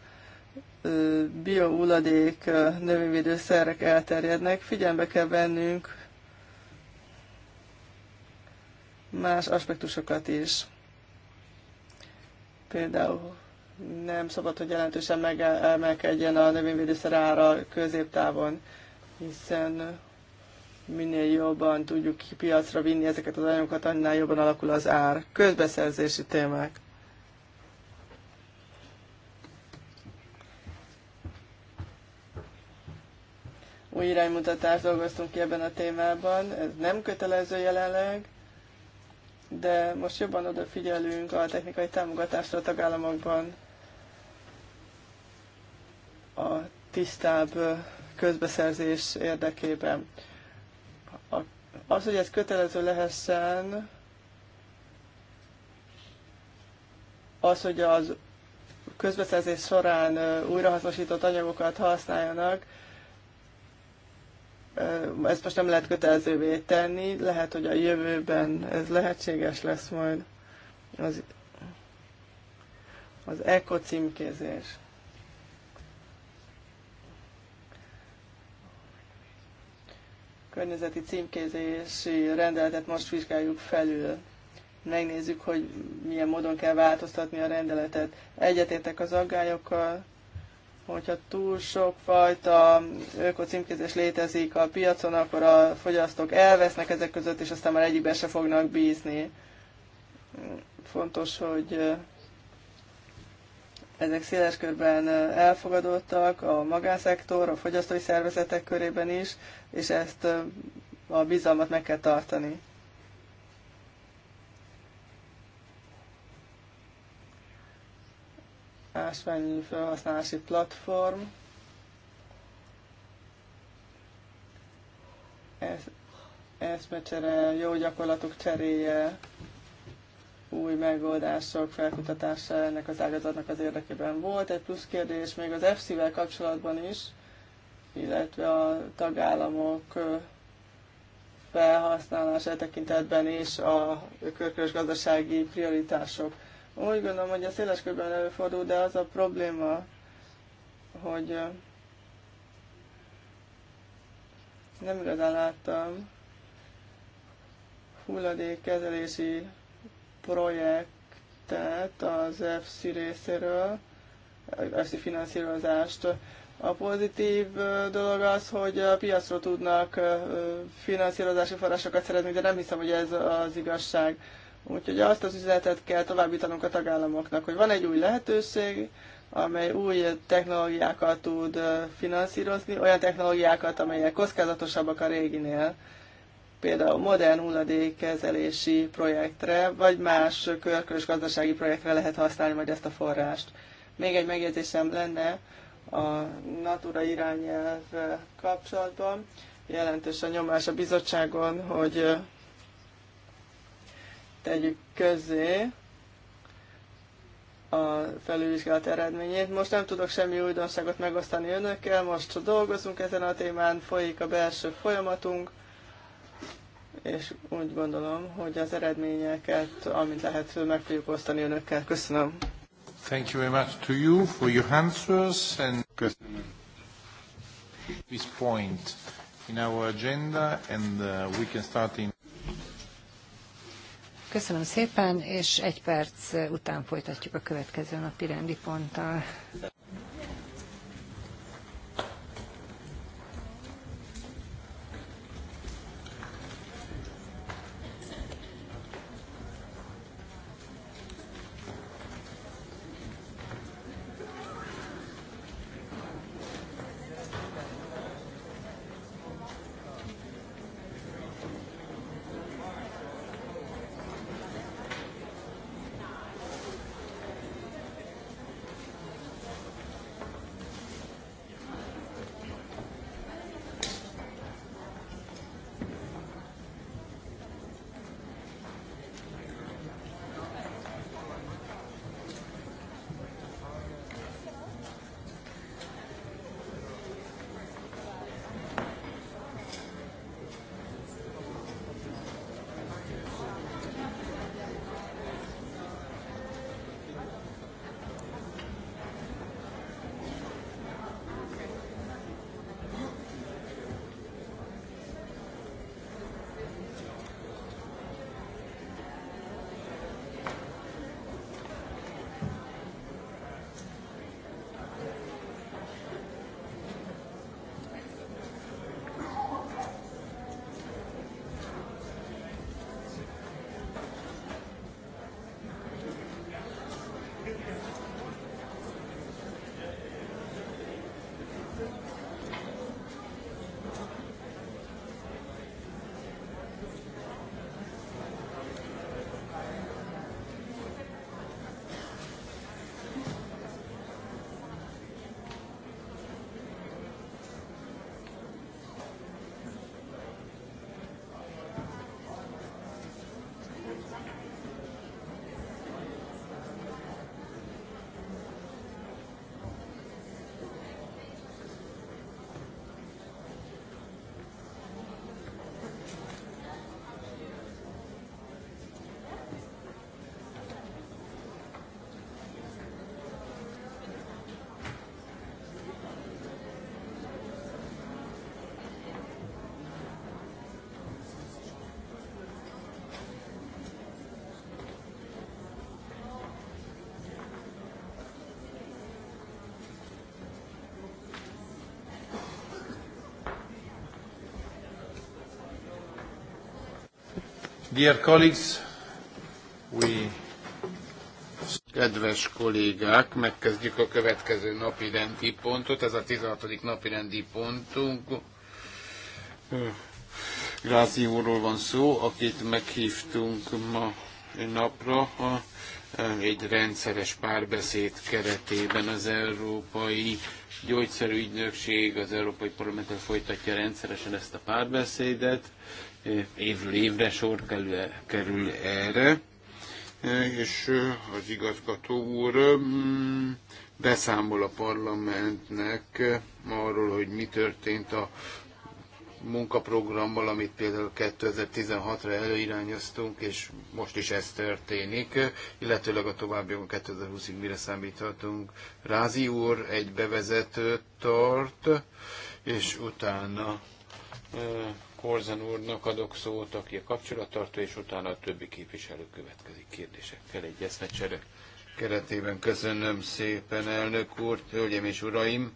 biohulladék növényvédőszerek elterjednek, figyelme kell vennünk más aspektusokat is. Például nem szabad, hogy jelentősen megemelkedjen a növényvédőszer ára középtávon, hiszen minél jobban tudjuk piacra vinni ezeket az anyagokat, annál jobban alakul az ár. Közbeszerzési témák. új iránymutatást dolgoztunk ki ebben a témában, ez nem kötelező jelenleg, de most jobban odafigyelünk a technikai támogatásra a tagállamokban a tisztább közbeszerzés érdekében. Az, hogy ez kötelező lehessen, az, hogy az közbeszerzés során újrahasznosított anyagokat használjanak, ezt most nem lehet kötelezővé tenni, lehet, hogy a jövőben ez lehetséges lesz majd az, az eko címkézés. környezeti címkézési rendeletet most vizsgáljuk felül. Megnézzük, hogy milyen módon kell változtatni a rendeletet. Egyetértek az aggályokkal, hogyha túl sok fajta ökocímkézés létezik a piacon, akkor a fogyasztók elvesznek ezek között, és aztán már egyikben se fognak bízni. Fontos, hogy ezek széles körben elfogadottak, a magánszektor, a fogyasztói szervezetek körében is, és ezt a bizalmat meg kell tartani. ásvány felhasználási platform. Ez, eszmecsere, jó gyakorlatok cseréje, új megoldások felkutatása ennek az ágazatnak az érdekében volt. Egy plusz kérdés még az FC-vel kapcsolatban is, illetve a tagállamok felhasználása tekintetben és a körkörös gazdasági prioritások. Úgy gondolom, hogy a széles körben előfordul, de az a probléma, hogy nem igazán láttam hulladékkezelési projektet az EFSI részéről, EFSI finanszírozást. A pozitív dolog az, hogy a piacról tudnak finanszírozási forrásokat szerezni, de nem hiszem, hogy ez az igazság Úgyhogy azt az üzletet kell továbbítanunk a tagállamoknak, hogy van egy új lehetőség, amely új technológiákat tud finanszírozni, olyan technológiákat, amelyek kockázatosabbak a réginél, például modern hulladékkezelési projektre, vagy más körkörös gazdasági projektre lehet használni majd ezt a forrást. Még egy megjegyzésem lenne a Natura irányelv kapcsolatban. Jelentős a nyomás a bizottságon, hogy tegyük közé a felülvizsgálat eredményét. Most nem tudok semmi újdonságot megosztani önökkel, most dolgozunk ezen a témán, folyik a belső folyamatunk, és úgy gondolom, hogy az eredményeket, amit lehet, meg fogjuk osztani önökkel. Köszönöm. Thank you very much to you for your answers and Köszönöm. this point in our agenda and uh, we can start in Köszönöm szépen, és egy perc után folytatjuk a következő napi rendi ponttal. Dear colleagues, we... Kedves kollégák, megkezdjük a következő napi rendi pontot. Ez a 16. napi rendi pontunk. Grázi úrról van szó, akit meghívtunk ma napra a, egy rendszeres párbeszéd keretében az Európai Gyógyszerügynökség az Európai Parlament folytatja rendszeresen ezt a párbeszédet, évről évre sor kerül erre, e, és az igazgató úr mm, beszámol a parlamentnek arról, hogy mi történt a munkaprogrammal, amit például 2016-ra előirányoztunk, és most is ez történik, illetőleg a továbbiakban 2020-ig mire számíthatunk. Rázi úr egy bevezetőt tart, és utána Korzen úrnak adok szót, aki a kapcsolattartó, és utána a többi képviselő következik kérdésekkel egy eszmecsere keretében. Köszönöm szépen, elnök úr, hölgyeim és uraim!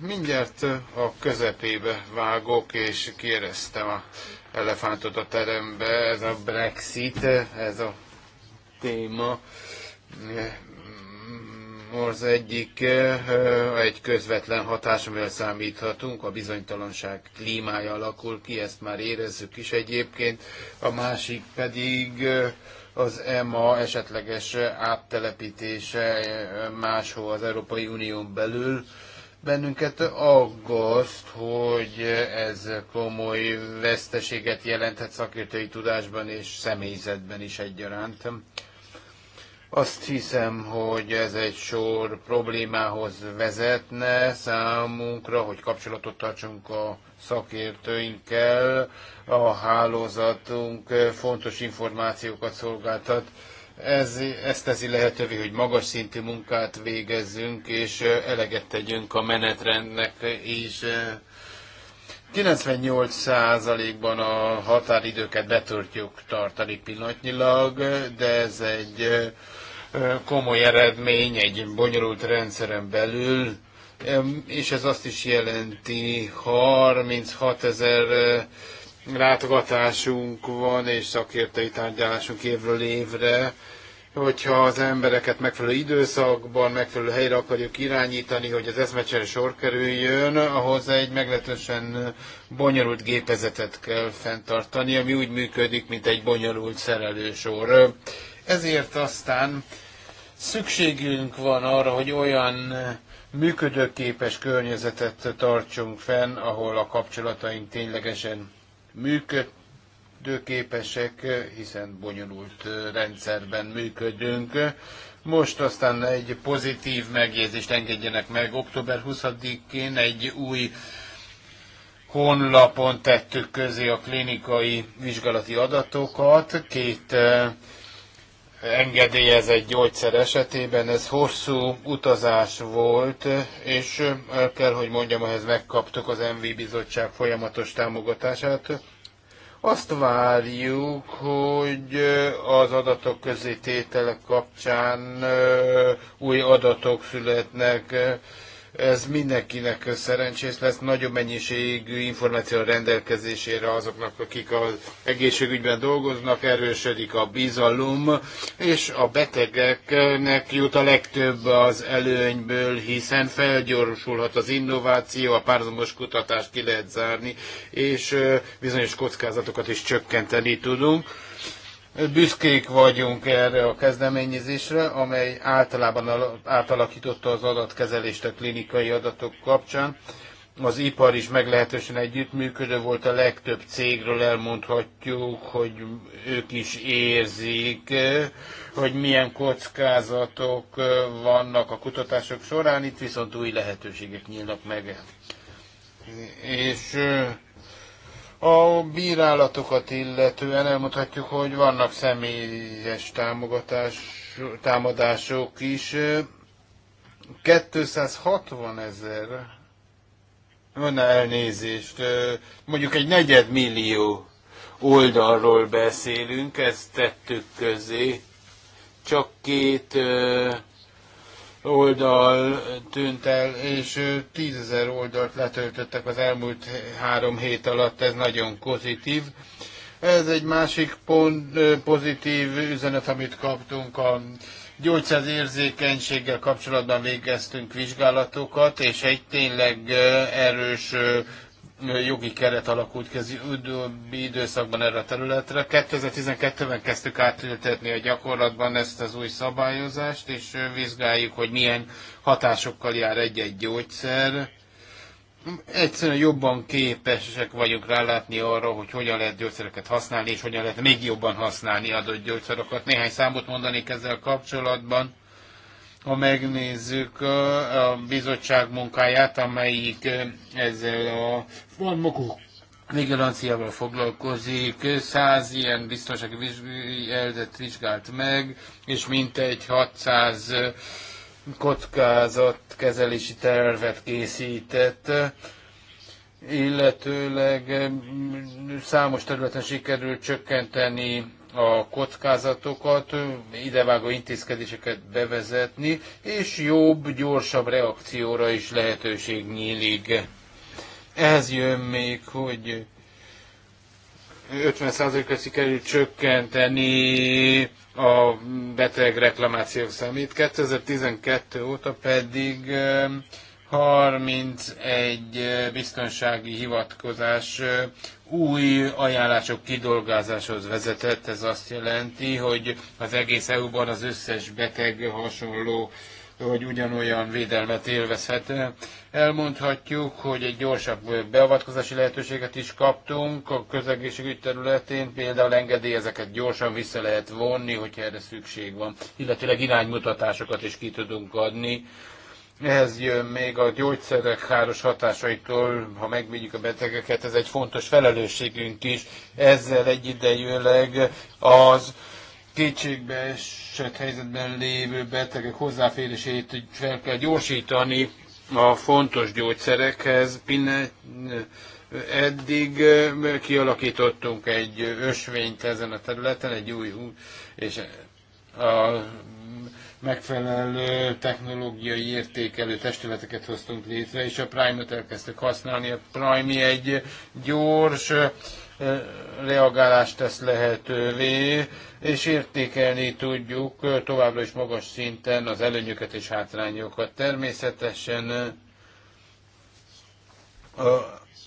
Mindjárt a közepébe vágok, és kéreztem a elefántot a terembe, ez a Brexit, ez a téma. Az egyik eh, eh, egy közvetlen hatás, amivel számíthatunk, a bizonytalanság klímája alakul ki, ezt már érezzük is egyébként. A másik pedig eh, az EMA esetleges áttelepítése máshol az Európai Unión belül. Bennünket aggaszt, hogy ez komoly veszteséget jelenthet szakértői tudásban és személyzetben is egyaránt. Azt hiszem, hogy ez egy sor problémához vezetne számunkra, hogy kapcsolatot tartsunk a szakértőinkkel, a hálózatunk fontos információkat szolgáltat. Ez, ez teszi lehetővé, hogy magas szintű munkát végezzünk, és eleget tegyünk a menetrendnek is. 98%-ban a határidőket betörtjük tartani pillanatnyilag, de ez egy komoly eredmény egy bonyolult rendszeren belül, és ez azt is jelenti, 36 ezer látogatásunk van, és szakértői tárgyalásunk évről évre, hogyha az embereket megfelelő időszakban, megfelelő helyre akarjuk irányítani, hogy az eszmecsere sor kerüljön, ahhoz egy meglehetősen bonyolult gépezetet kell fenntartani, ami úgy működik, mint egy bonyolult szerelősor. Ezért aztán Szükségünk van arra, hogy olyan eh, működőképes környezetet tartsunk fenn, ahol a kapcsolataink ténylegesen működőképesek, eh, hiszen bonyolult eh, rendszerben működünk. Most aztán egy pozitív megjegyzést engedjenek meg. Október 20-én egy új honlapon tettük közé a klinikai vizsgálati adatokat. Két engedélyez egy gyógyszer esetében. Ez hosszú utazás volt, és el kell, hogy mondjam, ehhez megkaptuk az MV Bizottság folyamatos támogatását. Azt várjuk, hogy az adatok közé kapcsán új adatok születnek, ez mindenkinek szerencsés lesz, nagyobb mennyiségű információ rendelkezésére azoknak, akik az egészségügyben dolgoznak, erősödik a bizalom, és a betegeknek jut a legtöbb az előnyből, hiszen felgyorsulhat az innováció, a párhuzamos kutatást ki lehet zárni, és bizonyos kockázatokat is csökkenteni tudunk Büszkék vagyunk erre a kezdeményezésre, amely általában átalakította az adatkezelést a klinikai adatok kapcsán. Az ipar is meglehetősen együttműködő volt, a legtöbb cégről elmondhatjuk, hogy ők is érzik, hogy milyen kockázatok vannak a kutatások során, itt viszont új lehetőségek nyílnak meg. És a bírálatokat illetően elmondhatjuk, hogy vannak személyes támogatás, támadások is. 260 ezer, van elnézést, mondjuk egy negyedmillió oldalról beszélünk, ezt tettük közé. Csak két oldal tűnt el, és tízezer oldalt letöltöttek az elmúlt három hét alatt, ez nagyon pozitív. Ez egy másik pont, pozitív üzenet, amit kaptunk a érzékenységgel kapcsolatban végeztünk vizsgálatokat, és egy tényleg erős jogi keret alakult ki az utóbbi időszakban erre a területre. 2012-ben kezdtük átültetni a gyakorlatban ezt az új szabályozást, és vizsgáljuk, hogy milyen hatásokkal jár egy-egy gyógyszer. Egyszerűen jobban képesek vagyunk rálátni arra, hogy hogyan lehet gyógyszereket használni, és hogyan lehet még jobban használni adott gyógyszerokat. Néhány számot mondanék ezzel kapcsolatban. Ha megnézzük a bizottság munkáját, amelyik ezzel a farmakok vigilanciával foglalkozik, száz ilyen biztonsági jelzet vizsgált meg, és mintegy 600 kockázat kezelési tervet készített, illetőleg számos területen sikerült csökkenteni a kockázatokat, idevágó intézkedéseket bevezetni, és jobb, gyorsabb reakcióra is lehetőség nyílik. Ehhez jön még, hogy 50%-ra sikerült csökkenteni a beteg reklamációk számít. 2012 óta pedig 31 eh, eh, biztonsági hivatkozás eh, új ajánlások kidolgázáshoz vezetett. Ez azt jelenti, hogy az egész EU-ban az összes beteg hasonló hogy ugyanolyan védelmet élvezhet. Elmondhatjuk, hogy egy gyorsabb beavatkozási lehetőséget is kaptunk a közegészségügy területén, például engedélyezeket gyorsan vissza lehet vonni, hogyha erre szükség van, illetőleg iránymutatásokat is ki tudunk adni ehhez jön még a gyógyszerek káros hatásaitól, ha megvédjük a betegeket, ez egy fontos felelősségünk is. Ezzel egyidejűleg az kétségbe esett helyzetben lévő betegek hozzáférését fel kell gyorsítani a fontos gyógyszerekhez. Eddig kialakítottunk egy ösvényt ezen a területen, egy új, és a megfelelő technológiai értékelő testületeket hoztunk létre, és a Prime-ot elkezdtük használni. A Prime egy gyors reagálást tesz lehetővé, és értékelni tudjuk továbbra is magas szinten az előnyöket és hátrányokat. Természetesen a,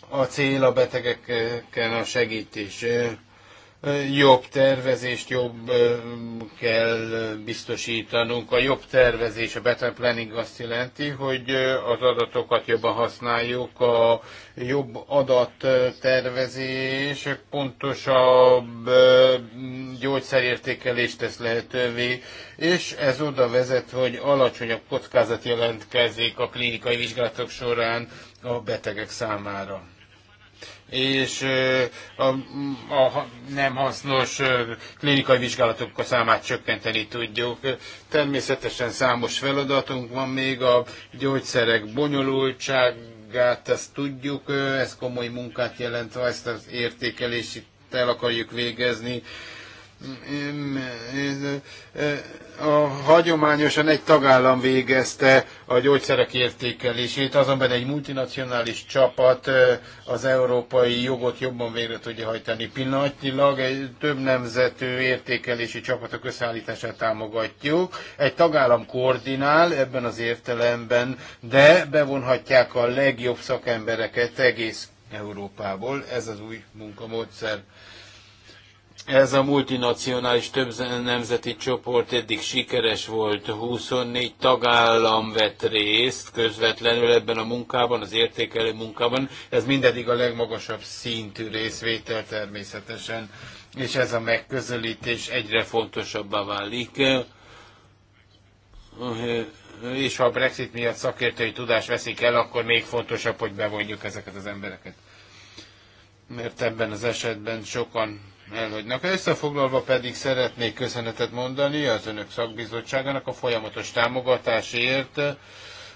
a cél a betegekkel a segítés jobb tervezést jobb kell biztosítanunk. A jobb tervezés, a better planning azt jelenti, hogy az adatokat jobban használjuk, a jobb adattervezés pontosabb gyógyszerértékelést tesz lehetővé, és ez oda vezet, hogy alacsonyabb kockázat jelentkezik a klinikai vizsgálatok során a betegek számára és a, a nem hasznos klinikai vizsgálatok a számát csökkenteni tudjuk. Természetesen számos feladatunk van még, a gyógyszerek bonyolultságát, ezt tudjuk, ez komoly munkát jelent, ha ezt az értékelését el akarjuk végezni, Eh, a hagyományosan egy tagállam végezte a gyógyszerek értékelését, azonban egy multinacionális csapat eh, az európai jogot jobban végre tudja hajtani. Pillanatnyilag egy több nemzetű értékelési csapatok összeállítását támogatjuk. Egy tagállam koordinál ebben az értelemben, de bevonhatják a legjobb szakembereket egész Európából. Ez az új munkamódszer. Ez a multinacionális több nemzeti csoport eddig sikeres volt. 24 tagállam vett részt közvetlenül ebben a munkában, az értékelő munkában. Ez mindedig a legmagasabb szintű részvétel természetesen, és ez a megközelítés egyre fontosabbá válik és ha a Brexit miatt szakértői tudás veszik el, akkor még fontosabb, hogy bevonjuk ezeket az embereket. Mert ebben az esetben sokan elhagynak. Összefoglalva pedig szeretnék köszönetet mondani az Önök szakbizottságának a folyamatos támogatásért,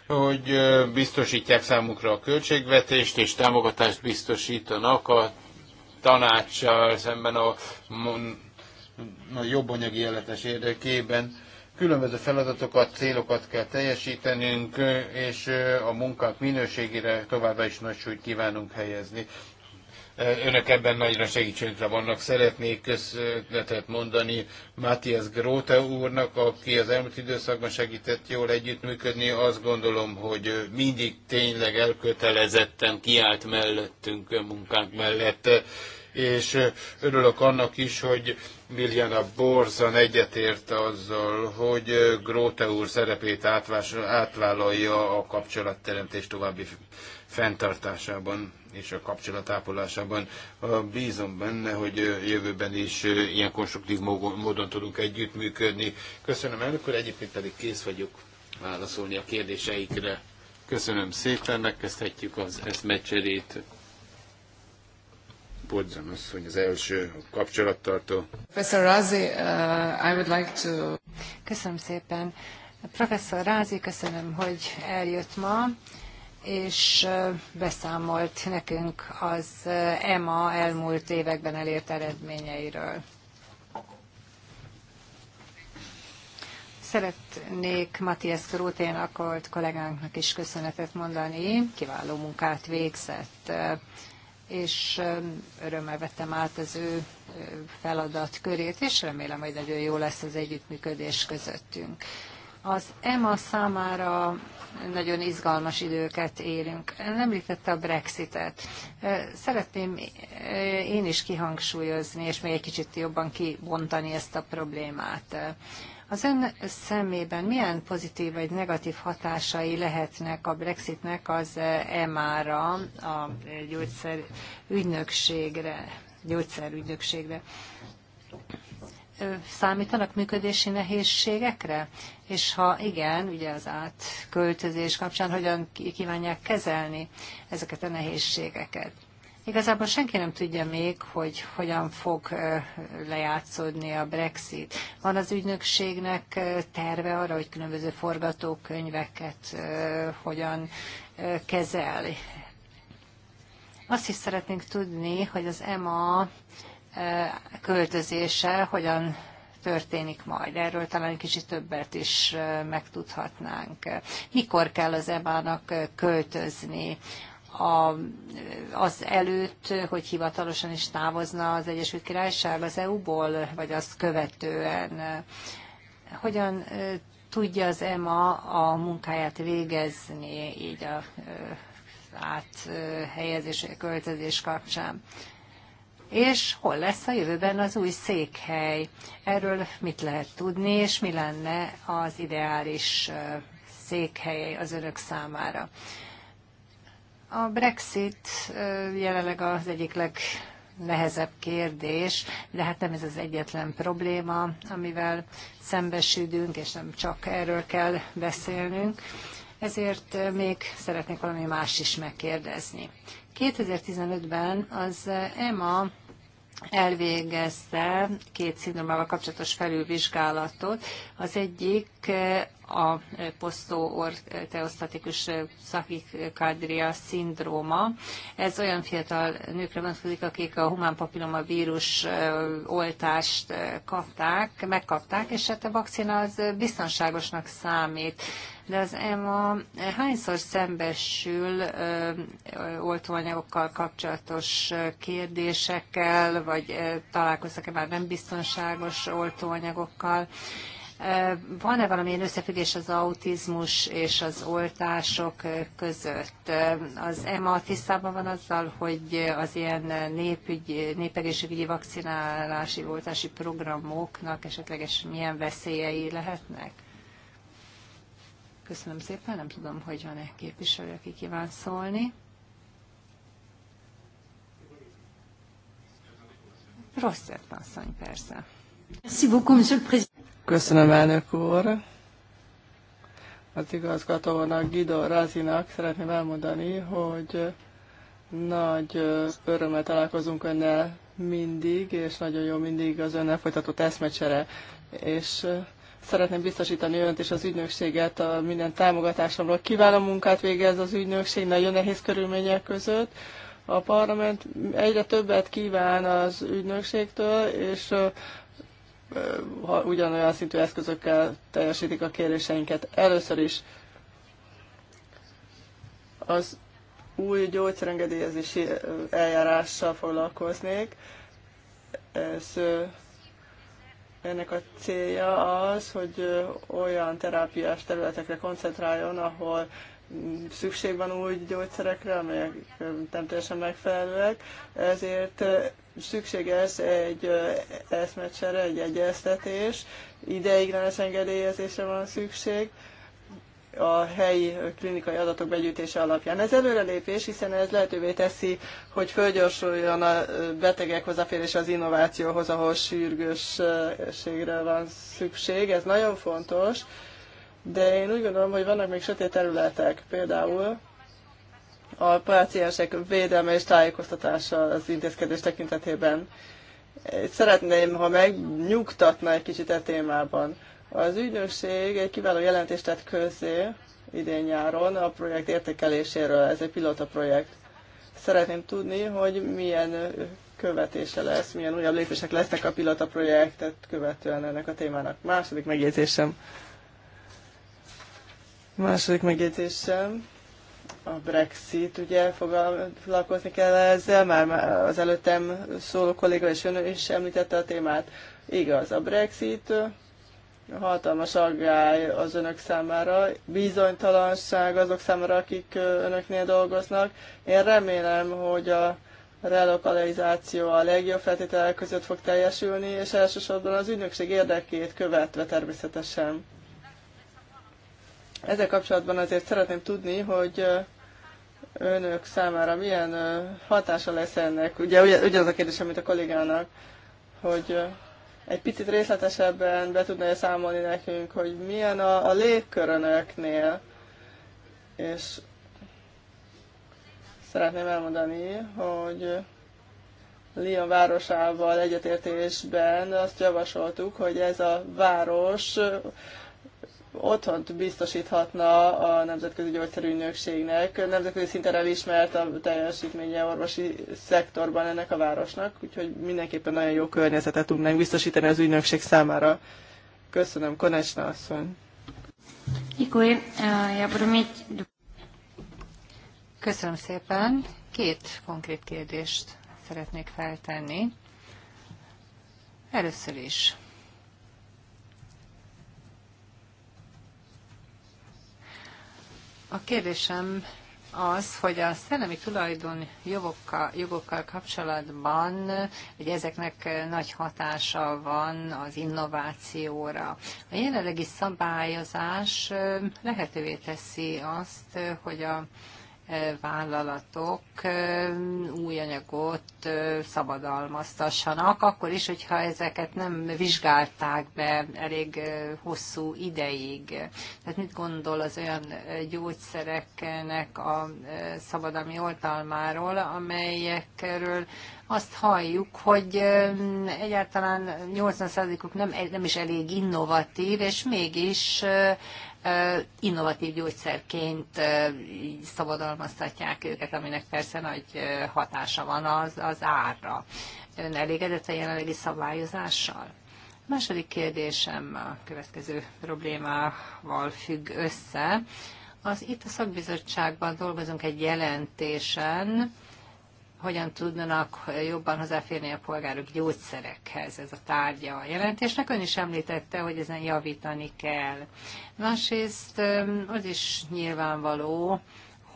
hogy biztosítják számukra a költségvetést, és támogatást biztosítanak a tanácssal szemben a, a jobb anyagi életes érdekében. Különböző feladatokat, célokat kell teljesítenünk, és a munkák minőségére továbbá is nagy súlyt kívánunk helyezni. Eh, önök ebben nagyra segítségre vannak. Szeretnék köszönetet mondani Matthias Gróte úrnak, aki az elmúlt időszakban segített jól együttműködni. Azt gondolom, hogy mindig tényleg elkötelezetten kiállt mellettünk, munkánk mellett és örülök annak is, hogy Miljana Borzan egyetért azzal, hogy Gróte úr szerepét átvállalja a kapcsolatteremtés további fenntartásában és a kapcsolat Bízom benne, hogy jövőben is ilyen konstruktív módon tudunk együttműködni. Köszönöm elnök úr, egyébként pedig kész vagyok válaszolni a kérdéseikre. Köszönöm szépen, megkezdhetjük az eszmecserét. Bodzan asszony az első kapcsolattartó. Professor Razi, uh, I would like to... Köszönöm szépen. Professor Rázi, köszönöm, hogy eljött ma és beszámolt nekünk az EMA elmúlt években elért eredményeiről. Szeretnék Matthias Króténak, volt kollégánknak is köszönetet mondani, kiváló munkát végzett, és örömmel vettem át az ő feladat körét, és remélem, hogy nagyon jó lesz az együttműködés közöttünk. Az EMA számára nagyon izgalmas időket élünk. Említette a Brexitet. Szeretném én is kihangsúlyozni, és még egy kicsit jobban kibontani ezt a problémát. Az ön szemében milyen pozitív vagy negatív hatásai lehetnek a Brexitnek az EMA-ra, a gyógyszerügynökségre? gyógyszerügynökségre? számítanak működési nehézségekre? És ha igen, ugye az átköltözés kapcsán hogyan kívánják kezelni ezeket a nehézségeket? Igazából senki nem tudja még, hogy hogyan fog lejátszódni a Brexit. Van az ügynökségnek terve arra, hogy különböző forgatókönyveket hogyan kezel. Azt is szeretnénk tudni, hogy az EMA költözése hogyan történik majd. Erről talán kicsit többet is megtudhatnánk. Mikor kell az EMA-nak költözni? A, az előtt, hogy hivatalosan is távozna az Egyesült Királyság az EU-ból, vagy azt követően? Hogyan tudja az EMA a munkáját végezni így a áthelyezés, költözés kapcsán? és hol lesz a jövőben az új székhely. Erről mit lehet tudni, és mi lenne az ideális székhely az önök számára. A Brexit jelenleg az egyik legnehezebb kérdés, de hát nem ez az egyetlen probléma, amivel szembesülünk, és nem csak erről kell beszélnünk. Ezért még szeretnék valami más is megkérdezni. 2015-ben az EMA elvégezte két szindrómával kapcsolatos felülvizsgálatot. Az egyik a posztóorteosztatikus szakikádria szindróma. Ez olyan fiatal nőkre vonatkozik, akik a humán papilloma vírus oltást kapták, megkapták, és hát a vakcina az biztonságosnak számít de az EMA hányszor szembesül ö, oltóanyagokkal kapcsolatos kérdésekkel, vagy találkoztak-e már nem biztonságos oltóanyagokkal? Van-e valamilyen összefüggés az autizmus és az oltások között? Az EMA tisztában van azzal, hogy az ilyen népügy, népegészségügyi vakcinálási oltási programoknak esetleges milyen veszélyei lehetnek? Köszönöm szépen, nem tudom, hogy van-e képviselő, aki kíván szólni. Rossz asszony, persze. Köszönöm, elnök úr. Az hát igazgatónak, Guido Razinak szeretném elmondani, hogy nagy örömmel találkozunk önnel mindig, és nagyon jó mindig az önnel folytatott eszmecsere. És Szeretném biztosítani önt és az ügynökséget a minden támogatásomról. Kiváló munkát végez az ügynökség nagyon nehéz körülmények között. A parlament egyre többet kíván az ügynökségtől, és ha ugyanolyan szintű eszközökkel teljesítik a kéréseinket. Először is az új gyógyszerengedélyezési eljárással foglalkoznék. Ez ennek a célja az, hogy olyan terápiás területekre koncentráljon, ahol mm, szükség van új gyógyszerekre, amelyek nem teljesen megfelelőek, ezért szükséges egy eszmecsere, egy egyeztetés, ideiglenes engedélyezésre van szükség, a helyi klinikai adatok begyűjtése alapján. Ez előrelépés, hiszen ez lehetővé teszi, hogy fölgyorsuljon a betegek hozzáférése az innovációhoz, ahol sürgősségre van szükség. Ez nagyon fontos, de én úgy gondolom, hogy vannak még sötét területek, például a páciensek védelme és tájékoztatása az intézkedés tekintetében. Szeretném, ha megnyugtatna egy kicsit e témában az ügynökség egy kiváló jelentést tett közzé idén nyáron a projekt értékeléséről. Ez egy pilota projekt. Szeretném tudni, hogy milyen követése lesz, milyen újabb lépések lesznek a pilota projektet követően ennek a témának. Második megjegyzésem. Második megjegyzésem a Brexit, ugye foglalkozni kell ezzel, már az előttem szóló kolléga és ön is említette a témát. Igaz, a Brexit hatalmas aggály az önök számára, bizonytalanság azok számára, akik önöknél dolgoznak. Én remélem, hogy a relokalizáció a legjobb feltételek között fog teljesülni, és elsősorban az ügynökség érdekét követve természetesen. Ezzel kapcsolatban azért szeretném tudni, hogy önök számára milyen hatása lesz ennek. Ugye ugyanaz a kérdés, amit a kollégának, hogy egy picit részletesebben be tudná -e számolni nekünk, hogy milyen a, a légkörönöknél, és szeretném elmondani, hogy Lyon városával egyetértésben azt javasoltuk, hogy ez a város otthont biztosíthatna a Nemzetközi Gyógyszerügynökségnek. Nemzetközi szinten elismert a teljesítménye orvosi szektorban ennek a városnak, úgyhogy mindenképpen nagyon jó környezetet tudnánk biztosítani az ügynökség számára. Köszönöm, Konecsna asszony. Eh, Köszönöm szépen. Két konkrét kérdést szeretnék feltenni. Először is A kérdésem az, hogy a szellemi tulajdon jogokkal, jogokkal kapcsolatban, hogy ezeknek nagy hatása van az innovációra. A jelenlegi szabályozás lehetővé teszi azt, hogy a vállalatok új anyagot szabadalmaztassanak, akkor is, hogyha ezeket nem vizsgálták be elég hosszú ideig. Tehát mit gondol az olyan gyógyszereknek a szabadalmi oltalmáról, amelyekről azt halljuk, hogy egyáltalán 80%-uk nem, nem is elég innovatív, és mégis innovatív gyógyszerként szabadalmaztatják őket, aminek persze nagy hatása van az, az árra. Ön elégedett a jelenlegi szabályozással? A második kérdésem a következő problémával függ össze. Az itt a szakbizottságban dolgozunk egy jelentésen, hogyan tudnának jobban hozzáférni a polgárok gyógyszerekhez, ez a tárgya a jelentésnek. Ön is említette, hogy ezen javítani kell. Másrészt az is nyilvánvaló,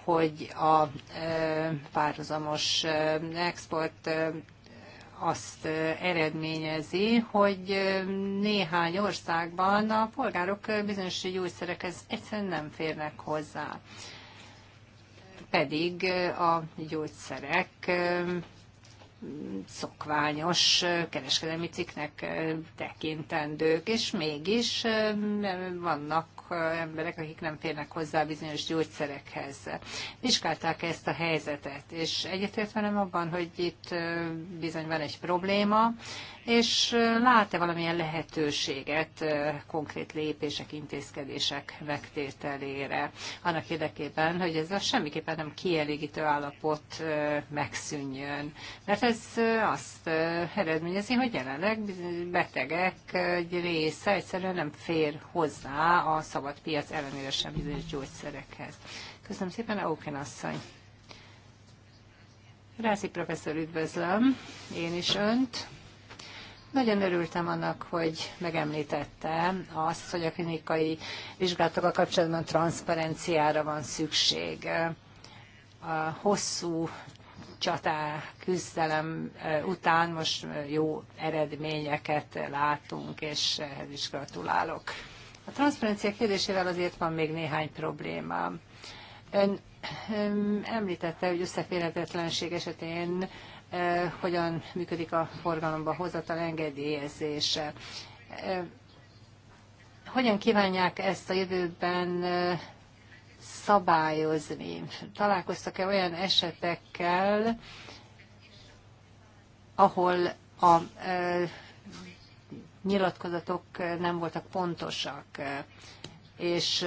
hogy a párhuzamos export azt eredményezi, hogy néhány országban a polgárok bizonyos gyógyszerekhez egyszerűen nem férnek hozzá pedig a gyógyszerek szokványos kereskedelmi cikknek tekintendők, és mégis vannak emberek, akik nem férnek hozzá bizonyos gyógyszerekhez. Vizsgálták ezt a helyzetet, és egyetért velem abban, hogy itt bizony van egy probléma, és lát-e valamilyen lehetőséget konkrét lépések, intézkedések megtételére, annak érdekében, hogy ez a semmiképpen nem kielégítő állapot megszűnjön. Mert ez azt eredményezi, hogy jelenleg betegek egy része egyszerűen nem fér hozzá a szabad piac ellenére sem bizonyos gyógyszerekhez. Köszönöm szépen, Auken asszony! Rászi professzor, üdvözlöm én is önt. Nagyon örültem annak, hogy megemlítette azt, hogy a klinikai vizsgálatokkal kapcsolatban transzparenciára van szükség. A hosszú csatá, küzdelem után most jó eredményeket látunk, és ehhez is gratulálok. A transzparencia kérdésével azért van még néhány probléma. Ön említette, hogy összeférhetetlenség esetén Eh, hogyan működik a forgalomba hozatal engedélyezése. Eh, hogyan kívánják ezt a jövőben eh, szabályozni? Találkoztak-e olyan esetekkel, ahol a nyilatkozatok nem voltak pontosak, és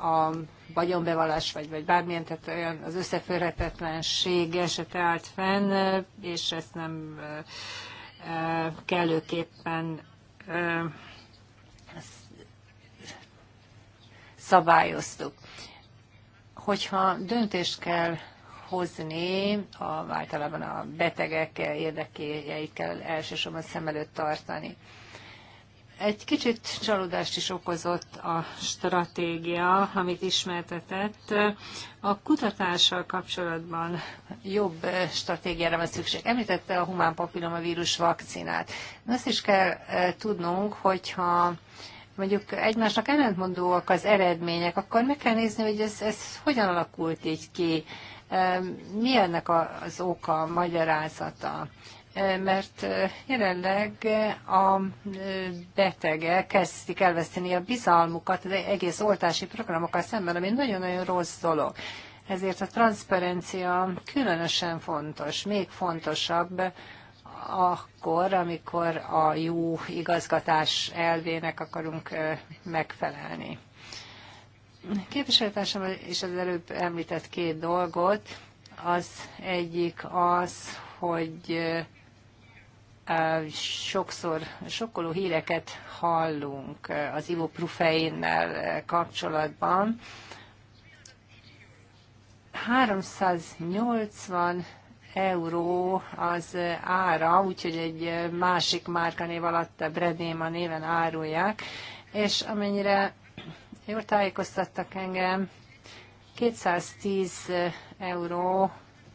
a vagyonbevallás, vagy, vagy bármilyen, tehát olyan az összeférhetetlenség esete állt fenn, és ezt nem kellőképpen szabályoztuk. Hogyha döntést kell hozni, a, általában a betegek érdekét kell elsősorban szem előtt tartani. Egy kicsit csalódást is okozott a stratégia, amit ismertetett. A kutatással kapcsolatban jobb stratégiára van szükség. Említette a humán papillomavírus vakcinát. Azt is kell eh, tudnunk, hogyha mondjuk egymásnak ellentmondóak az eredmények, akkor meg kell nézni, hogy ez, ez hogyan alakult így ki, eh, mi ennek az oka, a magyarázata. Eh, mert eh, jelenleg eh, a betegek kezdik elveszteni a bizalmukat az egész oltási programokkal szemben, ami nagyon-nagyon rossz dolog. Ezért a transzparencia különösen fontos, még fontosabb akkor, amikor a jó igazgatás elvének akarunk megfelelni. Képviselőtársam is az előbb említett két dolgot. Az egyik az, hogy sokszor sokkoló híreket hallunk az ibuprofeinnel kapcsolatban. 380 euró az ára, úgyhogy egy másik márkanév alatt a Bredéma néven árulják, és amennyire jól tájékoztattak engem, 210 euró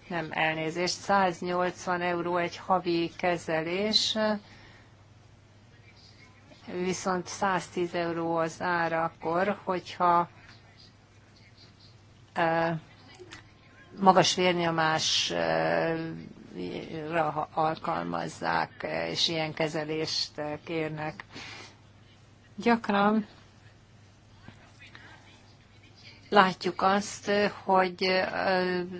nem elnézést, 180 euró egy havi kezelés, viszont 110 euró az ára akkor, hogyha magas vérnyomásra alkalmazzák, és ilyen kezelést kérnek. Gyakran látjuk azt, hogy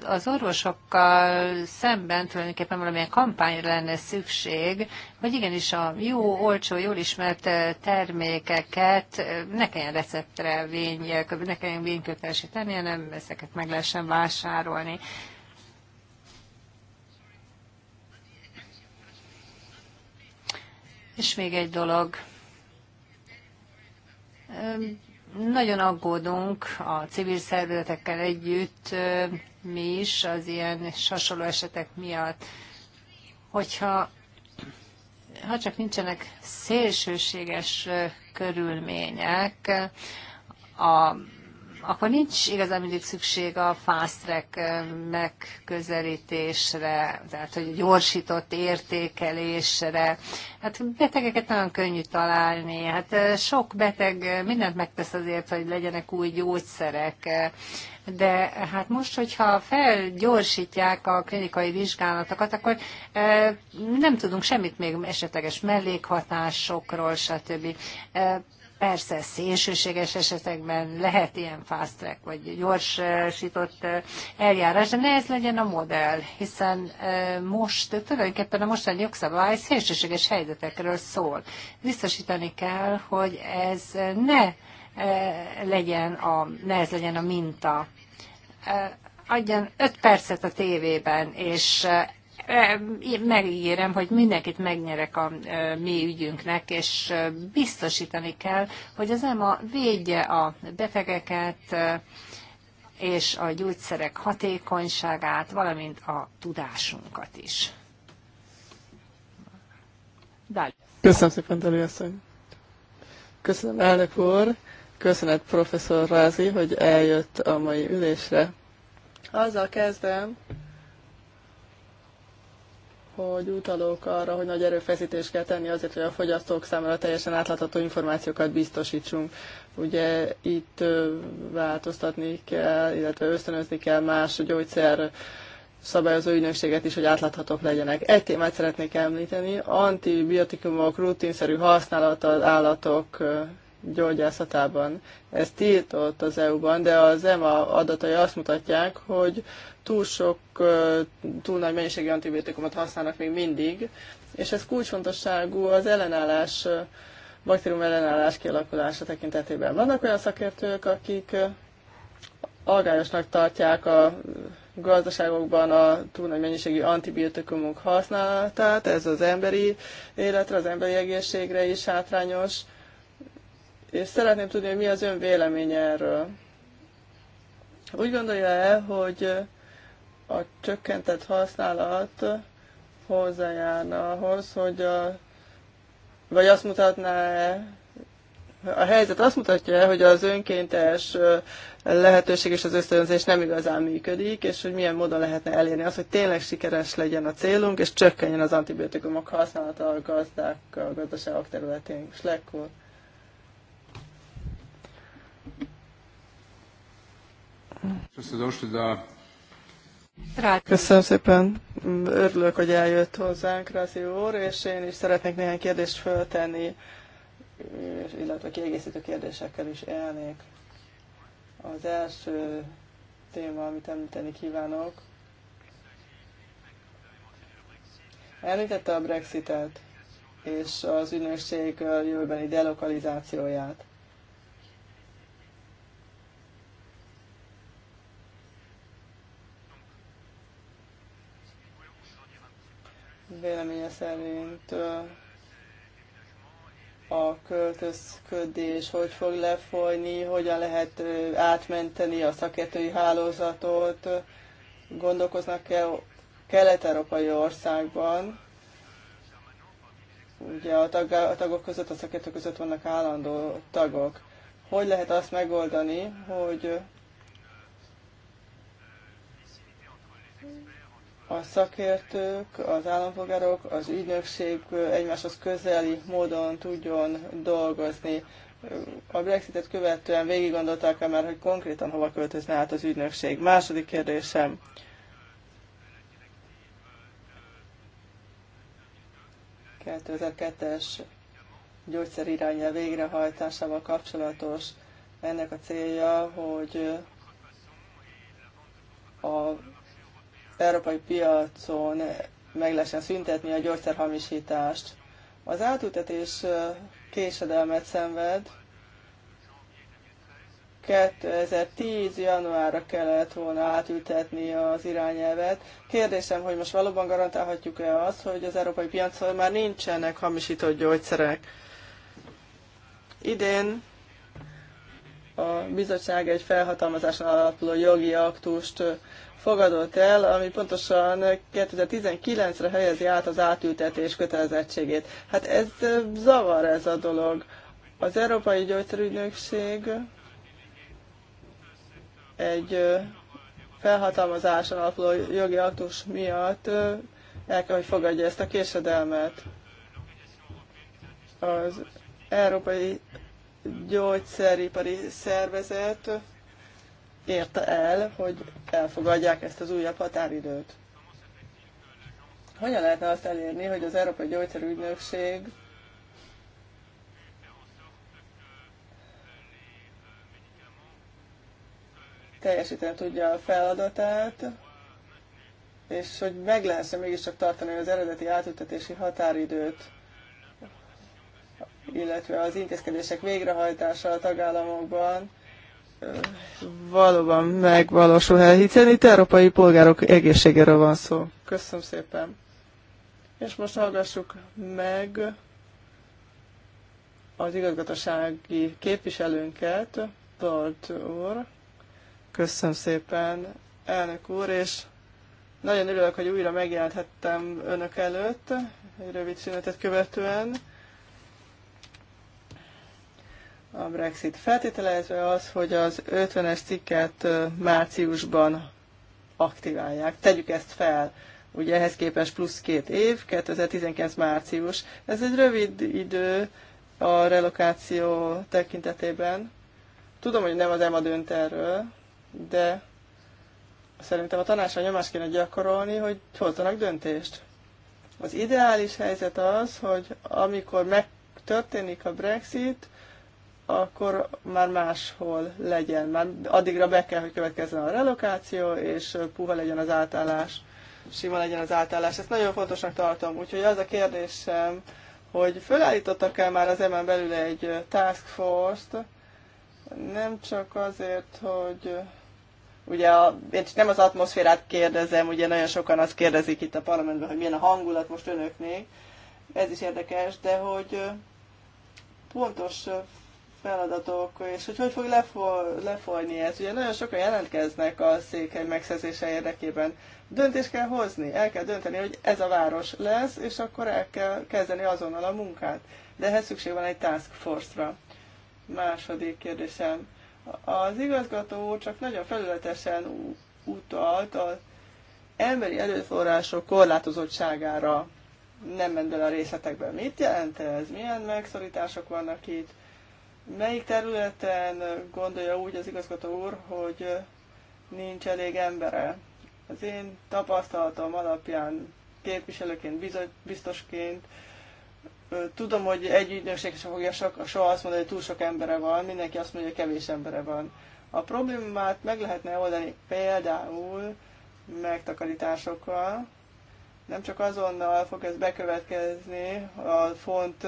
az orvosokkal szemben tulajdonképpen valamilyen kampányra lenne szükség, hogy igenis a jó, olcsó, jól ismert termékeket ne kelljen receptre vény, ne kelljen vénykötelesíteni, hanem ezeket meg lehessen vásárolni. És még egy dolog nagyon aggódunk a civil szervezetekkel együtt mi is az ilyen hasonló esetek miatt, hogyha ha csak nincsenek szélsőséges körülmények, a akkor nincs igazán mindig szükség a fast track megközelítésre, tehát hogy gyorsított értékelésre. Hát betegeket nagyon könnyű találni. Hát sok beteg mindent megtesz azért, hogy legyenek új gyógyszerek. De hát most, hogyha felgyorsítják a klinikai vizsgálatokat, akkor nem tudunk semmit még esetleges mellékhatásokról, stb. Persze szélsőséges esetekben lehet ilyen fast track, vagy gyorsított eljárás, de ne ez legyen a modell, hiszen most tulajdonképpen a mostani jogszabály szélsőséges helyzetekről szól. Biztosítani kell, hogy ez ne legyen a, ne ez legyen a minta adjon öt percet a tévében, és megígérem, hogy mindenkit megnyerek a mi ügyünknek, és biztosítani kell, hogy az EMA védje a betegeket és a gyógyszerek hatékonyságát, valamint a tudásunkat is. Dali. Köszönöm szépen, Dali asszony. Köszönöm, elnök úr. Köszönet professzor Rázi, hogy eljött a mai ülésre. Azzal kezdem, hogy utalok arra, hogy nagy erőfeszítést kell tenni azért, hogy a fogyasztók számára teljesen átlátható információkat biztosítsunk. Ugye itt változtatni kell, illetve ösztönözni kell más gyógyszer szabályozó ügynökséget is, hogy átláthatók legyenek. Egy témát szeretnék említeni, antibiotikumok rutinszerű használata az állatok gyógyászatában. Ez tiltott az EU-ban, de az EMA adatai azt mutatják, hogy túl sok, túl nagy mennyiségű antibiotikumot használnak még mindig, és ez kulcsfontosságú az ellenállás, baktérium ellenállás kialakulása tekintetében. Vannak olyan szakértők, akik algályosnak tartják a gazdaságokban a túl nagy mennyiségű antibiotikumok használatát, ez az emberi életre, az emberi egészségre is hátrányos, és szeretném tudni, hogy mi az ön véleménye erről. Úgy gondolja el, hogy a csökkentett használat hozzájárna ahhoz, hogy a, vagy azt mutatná -e, a helyzet azt mutatja, hogy az önkéntes lehetőség és az ösztönzés nem igazán működik, és hogy milyen módon lehetne elérni azt, hogy tényleg sikeres legyen a célunk, és csökkenjen az antibiotikumok használata a gazdák, a gazdaságok területén. Slekkor. Köszönöm, hogy a Köszönöm szépen, örülök, hogy eljött hozzánk, Rázi úr, és én is szeretnék néhány kérdést föltenni, illetve kiegészítő kérdésekkel is élnék. Az első téma, amit említeni kívánok, Említette a Brexitet és az ügynökség jövőbeni delokalizációját. véleménye szerint a költözködés hogy fog lefolyni, hogyan lehet átmenteni a szakértői hálózatot, gondolkoznak-e kelet-európai országban, ugye a, tag, a tagok között, a szakértők között vannak állandó tagok. Hogy lehet azt megoldani, hogy a szakértők, az állampolgárok, az ügynökség egymáshoz közeli módon tudjon dolgozni. A Brexitet követően végig gondolták már, hogy konkrétan hova költözne át az ügynökség. Második kérdésem. es gyógyszer irányja végrehajtásával kapcsolatos. Ennek a célja, hogy a európai piacon meg lehessen szüntetni a gyógyszerhamisítást. Az átültetés késedelmet szenved, 2010. januárra kellett volna átültetni az irányelvet. Kérdésem, hogy most valóban garantálhatjuk-e azt, hogy az európai piacon már nincsenek hamisított gyógyszerek. Idén a bizottság egy felhatalmazáson alapuló jogi aktust fogadott el, ami pontosan 2019-re helyezi át az átültetés kötelezettségét. Hát ez zavar ez a dolog. Az Európai Gyógyszerügynökség egy felhatalmazáson alapuló jogi aktus miatt el kell, hogy fogadja ezt a késedelmet. Az Európai gyógyszeripari szervezet érte el, hogy elfogadják ezt az újabb határidőt. Hogyan lehetne azt elérni, hogy az Európai Gyógyszerügynökség teljesíteni tudja a feladatát, és hogy meg lehessen mégiscsak tartani az eredeti átültetési határidőt illetve az intézkedések végrehajtása a tagállamokban valóban megvalósul, hiszen itt európai polgárok egészségéről van szó. Köszönöm szépen. És most hallgassuk meg az igazgatósági képviselőnket, Dalt úr. Köszönöm szépen, elnök úr, és nagyon örülök, hogy újra megjelenthettem önök előtt, egy rövid szünetet követően a Brexit feltételezve az, hogy az 50-es cikket márciusban aktiválják. Tegyük ezt fel. Ugye ehhez képest plusz két év, 2019 március. Ez egy rövid idő a relokáció tekintetében. Tudom, hogy nem az EMA dönt erről, de szerintem a tanácsra nyomást kéne gyakorolni, hogy hozzanak döntést. Az ideális helyzet az, hogy amikor megtörténik a Brexit, akkor már máshol legyen. Már addigra be kell, hogy következzen a relokáció, és puha legyen az átállás, sima legyen az átállás. Ezt nagyon fontosnak tartom. Úgyhogy az a kérdésem, hogy fölállítottak el már az emen belül egy task force-t, nem csak azért, hogy ugye a, én nem az atmoszférát kérdezem, ugye nagyon sokan azt kérdezik itt a parlamentben, hogy milyen a hangulat most önöknél, ez is érdekes, de hogy pontos feladatok, és hogy hogy fog lefo- lefolyni ez. Ugye nagyon sokan jelentkeznek a székhely megszerzése érdekében. Döntést kell hozni, el kell dönteni, hogy ez a város lesz, és akkor el kell kezdeni azonnal a munkát. De ehhez szükség van egy task force-ra. Második kérdésem. Az igazgató csak nagyon felületesen utalt az emberi erőforrások korlátozottságára nem ment bele a részletekbe. Mit jelent ez? Milyen megszorítások vannak itt? melyik területen gondolja úgy az igazgató úr, hogy nincs elég embere. Az én tapasztalatom alapján képviselőként, biztosként, tudom, hogy egy ügynökség sem fogja soha azt mondani, hogy túl sok embere van, mindenki azt mondja, hogy kevés embere van. A problémát meg lehetne oldani például megtakarításokkal, nem csak azonnal fog ez bekövetkezni a font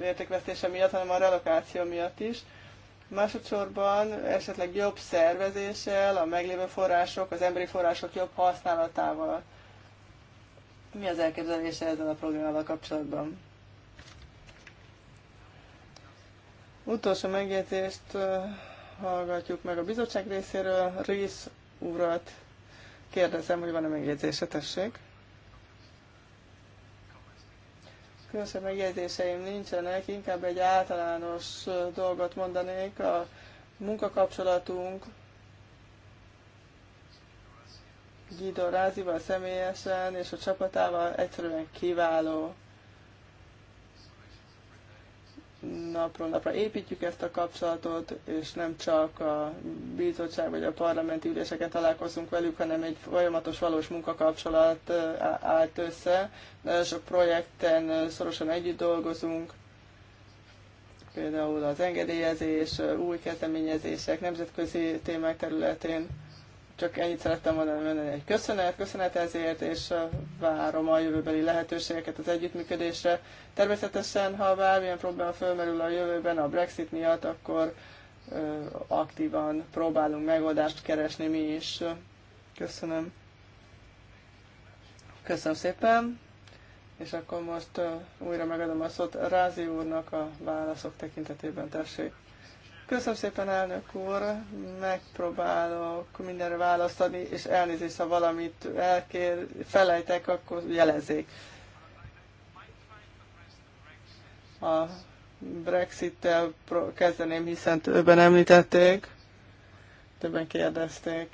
értékvesztése miatt, hanem a relokáció miatt is. Másodszorban esetleg jobb szervezéssel, a meglévő források, az emberi források jobb használatával. Mi az elképzelése ezzel a problémával kapcsolatban? Utolsó megjegyzést hallgatjuk meg a bizottság részéről. Rész urat kérdezem, hogy van-e megjegyzése, tessék. Különösebb megjegyzéseim nincsenek, inkább egy általános dolgot mondanék. A munkakapcsolatunk Guido Rázival személyesen és a csapatával egyszerűen kiváló napról napra építjük ezt a kapcsolatot, és nem csak a bizottság vagy a parlamenti üléseken találkozunk velük, hanem egy folyamatos valós munkakapcsolat állt össze. Nagyon sok projekten szorosan együtt dolgozunk, például az engedélyezés, új kezdeményezések, nemzetközi témák területén csak ennyit szerettem volna mondani, egy köszönet, köszönet ezért, és várom a jövőbeli lehetőségeket az együttműködésre. Természetesen, ha bármilyen probléma fölmerül a jövőben a Brexit miatt, akkor aktívan próbálunk megoldást keresni mi is. Köszönöm. Köszönöm szépen, és akkor most újra megadom a szót Rázi úrnak a válaszok tekintetében, tessék. Köszönöm szépen, elnök úr, megpróbálok mindenre választani, és elnézést, ha valamit elkér, felejtek, akkor jelezzék. A Brexit-tel kezdeném, hiszen többen említették, többen kérdezték,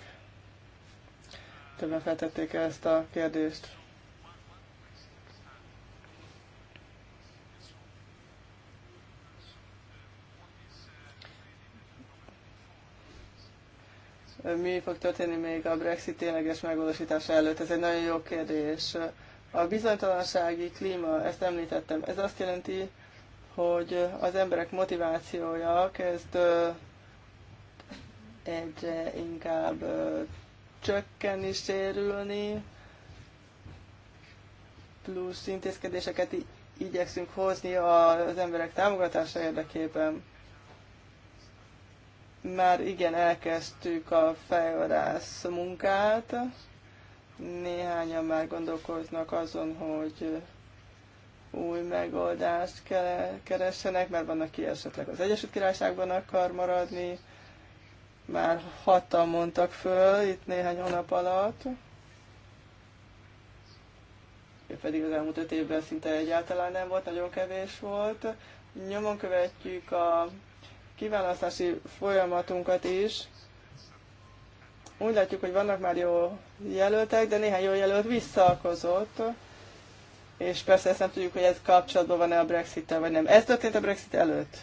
többen feltették ezt a kérdést. mi fog történni még a Brexit tényleges megvalósítása előtt. Ez egy nagyon jó kérdés. A bizonytalansági klíma, ezt említettem, ez azt jelenti, hogy az emberek motivációja kezd egyre inkább csökkenni, sérülni, plusz intézkedéseket igyekszünk hozni az emberek támogatása érdekében már igen elkezdtük a fejvadász munkát. Néhányan már gondolkoznak azon, hogy új megoldást keressenek, mert van, aki esetleg az Egyesült Királyságban akar maradni. Már hatan mondtak föl itt néhány hónap alatt. Pedig az elmúlt öt évben szinte egyáltalán nem volt, nagyon kevés volt. Nyomon követjük a kiválasztási folyamatunkat is, úgy látjuk, hogy vannak már jó jelöltek, de néhány jó jelölt visszaalkozott, és persze ezt nem tudjuk, hogy ez kapcsolatban van-e a Brexit-tel, vagy nem. Ez történt a Brexit előtt.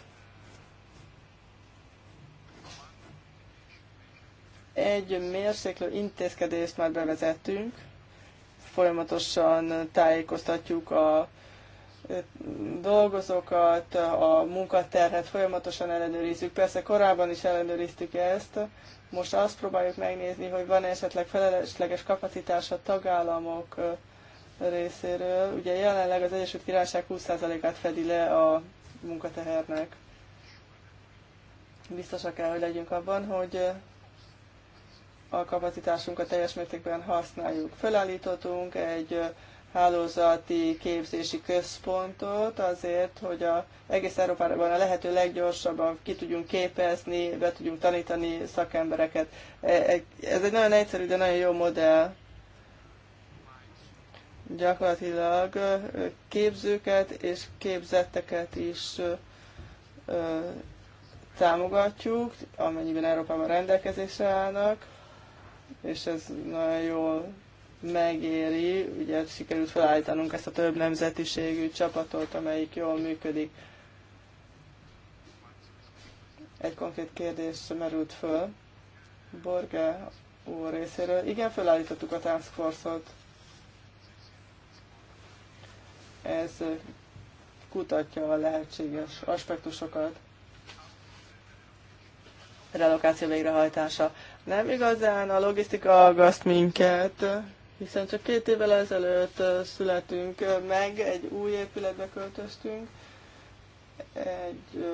Egy mérséklő intézkedést már bevezettünk, folyamatosan tájékoztatjuk a dolgozókat, a munkaterhet folyamatosan ellenőrizzük. Persze korábban is ellenőriztük ezt, most azt próbáljuk megnézni, hogy van -e esetleg felesleges kapacitás a tagállamok részéről. Ugye jelenleg az Egyesült Királyság 20%-át fedi le a munkatehernek. Biztosak kell, hogy legyünk abban, hogy a kapacitásunkat teljes mértékben használjuk. Fölállítottunk egy hálózati képzési központot azért, hogy a, egész Európában a lehető leggyorsabban ki tudjunk képezni, be tudjunk tanítani szakembereket. E, e, ez egy nagyon egyszerű, de nagyon jó modell. Gyakorlatilag képzőket és képzetteket is támogatjuk, amennyiben Európában rendelkezésre állnak, és ez nagyon jól megéri, ugye sikerült felállítanunk ezt a több nemzetiségű csapatot, amelyik jól működik. Egy konkrét kérdés merült föl Borge úr részéről. Igen, felállítottuk a Task Force-ot. Ez kutatja a lehetséges aspektusokat. Relokáció végrehajtása. Nem igazán a logisztika aggaszt minket, hiszen csak két évvel ezelőtt születünk meg, egy új épületbe költöztünk, egy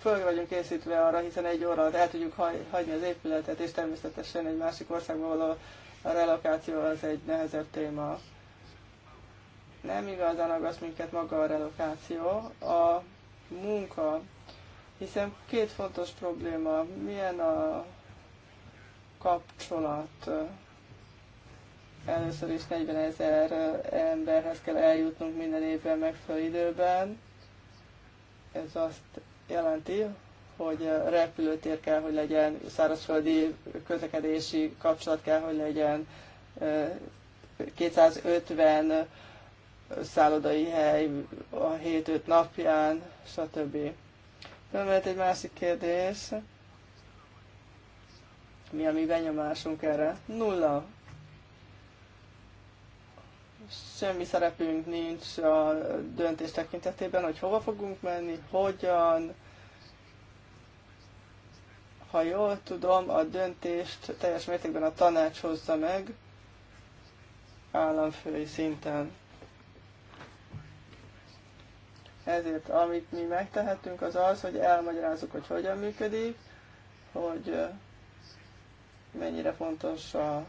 föl vagyunk készítve arra, hiszen egy óra el tudjuk hagyni az épületet, és természetesen egy másik országba való a relokáció az egy nehezebb téma. Nem igazán aggaszt minket maga a relokáció, a munka, hiszen két fontos probléma, milyen a kapcsolat Először is 40 ezer emberhez kell eljutnunk minden évben megfelelő időben. Ez azt jelenti, hogy repülőtér kell, hogy legyen, szárazföldi közlekedési kapcsolat kell, hogy legyen, 250 szállodai hely a hét öt napján, stb. Felmerült egy másik kérdés. Mi a mi benyomásunk erre? Nulla semmi szerepünk nincs a döntés tekintetében, hogy hova fogunk menni, hogyan. Ha jól tudom, a döntést teljes mértékben a tanács hozza meg államfői szinten. Ezért amit mi megtehetünk az az, hogy elmagyarázzuk, hogy hogyan működik, hogy mennyire fontos a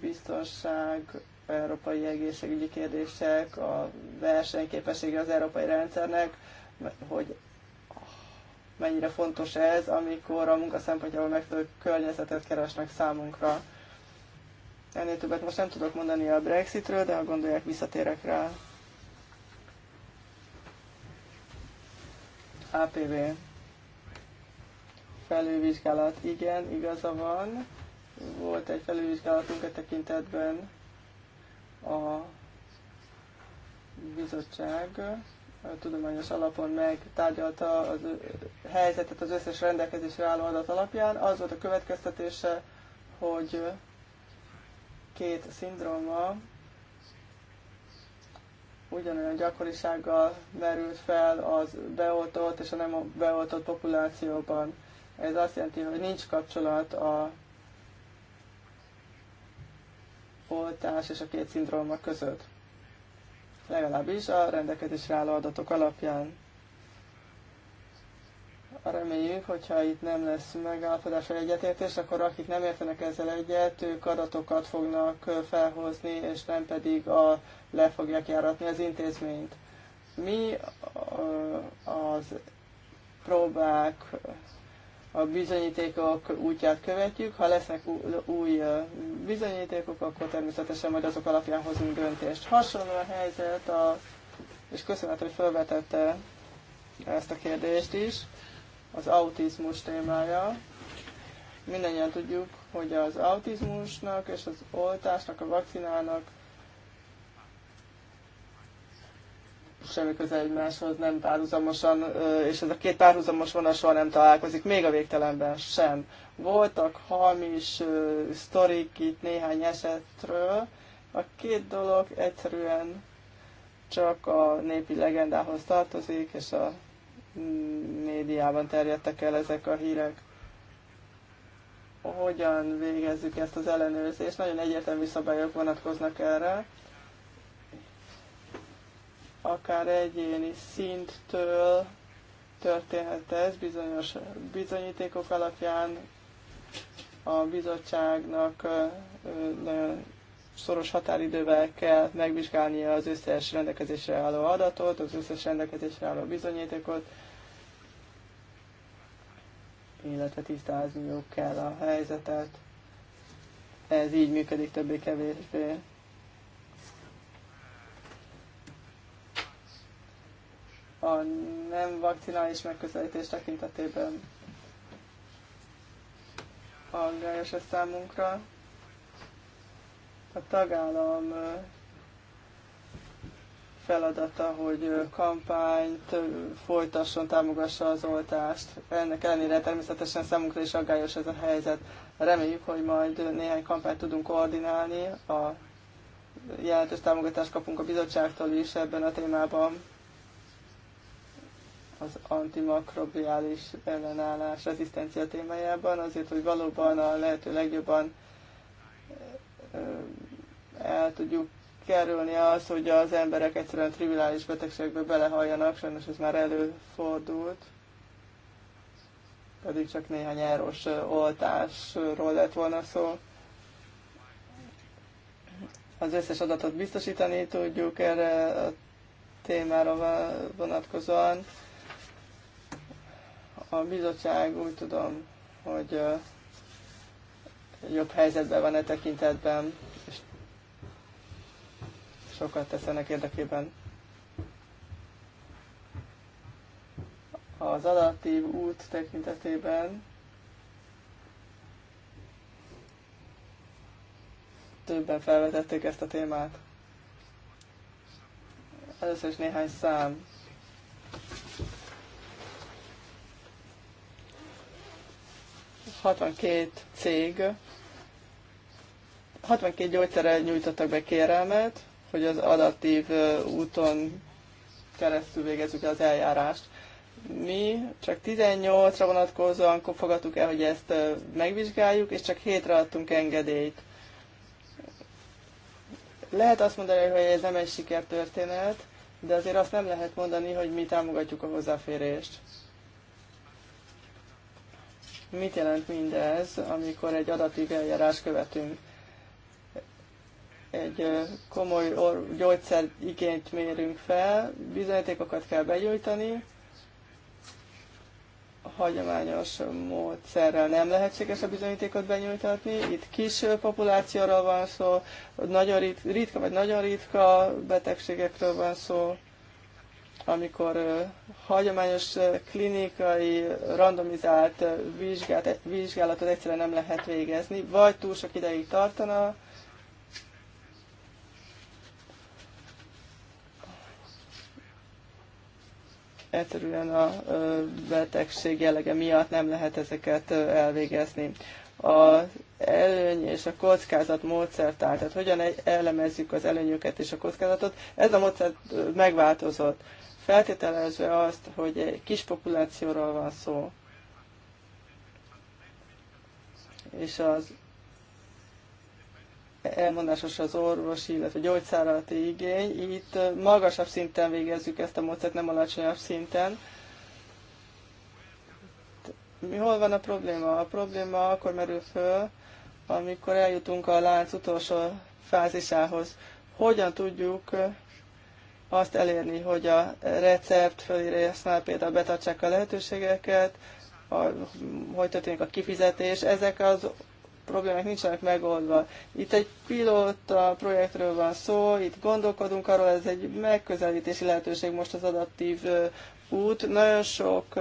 biztonság, európai egészségügyi kérdések, a versenyképessége az európai rendszernek, hogy mennyire fontos ez, amikor a munka szempontjából megfelelő környezetet keresnek számunkra. Ennél többet most nem tudok mondani a Brexitről, de ha gondolják, visszatérek rá. APV. Felülvizsgálat, igen, igaza van. Volt egy felülvizsgálatunk a e tekintetben a bizottság a tudományos alapon megtárgyalta a helyzetet az összes rendelkezésre álló adat alapján. Az volt a következtetése, hogy két szindróma ugyanolyan gyakorisággal merült fel az beoltott és a nem beoltott populációban. Ez azt jelenti, hogy nincs kapcsolat a oltás és a két szindróma között. Legalábbis a rendelkezésre álló adatok alapján. Reméljük, hogyha itt nem lesz megállapodás vagy egyetértés, akkor akik nem értenek ezzel egyet, ők adatokat fognak felhozni, és nem pedig a, le fogják járatni az intézményt. Mi az próbák a bizonyítékok útját követjük. Ha lesznek új bizonyítékok, akkor természetesen majd azok alapján hozunk döntést. Hasonló a helyzet, a, és köszönet, hogy felvetette ezt a kérdést is, az autizmus témája. Mindennyian tudjuk, hogy az autizmusnak és az oltásnak, a vakcinának semmi köze egymáshoz, nem párhuzamosan, és ez a két párhuzamos vonal soha nem találkozik, még a végtelenben sem. Voltak hamis sztorik itt néhány esetről, a két dolog egyszerűen csak a népi legendához tartozik, és a mm, médiában terjedtek el ezek a hírek. Hogyan végezzük ezt az ellenőrzést? Nagyon egyértelmű szabályok vonatkoznak erre akár egyéni szinttől történhet ez bizonyos bizonyítékok alapján. A bizottságnak nagyon szoros határidővel kell megvizsgálnia az összes rendelkezésre álló adatot, az összes rendelkezésre álló bizonyítékot, illetve tisztázniuk kell a helyzetet. Ez így működik többé-kevésbé. a nem vakcinális megközelítés tekintetében aggályos a számunkra. A tagállam feladata, hogy kampányt folytasson, támogassa az oltást. Ennek ellenére természetesen számunkra is aggályos ez a helyzet. Reméljük, hogy majd néhány kampányt tudunk koordinálni, a jelentős támogatást kapunk a bizottságtól is ebben a témában az antimakrobiális ellenállás rezisztencia témájában, azért, hogy valóban a lehető legjobban el tudjuk kerülni az, hogy az emberek egyszerűen triviális betegségbe belehaljanak, sajnos ez már előfordult, pedig csak néhány eurós oltásról lett volna szó. Az összes adatot biztosítani tudjuk erre a témára vonatkozóan. A bizottság úgy tudom, hogy jobb helyzetben van e tekintetben, és sokat tesz érdekében. Az adaptív út tekintetében többen felvetették ezt a témát. Először is néhány szám. 62 cég, 62 gyógyszerrel nyújtottak be kérelmet, hogy az adatív úton keresztül végezzük az eljárást. Mi csak 18-ra vonatkozóan fogadtuk el, hogy ezt megvizsgáljuk, és csak 7-re adtunk engedélyt. Lehet azt mondani, hogy ez nem egy sikertörténet, de azért azt nem lehet mondani, hogy mi támogatjuk a hozzáférést mit jelent mindez, amikor egy adatív eljárás követünk. Egy komoly gyógyszer igényt mérünk fel, bizonyítékokat kell begyújtani, hagyományos módszerrel nem lehetséges a bizonyítékot benyújtatni. Itt kis populációról van szó, nagyon ritka, ritka vagy nagyon ritka betegségekről van szó amikor hagyományos klinikai randomizált vizsgát, vizsgálatot egyszerűen nem lehet végezni, vagy túl sok ideig tartana, egyszerűen a betegség jellege miatt nem lehet ezeket elvégezni. Az előny és a kockázat módszertár, tehát hogyan e-, elemezzük az előnyöket és a kockázatot, ez a módszer megváltozott feltételezve azt, hogy egy kis populációról van szó, és az elmondásos az orvosi, illetve gyógyszárati igény. Itt magasabb szinten végezzük ezt a módszert, nem alacsonyabb szinten. Mi hol van a probléma? A probléma akkor merül föl, amikor eljutunk a lánc utolsó fázisához. Hogyan tudjuk azt elérni, hogy a recept használ, például betartsák a lehetőségeket, a, hogy történik a kifizetés, ezek az problémák nincsenek megoldva. Itt egy pilóta projektről van szó, itt gondolkodunk arról, ez egy megközelítési lehetőség most az adaptív út. Nagyon sok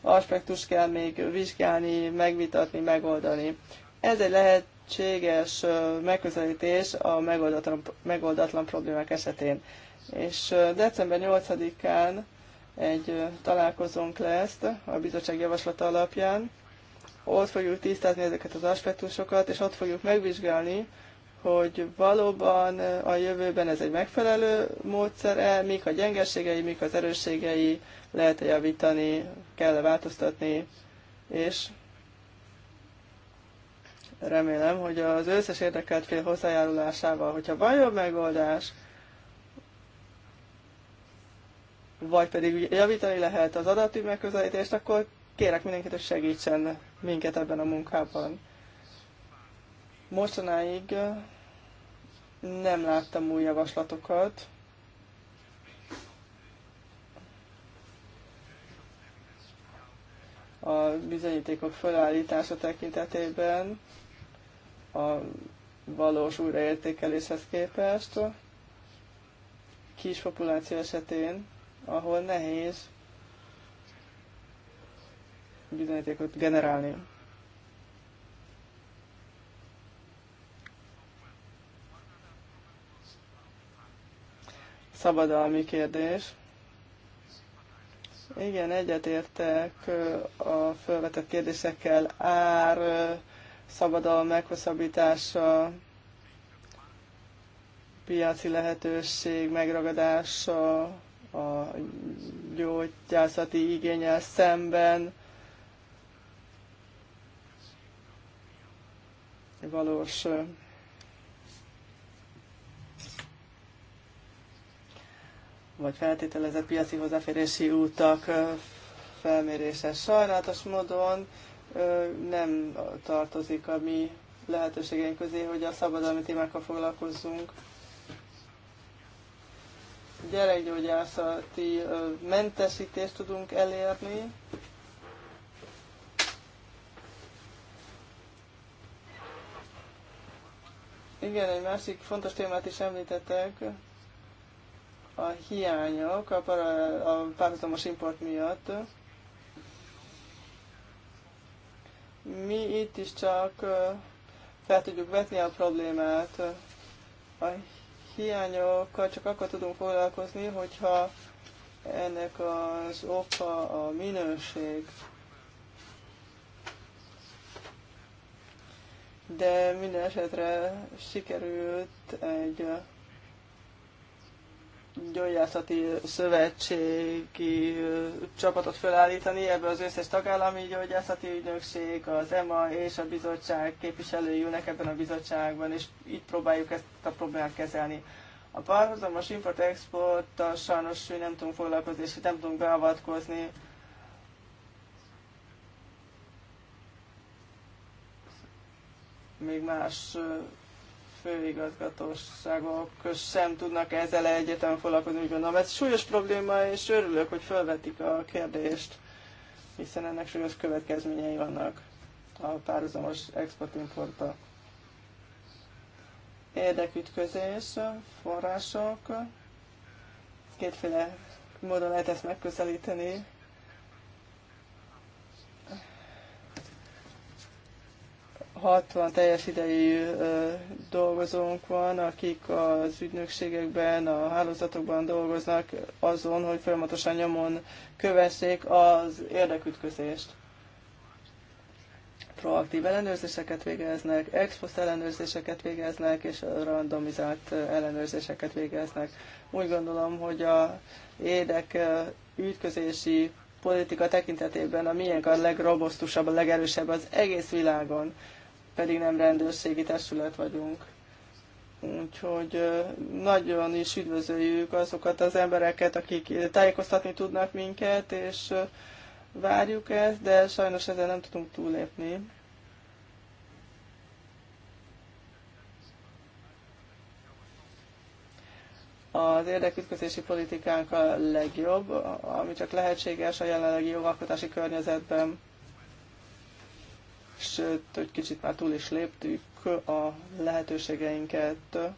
aspektus kell még vizsgálni, megvitatni, megoldani. Ez egy lehetséges megközelítés a megoldatlan, megoldatlan problémák esetén és december 8-án egy találkozónk lesz a bizottság javaslata alapján. Ott fogjuk tisztázni ezeket az aspektusokat, és ott fogjuk megvizsgálni, hogy valóban a jövőben ez egy megfelelő módszer-e, mik a gyengeségei, mik az erősségei, lehet-e javítani, kell-e változtatni, és remélem, hogy az összes érdekelt fél hozzájárulásával, hogyha van jobb megoldás, vagy pedig javítani lehet az adatű megközelítést, akkor kérek mindenkit, hogy segítsen minket ebben a munkában. Mostanáig nem láttam új javaslatokat. A bizonyítékok felállítása tekintetében a valós újraértékeléshez képest kis populáció esetén ahol nehéz bizonyítékot generálni. Szabadalmi kérdés. Igen, egyetértek a felvetett kérdésekkel. Ár, szabadalom meghosszabbítása, piaci lehetőség megragadása, a gyógyászati igényel szemben valós vagy feltételezett piaci hozzáférési útak felmérése. Sajnálatos módon nem tartozik a mi lehetőségeink közé, hogy a szabadalmi témákkal foglalkozzunk gyerekgyógyászati mentesítést tudunk elérni. Igen, egy másik fontos témát is említettek, a hiányok a, para, a párhuzamos import miatt. Mi itt is csak fel tudjuk vetni a problémát. A hiányokkal csak akkor tudunk foglalkozni, hogyha ennek az oka a minőség. De minden esetre sikerült egy gyógyászati szövetségi csapatot felállítani, ebből az összes tagállami gyógyászati ügynökség, az EMA és a bizottság képviselői ülnek ebben a bizottságban, és itt próbáljuk ezt a problémát kezelni. A párhuzamos import export sajnos hogy nem tudunk foglalkozni, és nem tudunk beavatkozni. Még más főigazgatóságok sem tudnak ezzel egyetem foglalkozni, úgy gondolom. Ez súlyos probléma, és örülök, hogy felvetik a kérdést, hiszen ennek súlyos következményei vannak a párhuzamos export importa Érdekütközés, források, kétféle módon lehet ezt megközelíteni. 60 teljes idejű dolgozónk van, akik az ügynökségekben, a hálózatokban dolgoznak azon, hogy folyamatosan nyomon kövessék az érdekütközést. Proaktív ellenőrzéseket végeznek, exposzt ellenőrzéseket végeznek, és randomizált ellenőrzéseket végeznek. Úgy gondolom, hogy a érdek ütközési politika tekintetében a miénk a legrobosztusabb, a legerősebb az egész világon pedig nem rendőrségi testület vagyunk. Úgyhogy nagyon is üdvözöljük azokat az embereket, akik tájékoztatni tudnak minket, és várjuk ezt, de sajnos ezzel nem tudunk túlépni. az érdekütközési politikánk a legjobb, ami csak lehetséges a jelenlegi jogalkotási környezetben sőt, hogy kicsit már túl is léptük a lehetőségeinket. *laughs*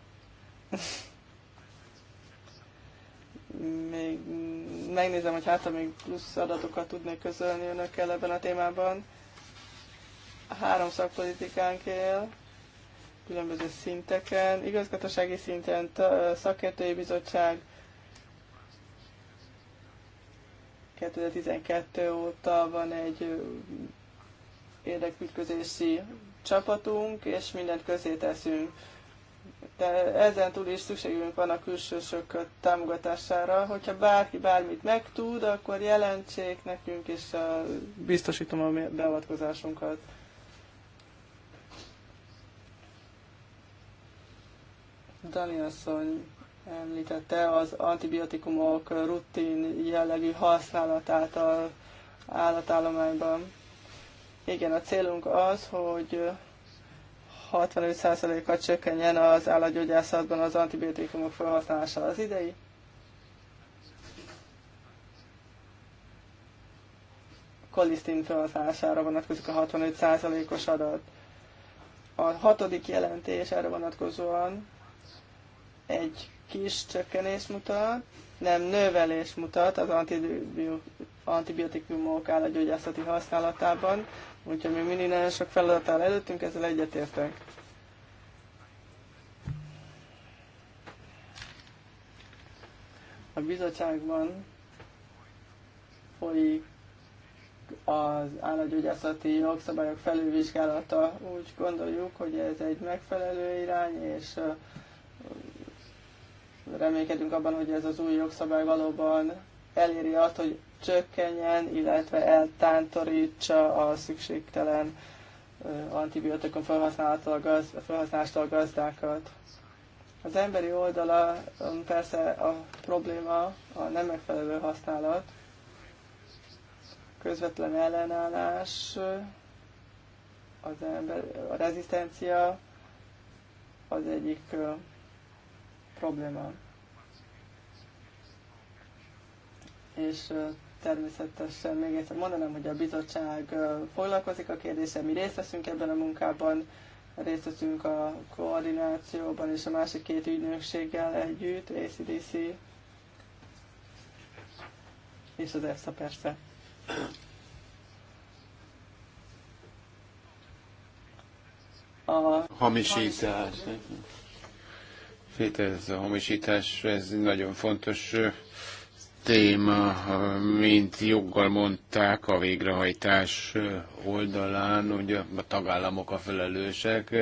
Még megnézem, hogy hát, még plusz adatokat tudnék közölni önökkel ebben a témában. Három szakpolitikánk él, különböző szinteken, igazgatósági szinten, szakértői bizottság, 2012 óta van egy érdekütközési csapatunk, és mindent közé teszünk. De ezen túl is szükségünk van a külsősök támogatására. Hogyha bárki bármit megtud, akkor jelentsék nekünk, és biztosítom a beavatkozásunkat. Dani asszony említette az antibiotikumok rutin jellegű használatát az állatállományban. Igen, a célunk az, hogy 65%-kal csökkenjen az állatgyógyászatban az antibiotikumok felhasználása az idei. Kolisztin felhasználására vonatkozik a 65%-os adat. A hatodik jelentés erre vonatkozóan egy kis csökkenés mutat, nem növelés mutat az antibiotikumok állatgyógyászati használatában, Úgyhogy még mindig nagyon sok feladat áll előttünk, ezzel egyetértek. A bizottságban folyik az állatgyógyászati jogszabályok felülvizsgálata. Úgy gondoljuk, hogy ez egy megfelelő irány, és reménykedünk abban, hogy ez az új jogszabály valóban eléri azt, hogy csökkenjen, illetve eltántorítsa a szükségtelen antibiotikum felhasználástól a gazdákat. Az emberi oldala um, persze a probléma a nem megfelelő használat, közvetlen ellenállás, az ember, a rezisztencia az egyik probléma. És Természetesen még egyszer mondanám, hogy a bizottság foglalkozik a kérdése, mi részt veszünk ebben a munkában, részt veszünk a koordinációban és a másik két ügynökséggel együtt, ACDC és az EFSA persze. A hamisítás. Féte, ez a hamisítás, ez nagyon fontos téma, mint joggal mondták a végrehajtás oldalán, hogy a tagállamok a felelősek,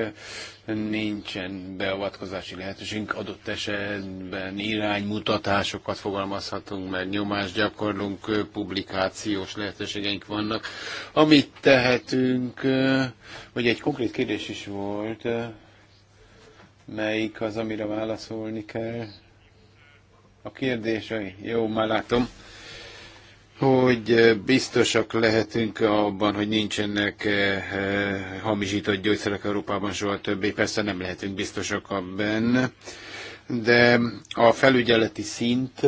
nincsen beavatkozási lehetőség, adott esetben iránymutatásokat fogalmazhatunk mert nyomást gyakorlunk, publikációs lehetőségeink vannak. Amit tehetünk, hogy egy konkrét kérdés is volt, melyik az, amire válaszolni kell a hogy Jó, már látom, hogy eh, biztosak lehetünk abban, hogy nincsenek eh, eh, hamisított gyógyszerek Európában soha többé. Persze nem lehetünk biztosak abban, de a felügyeleti szint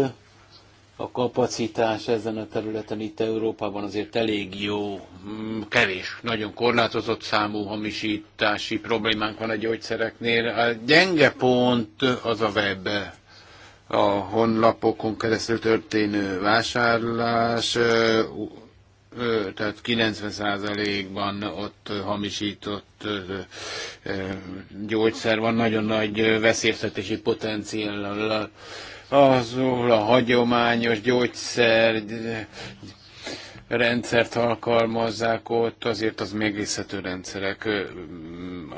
a kapacitás ezen a területen itt Európában azért elég jó, mm, kevés, nagyon korlátozott számú hamisítási problémánk van a gyógyszereknél. A gyenge pont az a web a honlapokon keresztül történő vásárlás, tehát 90%-ban ott hamisított gyógyszer van, nagyon nagy veszélyeztetési potenciállal. Azul a hagyományos gyógyszer rendszert alkalmazzák ott, azért az megészhető rendszerek, mm,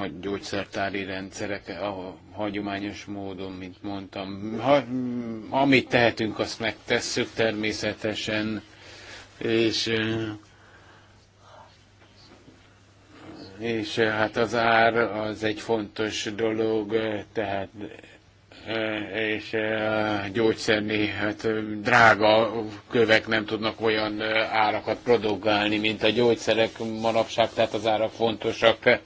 a gyógyszertári rendszerek, a hagyományos módon, mint mondtam. Ha, mm, amit tehetünk, azt megtesszük természetesen, és és hát az ár az egy fontos dolog, tehát és eh, gyógyszerni, hát drága kövek nem tudnak olyan árakat produkálni, mint a gyógyszerek manapság, tehát az árak fontosak,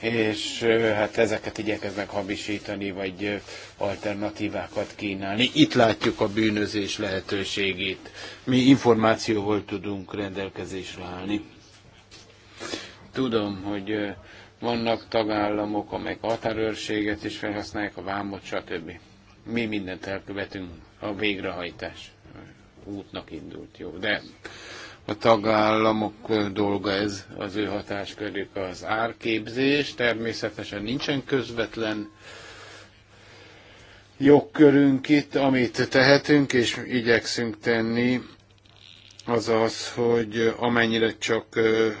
és hát ezeket igyekeznek habisítani, vagy alternatívákat kínálni. Itt látjuk a bűnözés lehetőségét. Mi információval tudunk rendelkezésre állni. Tudom, hogy vannak tagállamok, amelyek a határőrséget is felhasználják, a vámot, stb. Mi mindent elkövetünk, a végrehajtás útnak indult, jó. De a tagállamok dolga ez, az ő hatáskörük az árképzés, természetesen nincsen közvetlen jogkörünk itt, amit tehetünk és igyekszünk tenni, az az, hogy amennyire csak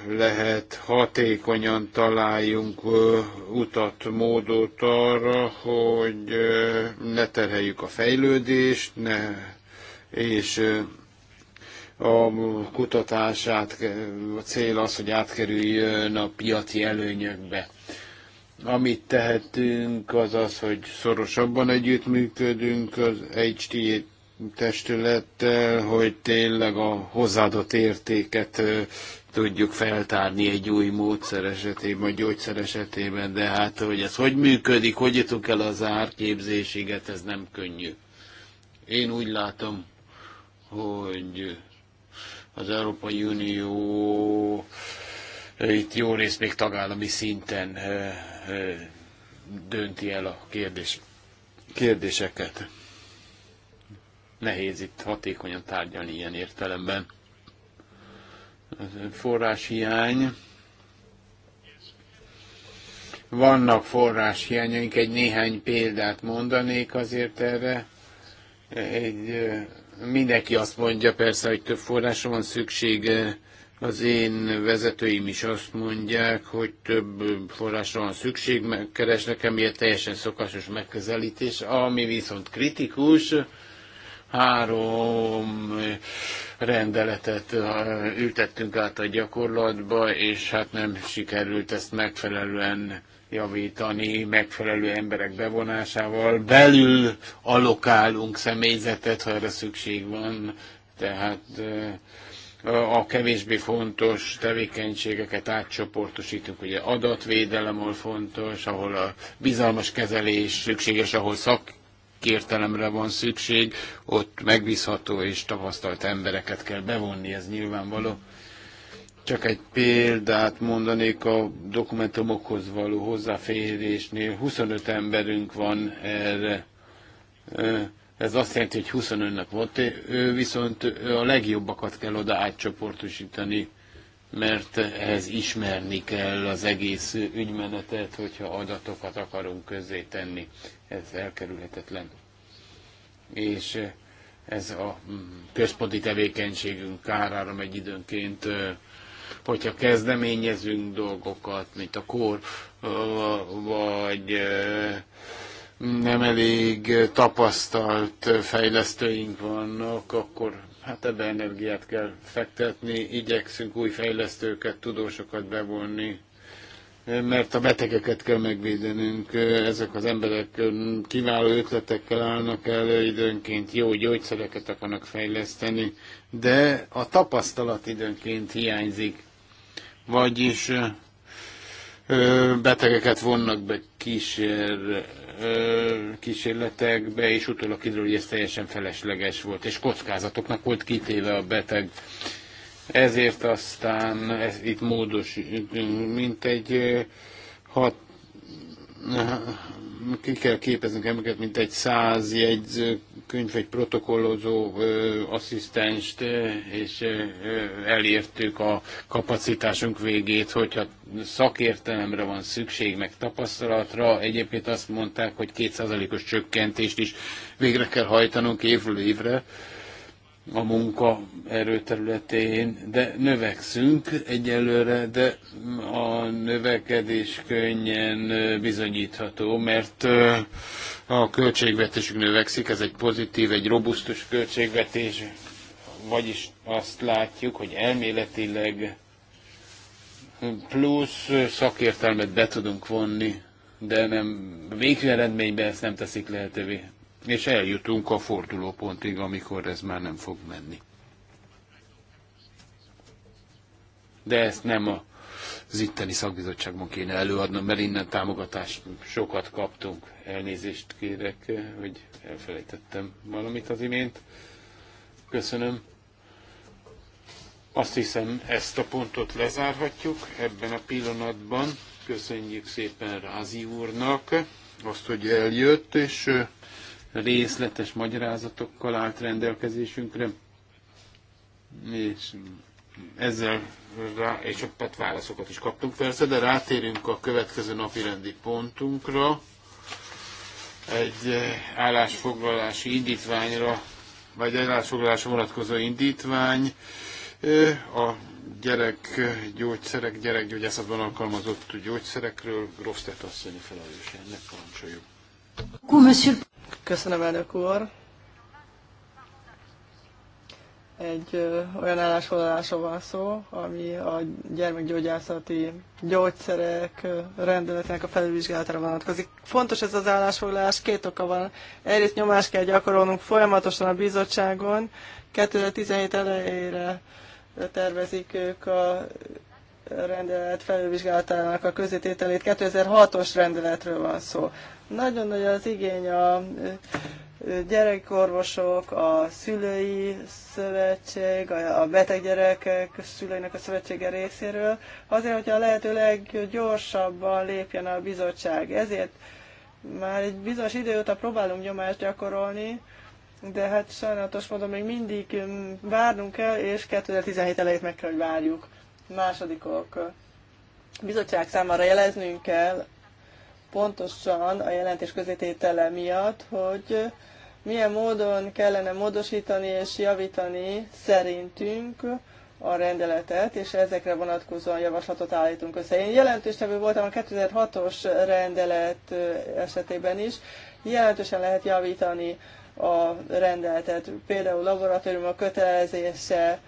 lehet hatékonyan találjunk utat, módot arra, hogy ne terheljük a fejlődést, ne, és a kutatását a cél az, hogy átkerüljön a piaci előnyökbe. Amit tehetünk, az az, hogy szorosabban együttműködünk az HTE-t testülettel, hogy tényleg a hozzáadott értéket tudjuk feltárni egy új módszer esetében, vagy gyógyszer esetében, de hát, hogy ez hogy működik, hogy jutunk el az árképzéséget, ez nem könnyű. Én úgy látom, hogy az Európai Unió itt jó részt még tagállami szinten dönti el a kérdés, kérdéseket nehéz itt hatékonyan tárgyalni ilyen értelemben. Forráshiány. Vannak forráshiányaink, egy néhány példát mondanék azért erre. Egy, mindenki azt mondja persze, hogy több forrásra van szükség, az én vezetőim is azt mondják, hogy több forrásra van szükség, keresnek emiatt teljesen szokásos megközelítés, ami viszont kritikus, három eh, rendeletet eh, ültettünk át a gyakorlatba, és hát nem sikerült ezt megfelelően javítani, megfelelő emberek bevonásával. Belül alokálunk személyzetet, ha erre szükség van, tehát eh, a kevésbé fontos tevékenységeket átcsoportosítunk, ugye adatvédelem, ahol fontos, ahol a bizalmas kezelés szükséges, ahol szak szakértelemre van szükség, ott megbízható és tapasztalt embereket kell bevonni, ez nyilvánvaló. Csak egy példát mondanék a dokumentumokhoz való hozzáférésnél. 25 emberünk van erre. Ez azt jelenti, hogy 25-nek volt, viszont a legjobbakat kell oda átcsoportosítani mert ehhez ismerni kell az egész ügymenetet, hogyha adatokat akarunk közzé tenni. Ez elkerülhetetlen. És ez a központi tevékenységünk kárára megy időnként, hogyha kezdeményezünk dolgokat, mint a kor, vagy nem elég tapasztalt fejlesztőink vannak, akkor Hát ebbe energiát kell fektetni, igyekszünk új fejlesztőket, tudósokat bevonni, mert a betegeket kell megvédenünk. Ezek az emberek kiváló ötletekkel állnak elő, időnként jó gyógyszereket akarnak fejleszteni, de a tapasztalat időnként hiányzik. Vagyis betegeket vonnak be kísér, kísérletekbe, és utólag kiderül, hogy ez teljesen felesleges volt, és kockázatoknak volt kitéve a beteg. Ezért aztán ez itt módos, mint egy hat, ki kell képeznünk embereket, mint egy száz jegyző, könyv egy protokollozó asszisztenst, és elértük a kapacitásunk végét, hogyha szakértelemre van szükség, meg tapasztalatra. Egyébként azt mondták, hogy 2%-os csökkentést is végre kell hajtanunk évről évre. évre a munka erőterületén, de növekszünk egyelőre, de a növekedés könnyen bizonyítható, mert a költségvetésünk növekszik, ez egy pozitív, egy robusztus költségvetés, vagyis azt látjuk, hogy elméletileg plusz szakértelmet be tudunk vonni, de nem eredményben ezt nem teszik lehetővé és eljutunk a fordulópontig, amikor ez már nem fog menni. De ezt nem a az itteni szakbizottságban kéne előadnom, mert innen támogatást sokat kaptunk. Elnézést kérek, hogy elfelejtettem valamit az imént. Köszönöm. Azt hiszem, ezt a pontot lezárhatjuk ebben a pillanatban. Köszönjük szépen Rázi úrnak azt, hogy eljött, és részletes magyarázatokkal állt rendelkezésünkre, és ezzel rá, és sokat válaszokat is kaptunk persze, de rátérünk a következő napi rendi pontunkra, egy eh, állásfoglalási indítványra, vagy egy állásfoglalásra vonatkozó indítvány, eh, a gyógyszerek, gyerekgyógyászatban alkalmazott gyógyszerekről Grosztet asszonyi felelős ennek parancsoljuk. Köszönöm, elnök úr. Egy ö, olyan állásfoglalásról van szó, ami a gyermekgyógyászati gyógyszerek rendeletének a felülvizsgálatára vonatkozik. Fontos ez az állásfoglalás, két oka van. Egyrészt nyomást kell gyakorolnunk folyamatosan a bizottságon. 2017 elejére tervezik ők a rendelet felülvizsgálatának a közétételét. 2006-os rendeletről van szó. Nagyon nagy az igény a gyerekorvosok, a szülői szövetség, a beteg gyerekek a szövetsége részéről, azért, hogy a lehető leggyorsabban lépjen a bizottság. Ezért már egy bizonyos idő óta próbálunk nyomást gyakorolni, de hát sajnálatos módon még mindig mm, várnunk kell, és 2017 elejét meg kell, hogy várjuk. Másodikok. Bizottság számára jeleznünk kell pontosan a jelentés közététele miatt, hogy milyen módon kellene módosítani és javítani szerintünk a rendeletet, és ezekre vonatkozóan javaslatot állítunk össze. Én jelentős tevő voltam a 2006-os rendelet esetében is. Jelentősen lehet javítani a rendeletet, például laboratóriumok kötelezése,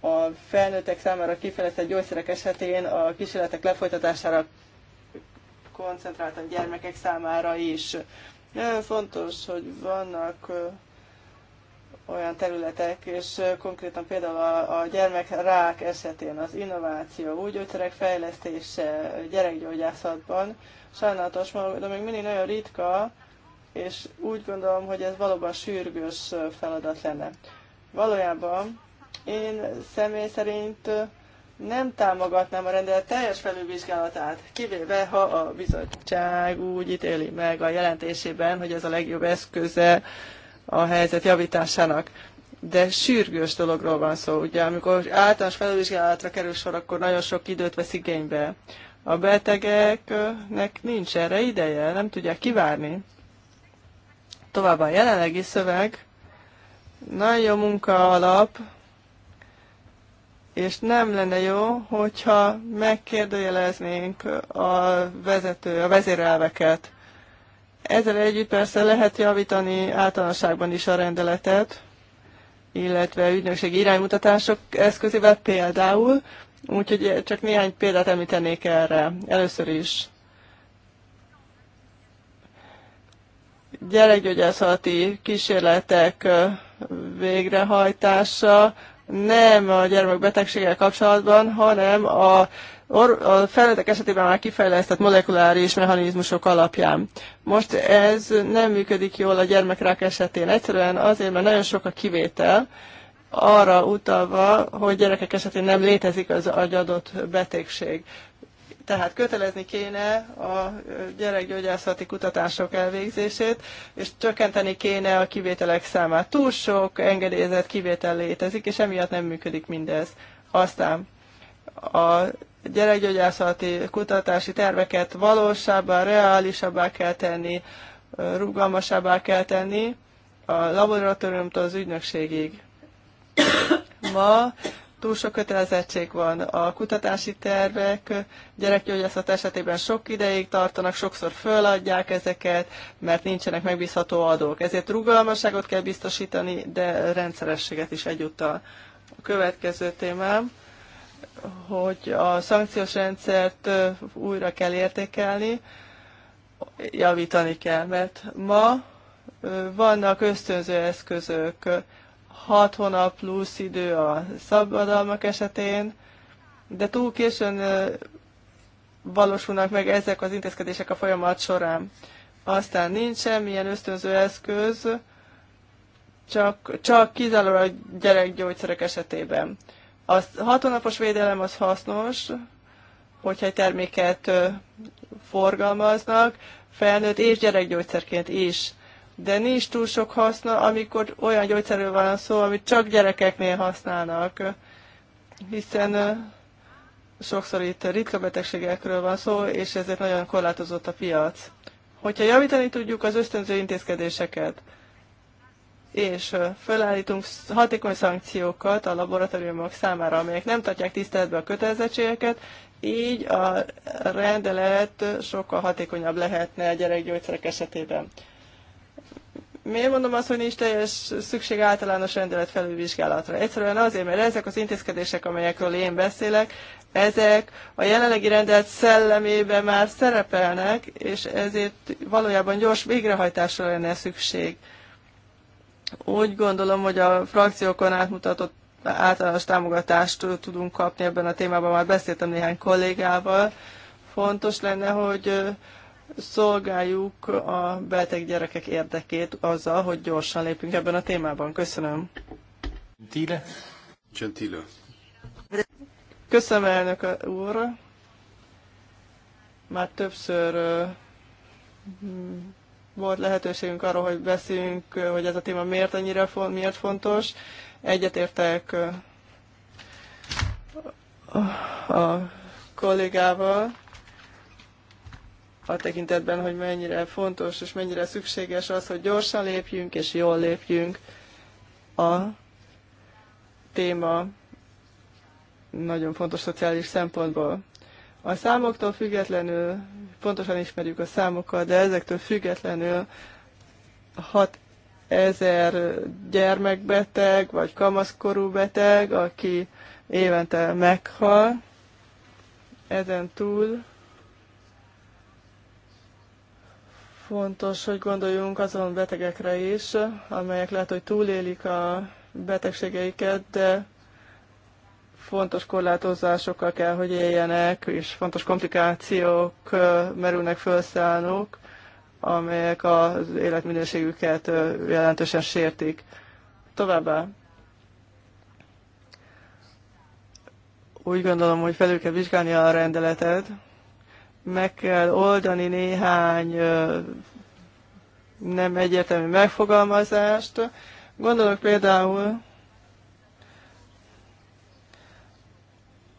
a felnőttek számára kifejlesztett gyógyszerek esetén a kísérletek lefolytatására koncentráltan gyermekek számára is. Nagyon fontos, hogy vannak olyan területek, és konkrétan például a, a rák esetén az innováció, új gyógyszerek fejlesztése gyerekgyógyászatban sajnálatos, de még mindig nagyon ritka, és úgy gondolom, hogy ez valóban sürgős feladat lenne. Valójában én személy szerint nem támogatnám a rendelet teljes felülvizsgálatát, kivéve ha a bizottság úgy ítéli meg a jelentésében, hogy ez a legjobb eszköze a helyzet javításának. De sürgős dologról van szó, ugye, amikor általános felülvizsgálatra kerül sor, akkor nagyon sok időt vesz igénybe. A betegeknek nincs erre ideje, nem tudják kivárni. Továbbá a jelenlegi szöveg nagyon munka alap, és nem lenne jó, hogyha megkérdőjeleznénk a vezető, a vezérelveket. Ezzel együtt persze lehet javítani általánosságban is a rendeletet, illetve ügynökségi iránymutatások eszközével például, úgyhogy csak néhány példát említenék erre. Először is gyerekgyógyászati kísérletek végrehajtása, nem a gyermek betegséggel kapcsolatban, hanem a, a felületek esetében már kifejlesztett molekuláris mechanizmusok alapján. Most ez nem működik jól a gyermekrák esetén. Egyszerűen azért, mert nagyon sok a kivétel, arra utalva, hogy gyerekek esetén nem létezik az agyadott betegség. Tehát kötelezni kéne a gyerekgyógyászati kutatások elvégzését, és csökkenteni kéne a kivételek számát. Túl sok engedélyezett kivétel létezik, és emiatt nem működik mindez. Aztán a gyerekgyógyászati kutatási terveket valósabbá, reálisabbá kell tenni, rugalmasabbá kell tenni a laboratóriumtól az ügynökségig. Ma túl sok kötelezettség van. A kutatási tervek gyerekgyógyászat esetében sok ideig tartanak, sokszor föladják ezeket, mert nincsenek megbízható adók. Ezért rugalmasságot kell biztosítani, de rendszerességet is egyúttal. A következő témám, hogy a szankciós rendszert újra kell értékelni, javítani kell, mert ma vannak ösztönző eszközök, 6 hónap plusz idő a szabadalmak esetén, de túl későn valósulnak meg ezek az intézkedések a folyamat során. Aztán nincs semmilyen ösztönző eszköz, csak, csak kizárólag a gyerekgyógyszerek esetében. A hat hónapos védelem az hasznos, hogyha egy terméket forgalmaznak, felnőtt és gyerekgyógyszerként is de nincs túl sok haszna, amikor olyan gyógyszerről van szó, amit csak gyerekeknél használnak, hiszen sokszor itt ritka betegségekről van szó, és ezért nagyon korlátozott a piac. Hogyha javítani tudjuk az ösztönző intézkedéseket, és felállítunk hatékony szankciókat a laboratóriumok számára, amelyek nem tartják tiszteletbe a kötelezettségeket, így a rendelet sokkal hatékonyabb lehetne a gyerekgyógyszerek esetében. Miért mondom azt, hogy nincs teljes szükség általános rendelet felülvizsgálatra? Egyszerűen azért, mert ezek az intézkedések, amelyekről én beszélek, ezek a jelenlegi rendelet szellemében már szerepelnek, és ezért valójában gyors végrehajtásra lenne szükség. Úgy gondolom, hogy a frakciókon átmutatott általános támogatást tudunk kapni ebben a témában, már beszéltem néhány kollégával. Fontos lenne, hogy szolgáljuk a beteg gyerekek érdekét azzal, hogy gyorsan lépünk ebben a témában. Köszönöm. Gentile. Gentile. Köszönöm, elnök úr. Már többször volt lehetőségünk arra, hogy beszéljünk, hogy ez a téma miért annyira font, miért fontos. Egyetértek a kollégával, a tekintetben, hogy mennyire fontos és mennyire szükséges az, hogy gyorsan lépjünk és jól lépjünk. A téma nagyon fontos szociális szempontból. A számoktól függetlenül, pontosan ismerjük a számokat, de ezektől függetlenül 6 ezer gyermekbeteg vagy kamaszkorú beteg, aki évente meghal. Ezen túl Fontos, hogy gondoljunk azon betegekre is, amelyek lehet, hogy túlélik a betegségeiket, de fontos korlátozásokkal kell, hogy éljenek, és fontos komplikációk merülnek felszállnók, amelyek az életminőségüket jelentősen sértik. Továbbá úgy gondolom, hogy felül kell vizsgálni a rendeletet, meg kell oldani néhány nem egyetemi megfogalmazást. Gondolok például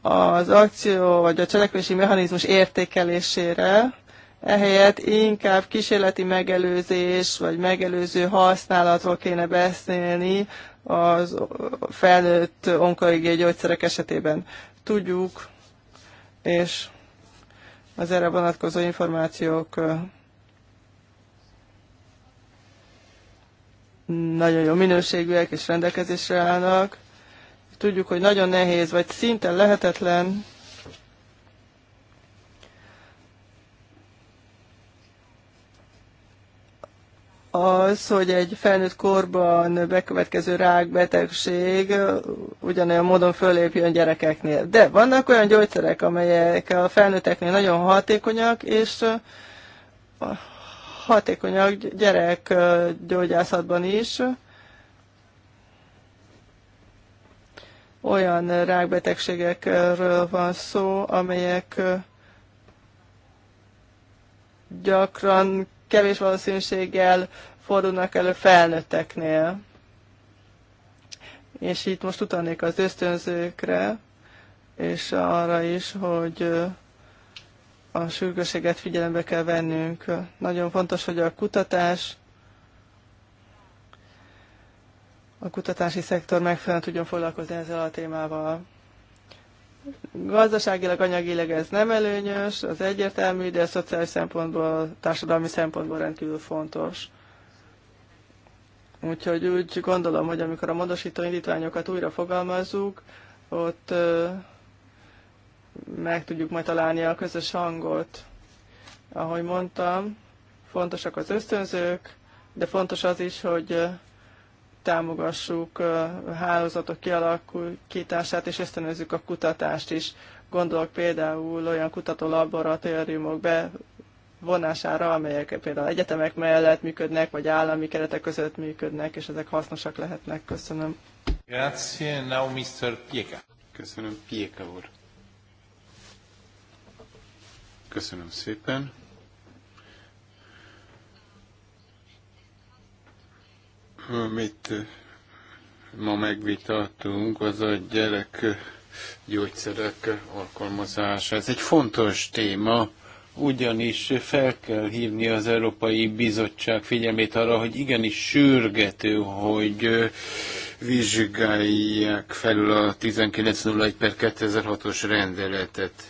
az akció vagy a cselekvési mechanizmus értékelésére, ehelyett inkább kísérleti megelőzés vagy megelőző használatról kéne beszélni az felnőtt onkológiai gyógyszerek esetében. Tudjuk, és az erre vonatkozó információk nagyon jó minőségűek és rendelkezésre állnak. Tudjuk, hogy nagyon nehéz, vagy szinte lehetetlen az, hogy egy felnőtt korban bekövetkező rákbetegség ugyanolyan módon fölépjön gyerekeknél. De vannak olyan gyógyszerek, amelyek a felnőtteknél nagyon hatékonyak, és hatékonyak gyógyászatban is. Olyan rákbetegségekről van szó, amelyek gyakran kevés valószínűséggel fordulnak elő felnőtteknél. És itt most utalnék az ösztönzőkre, és arra is, hogy a sürgőséget figyelembe kell vennünk. Nagyon fontos, hogy a kutatás, a kutatási szektor megfelelően tudjon foglalkozni ezzel a témával. Gazdaságilag, anyagilag ez nem előnyös, az egyértelmű, de a szociális szempontból, társadalmi szempontból rendkívül fontos. Úgyhogy úgy gondolom, hogy amikor a módosító indítványokat újra fogalmazzuk, ott meg tudjuk majd találni a közös hangot. Ahogy mondtam, fontosak az ösztönzők, de fontos az is, hogy támogassuk a hálózatok kialakítását, és ösztönözzük a kutatást is. Gondolok például olyan kutatólaboratóriumok bevonására, amelyek például egyetemek mellett működnek, vagy állami keretek között működnek, és ezek hasznosak lehetnek. Köszönöm. Grazie, now Mr. Pieka. Köszönöm, Pieka úr. Köszönöm szépen. Amit eh, ma megvitattunk, az a gyerek eh, gyógyszerek alkalmazása. Ez egy fontos téma, ugyanis fel kell hívni az Európai Bizottság figyelmét arra, hogy igenis sürgető, hogy eh, vizsgálják felül a 1901 per 2006-os rendeletet.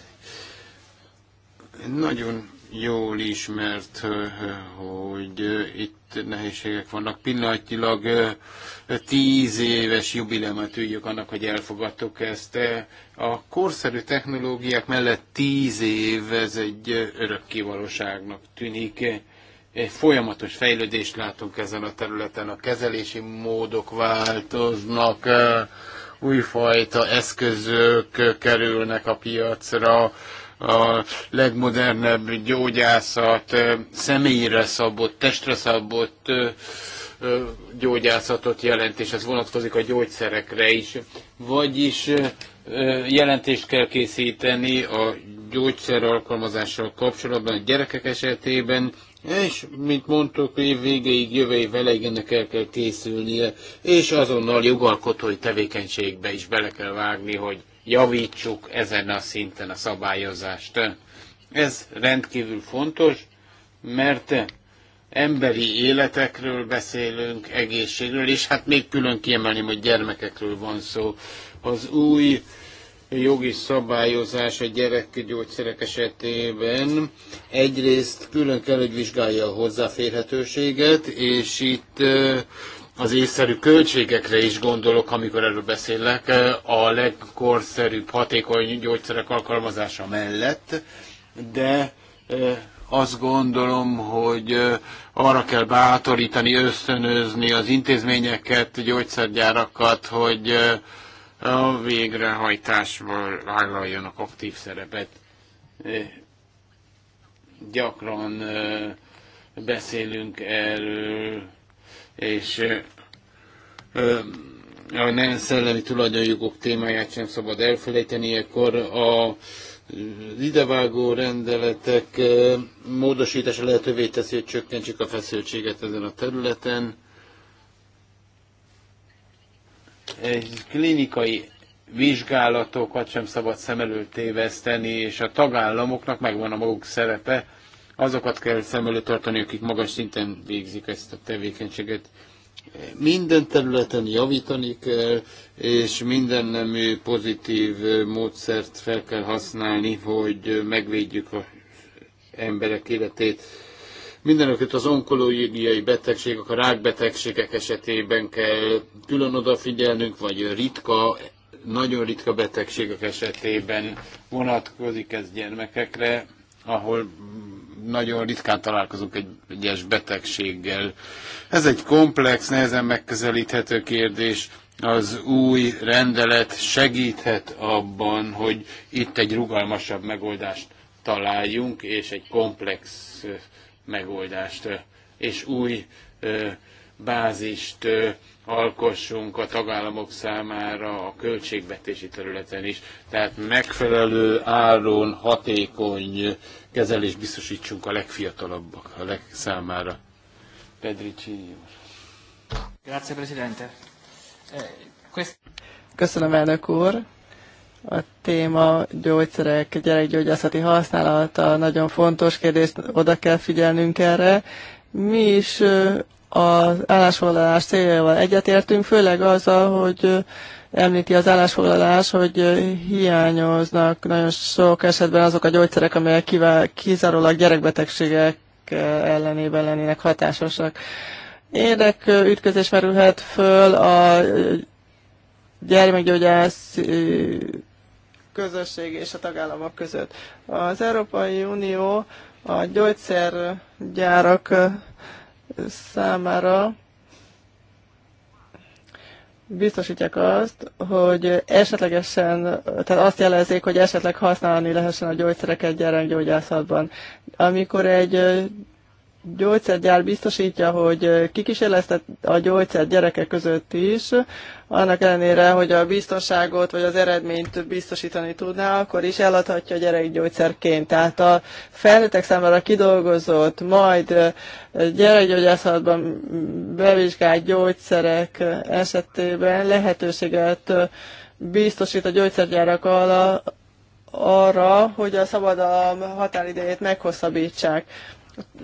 Nagyon jól ismert, eh, hogy eh, itt nehézségek vannak. Pillanatnyilag eh, tíz éves jubilemet üljük annak, hogy elfogadtuk ezt. A korszerű technológiák mellett tíz év, ez egy örökkivalóságnak tűnik. Egy folyamatos fejlődést látunk ezen a területen, a kezelési módok változnak, újfajta eszközök kerülnek a piacra, a legmodernebb gyógyászat, személyre szabott, testre szabott gyógyászatot jelent, és ez vonatkozik a gyógyszerekre is. Vagyis jelentést kell készíteni a gyógyszer alkalmazással kapcsolatban a gyerekek esetében, és, mint mondtuk, év végéig, jövő év ennek el kell készülnie, és azonnal jogalkotói tevékenységbe is bele kell vágni, hogy javítsuk ezen a szinten a szabályozást. Ez rendkívül fontos, mert emberi életekről beszélünk, egészségről, és hát még külön kiemelném, hogy gyermekekről van szó. Az új jogi szabályozás a gyerekgyógyszerek esetében egyrészt külön kell, hogy vizsgálja a hozzáférhetőséget, és itt az észszerű költségekre is gondolok, amikor erről beszélek, eh, a legkorszerűbb, hatékony gyógyszerek alkalmazása mellett, de eh, azt gondolom, hogy eh, arra kell bátorítani, ösztönözni az intézményeket, gyógyszergyárakat, hogy a végrehajtásban vállaljanak aktív szerepet. Gyakran beszélünk erről, és a nem szellemi tulajdonjogok témáját sem szabad elfelejteni, akkor a idevágó rendeletek módosítása lehetővé teszi, hogy csökkentsék a feszültséget ezen a területen. Klinikai vizsgálatokat sem szabad szem előtt téveszteni, és a tagállamoknak megvan a maguk szerepe, azokat kell szem előtt tartani, akik magas szinten végzik ezt a tevékenységet. Minden területen javítani kell, és minden nemű pozitív módszert fel kell használni, hogy megvédjük az emberek életét. Mindenekült az onkológiai betegségek, a rákbetegségek esetében kell külön odafigyelnünk, vagy ritka nagyon ritka betegségek esetében vonatkozik ez gyermekekre, ahol nagyon ritkán találkozunk egy egyes betegséggel. Ez egy komplex, nehezen megközelíthető kérdés. Az új rendelet segíthet abban, hogy itt egy rugalmasabb megoldást találjunk, és egy komplex megoldást, és új bázist alkossunk a tagállamok számára a költségvetési területen is. Tehát megfelelő áron hatékony kezelést biztosítsunk a legfiatalabbak a leg számára. Pedricini úr. Grazie, Presidente. Eh, Köszönöm, elnök úr. A téma gyógyszerek, gyerekgyógyászati használata nagyon fontos kérdés, oda kell figyelnünk erre. Mi is az állásfoglalás céljával egyetértünk, főleg azzal, hogy említi az állásfoglalás, hogy hiányoznak nagyon sok esetben azok a gyógyszerek, amelyek kizárólag gyerekbetegségek ellenében lennének hatásosak. Érdek ütközés merülhet föl a gyermekgyógyász közösség és a tagállamok között. Az Európai Unió a gyógyszergyárak számára biztosítják azt, hogy esetlegesen, tehát azt jelezik, hogy esetleg használni lehessen a gyógyszereket gyerekgyógyászatban. Amikor egy gyógyszergyár biztosítja, hogy kikísérleztet a gyógyszer gyerekek között is, annak ellenére, hogy a biztonságot vagy az eredményt biztosítani tudná, akkor is eladhatja a gyerek gyógyszerként. Tehát a felnőttek számára kidolgozott, majd gyerekgyógyászatban bevizsgált gyógyszerek esetében lehetőséget biztosít a gyógyszergyárak arra, hogy a szabadalom határidejét meghosszabbítsák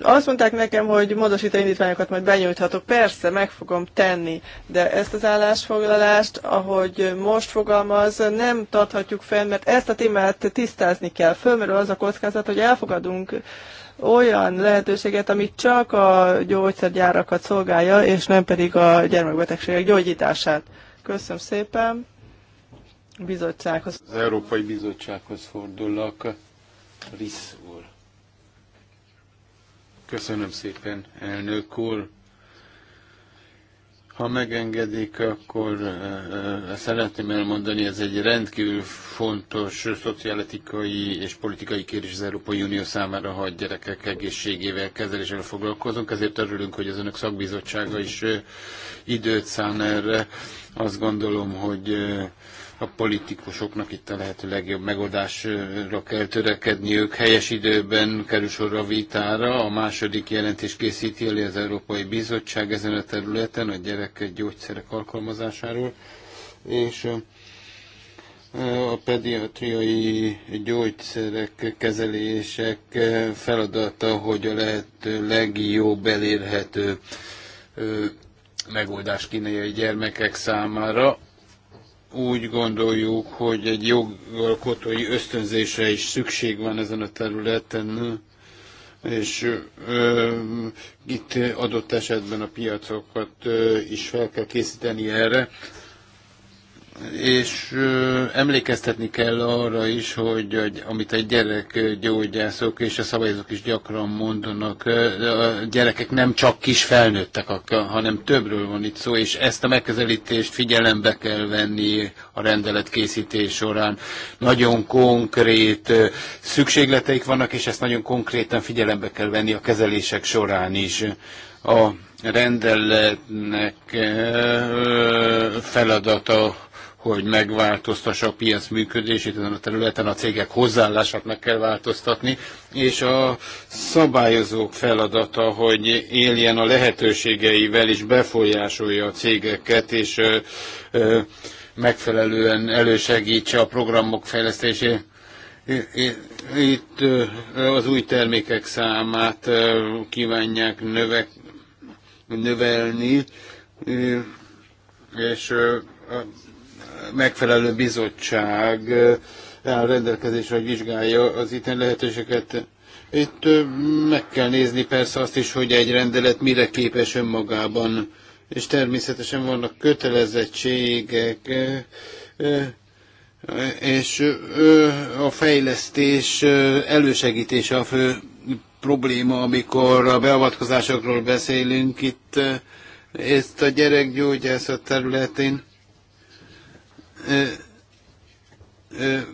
azt mondták nekem, hogy módosító indítványokat majd benyújthatok. Persze, meg fogom tenni, de ezt az állásfoglalást, ahogy most fogalmaz, nem tarthatjuk fenn, mert ezt a témát tisztázni kell. Fölmerül az a kockázat, hogy elfogadunk olyan lehetőséget, amit csak a gyógyszergyárakat szolgálja, és nem pedig a gyermekbetegségek gyógyítását. Köszönöm szépen. Bizottsághoz. Az Európai Bizottsághoz fordulok. Risz Köszönöm szépen, elnök úr. Ha megengedik, akkor szeretném elmondani, ez egy rendkívül fontos szociáletikai és politikai kérdés az Európai Unió számára, ha a gyerekek egészségével, kezelésével foglalkozunk. Ezért örülünk, hogy az önök szakbizottsága is időt szán erre. Azt gondolom, hogy a politikusoknak itt a lehető legjobb megoldásra kell törekedniük. Helyes időben kerül sor a vitára. A második jelentés készíti elő az Európai Bizottság ezen a területen a gyerek gyógyszerek alkalmazásáról. És a pediatriai gyógyszerek, kezelések feladata, hogy a lehető legjobb elérhető megoldás kínálja a gyermekek számára úgy gondoljuk, hogy egy jogalkotói ösztönzésre is szükség van ezen a területen, és ö, itt adott esetben a piacokat ö, is fel kell készíteni erre és ö, emlékeztetni kell arra is, hogy, hogy amit a gyógyászok és a szabályozók is gyakran mondanak, ö, a gyerekek nem csak kis felnőttek, hanem többről van itt szó, és ezt a megközelítést figyelembe kell venni a rendelet készítés során. Nagyon konkrét ö, szükségleteik vannak, és ezt nagyon konkrétan figyelembe kell venni a kezelések során is. A rendeletnek ö, feladata hogy megváltoztassa a piac működését ezen a területen, a cégek hozzáállását meg kell változtatni, és a szabályozók feladata, hogy éljen a lehetőségeivel és befolyásolja a cégeket, és ö, ö, megfelelően elősegítse a programok fejlesztését. Itt az új termékek számát kívánják növe, növelni, és megfelelő bizottság áll rendelkezésre, hogy vizsgálja az itteni lehetőséget. Itt meg kell nézni persze azt is, hogy egy rendelet mire képes önmagában, és természetesen vannak kötelezettségek, és a fejlesztés elősegítése a fő probléma, amikor a beavatkozásokról beszélünk itt, ezt a gyerekgyógyászat területén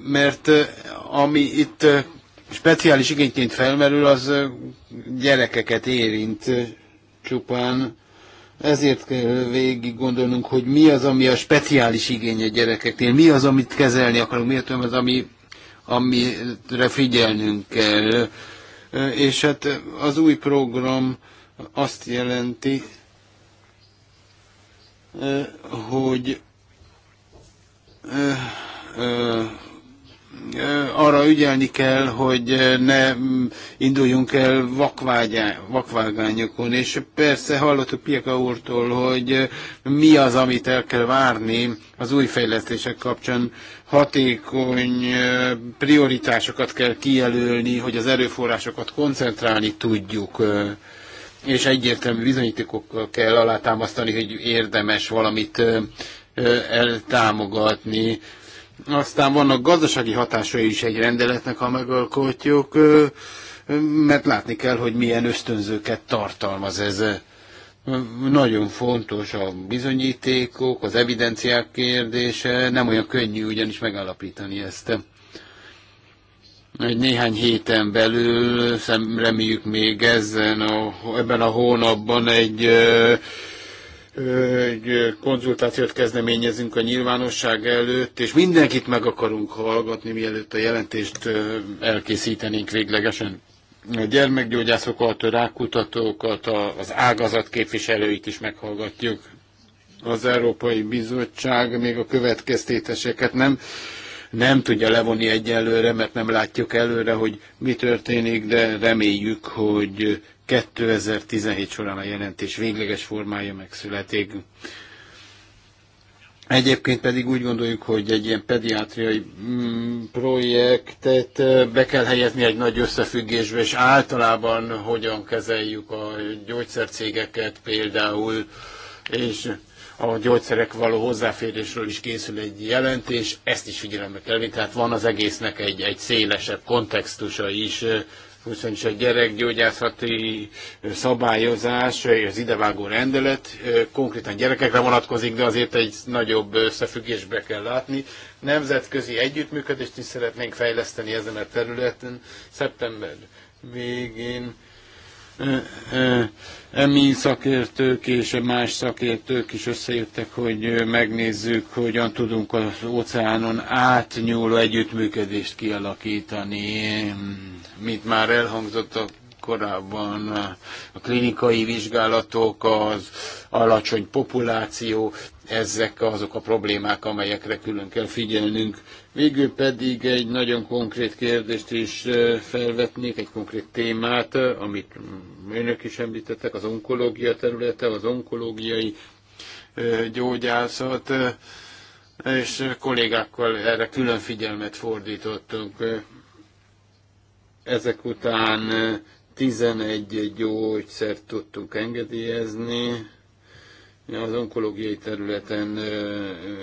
mert ami itt speciális igényként felmerül, az gyerekeket érint csupán. Ezért kell végig gondolnunk, hogy mi az, ami a speciális igény a gyerekeknél, mi az, amit kezelni akarunk, mi az, ami, amire figyelnünk kell. És hát az új program azt jelenti, hogy arra ügyelni kell, hogy ne induljunk el vakvágányokon, és persze hallottuk Pieka úrtól, hogy mi az, amit el kell várni az új fejlesztések kapcsán. Hatékony prioritásokat kell kijelölni, hogy az erőforrásokat koncentrálni tudjuk és egyértelmű bizonyítékokkal kell alátámasztani, hogy érdemes valamit eltámogatni. Aztán vannak gazdasági hatásai is egy rendeletnek, ha megalkotjuk, mert látni kell, hogy milyen ösztönzőket tartalmaz ez. Nagyon fontos a bizonyítékok, az evidenciák kérdése, nem olyan könnyű ugyanis megállapítani ezt. Egy néhány héten belül, reméljük még ezen a, ebben a hónapban egy hogy konzultációt kezdeményezünk a nyilvánosság előtt, és mindenkit meg akarunk hallgatni, mielőtt a jelentést elkészítenénk véglegesen. A gyermekgyógyászokat, a rákutatókat, az ágazat képviselőit is meghallgatjuk. Az Európai Bizottság még a következtéteseket nem nem tudja levonni egyelőre, mert nem látjuk előre, hogy mi történik, de reméljük, hogy 2017 során a jelentés végleges formája megszületik. Egyébként pedig úgy gondoljuk, hogy egy ilyen pediátriai mm, projektet be kell helyezni egy nagy összefüggésbe, és általában hogyan kezeljük a gyógyszercégeket például, és a gyógyszerek való hozzáférésről is készül egy jelentés, ezt is figyelembe kell venni, tehát van az egésznek egy, egy szélesebb kontextusa is és a gyerekgyógyászati szabályozás, az idevágó rendelet konkrétan gyerekekre vonatkozik, de azért egy nagyobb összefüggésbe kell látni. Nemzetközi együttműködést is szeretnénk fejleszteni ezen a területen. Szeptember végén mi szakértők és más szakértők is összejöttek, hogy megnézzük, hogyan tudunk az óceánon átnyúló együttműködést kialakítani. Mint már elhangzott a korábban a klinikai vizsgálatok, az alacsony populáció, ezek azok a problémák, amelyekre külön kell figyelnünk. Végül pedig egy nagyon konkrét kérdést is felvetnék, egy konkrét témát, amit önök is említettek, az onkológia területe, az onkológiai gyógyászat, és kollégákkal erre külön figyelmet fordítottunk. Ezek után 11 gyógyszert tudtunk engedélyezni, az onkológiai területen.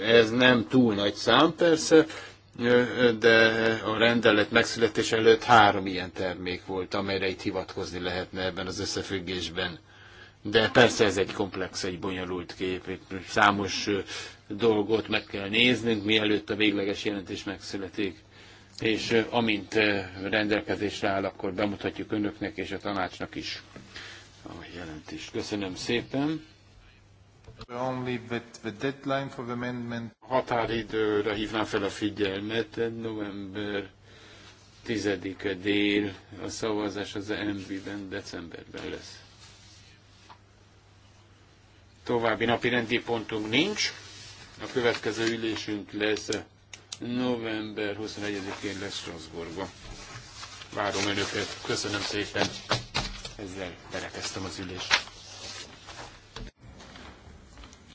Ez nem túl nagy szám persze, de a rendelet megszületés előtt három ilyen termék volt, amelyre itt hivatkozni lehetne ebben az összefüggésben. De persze ez egy komplex, egy bonyolult kép, itt számos dolgot meg kell néznünk, mielőtt a végleges jelentés megszületik. És amint rendelkezésre áll, akkor bemutatjuk önöknek és a tanácsnak is a jelentést. Köszönöm szépen! Határidőre hívnám fel a figyelmet, november 10-e dél, a szavazás az MV-ben decemberben lesz. További napi rendi pontunk nincs. A következő ülésünk lesz november 21-én lesz Strasbourgba. Várom Önöket. Köszönöm szépen. Ezzel berekeztem az ülést.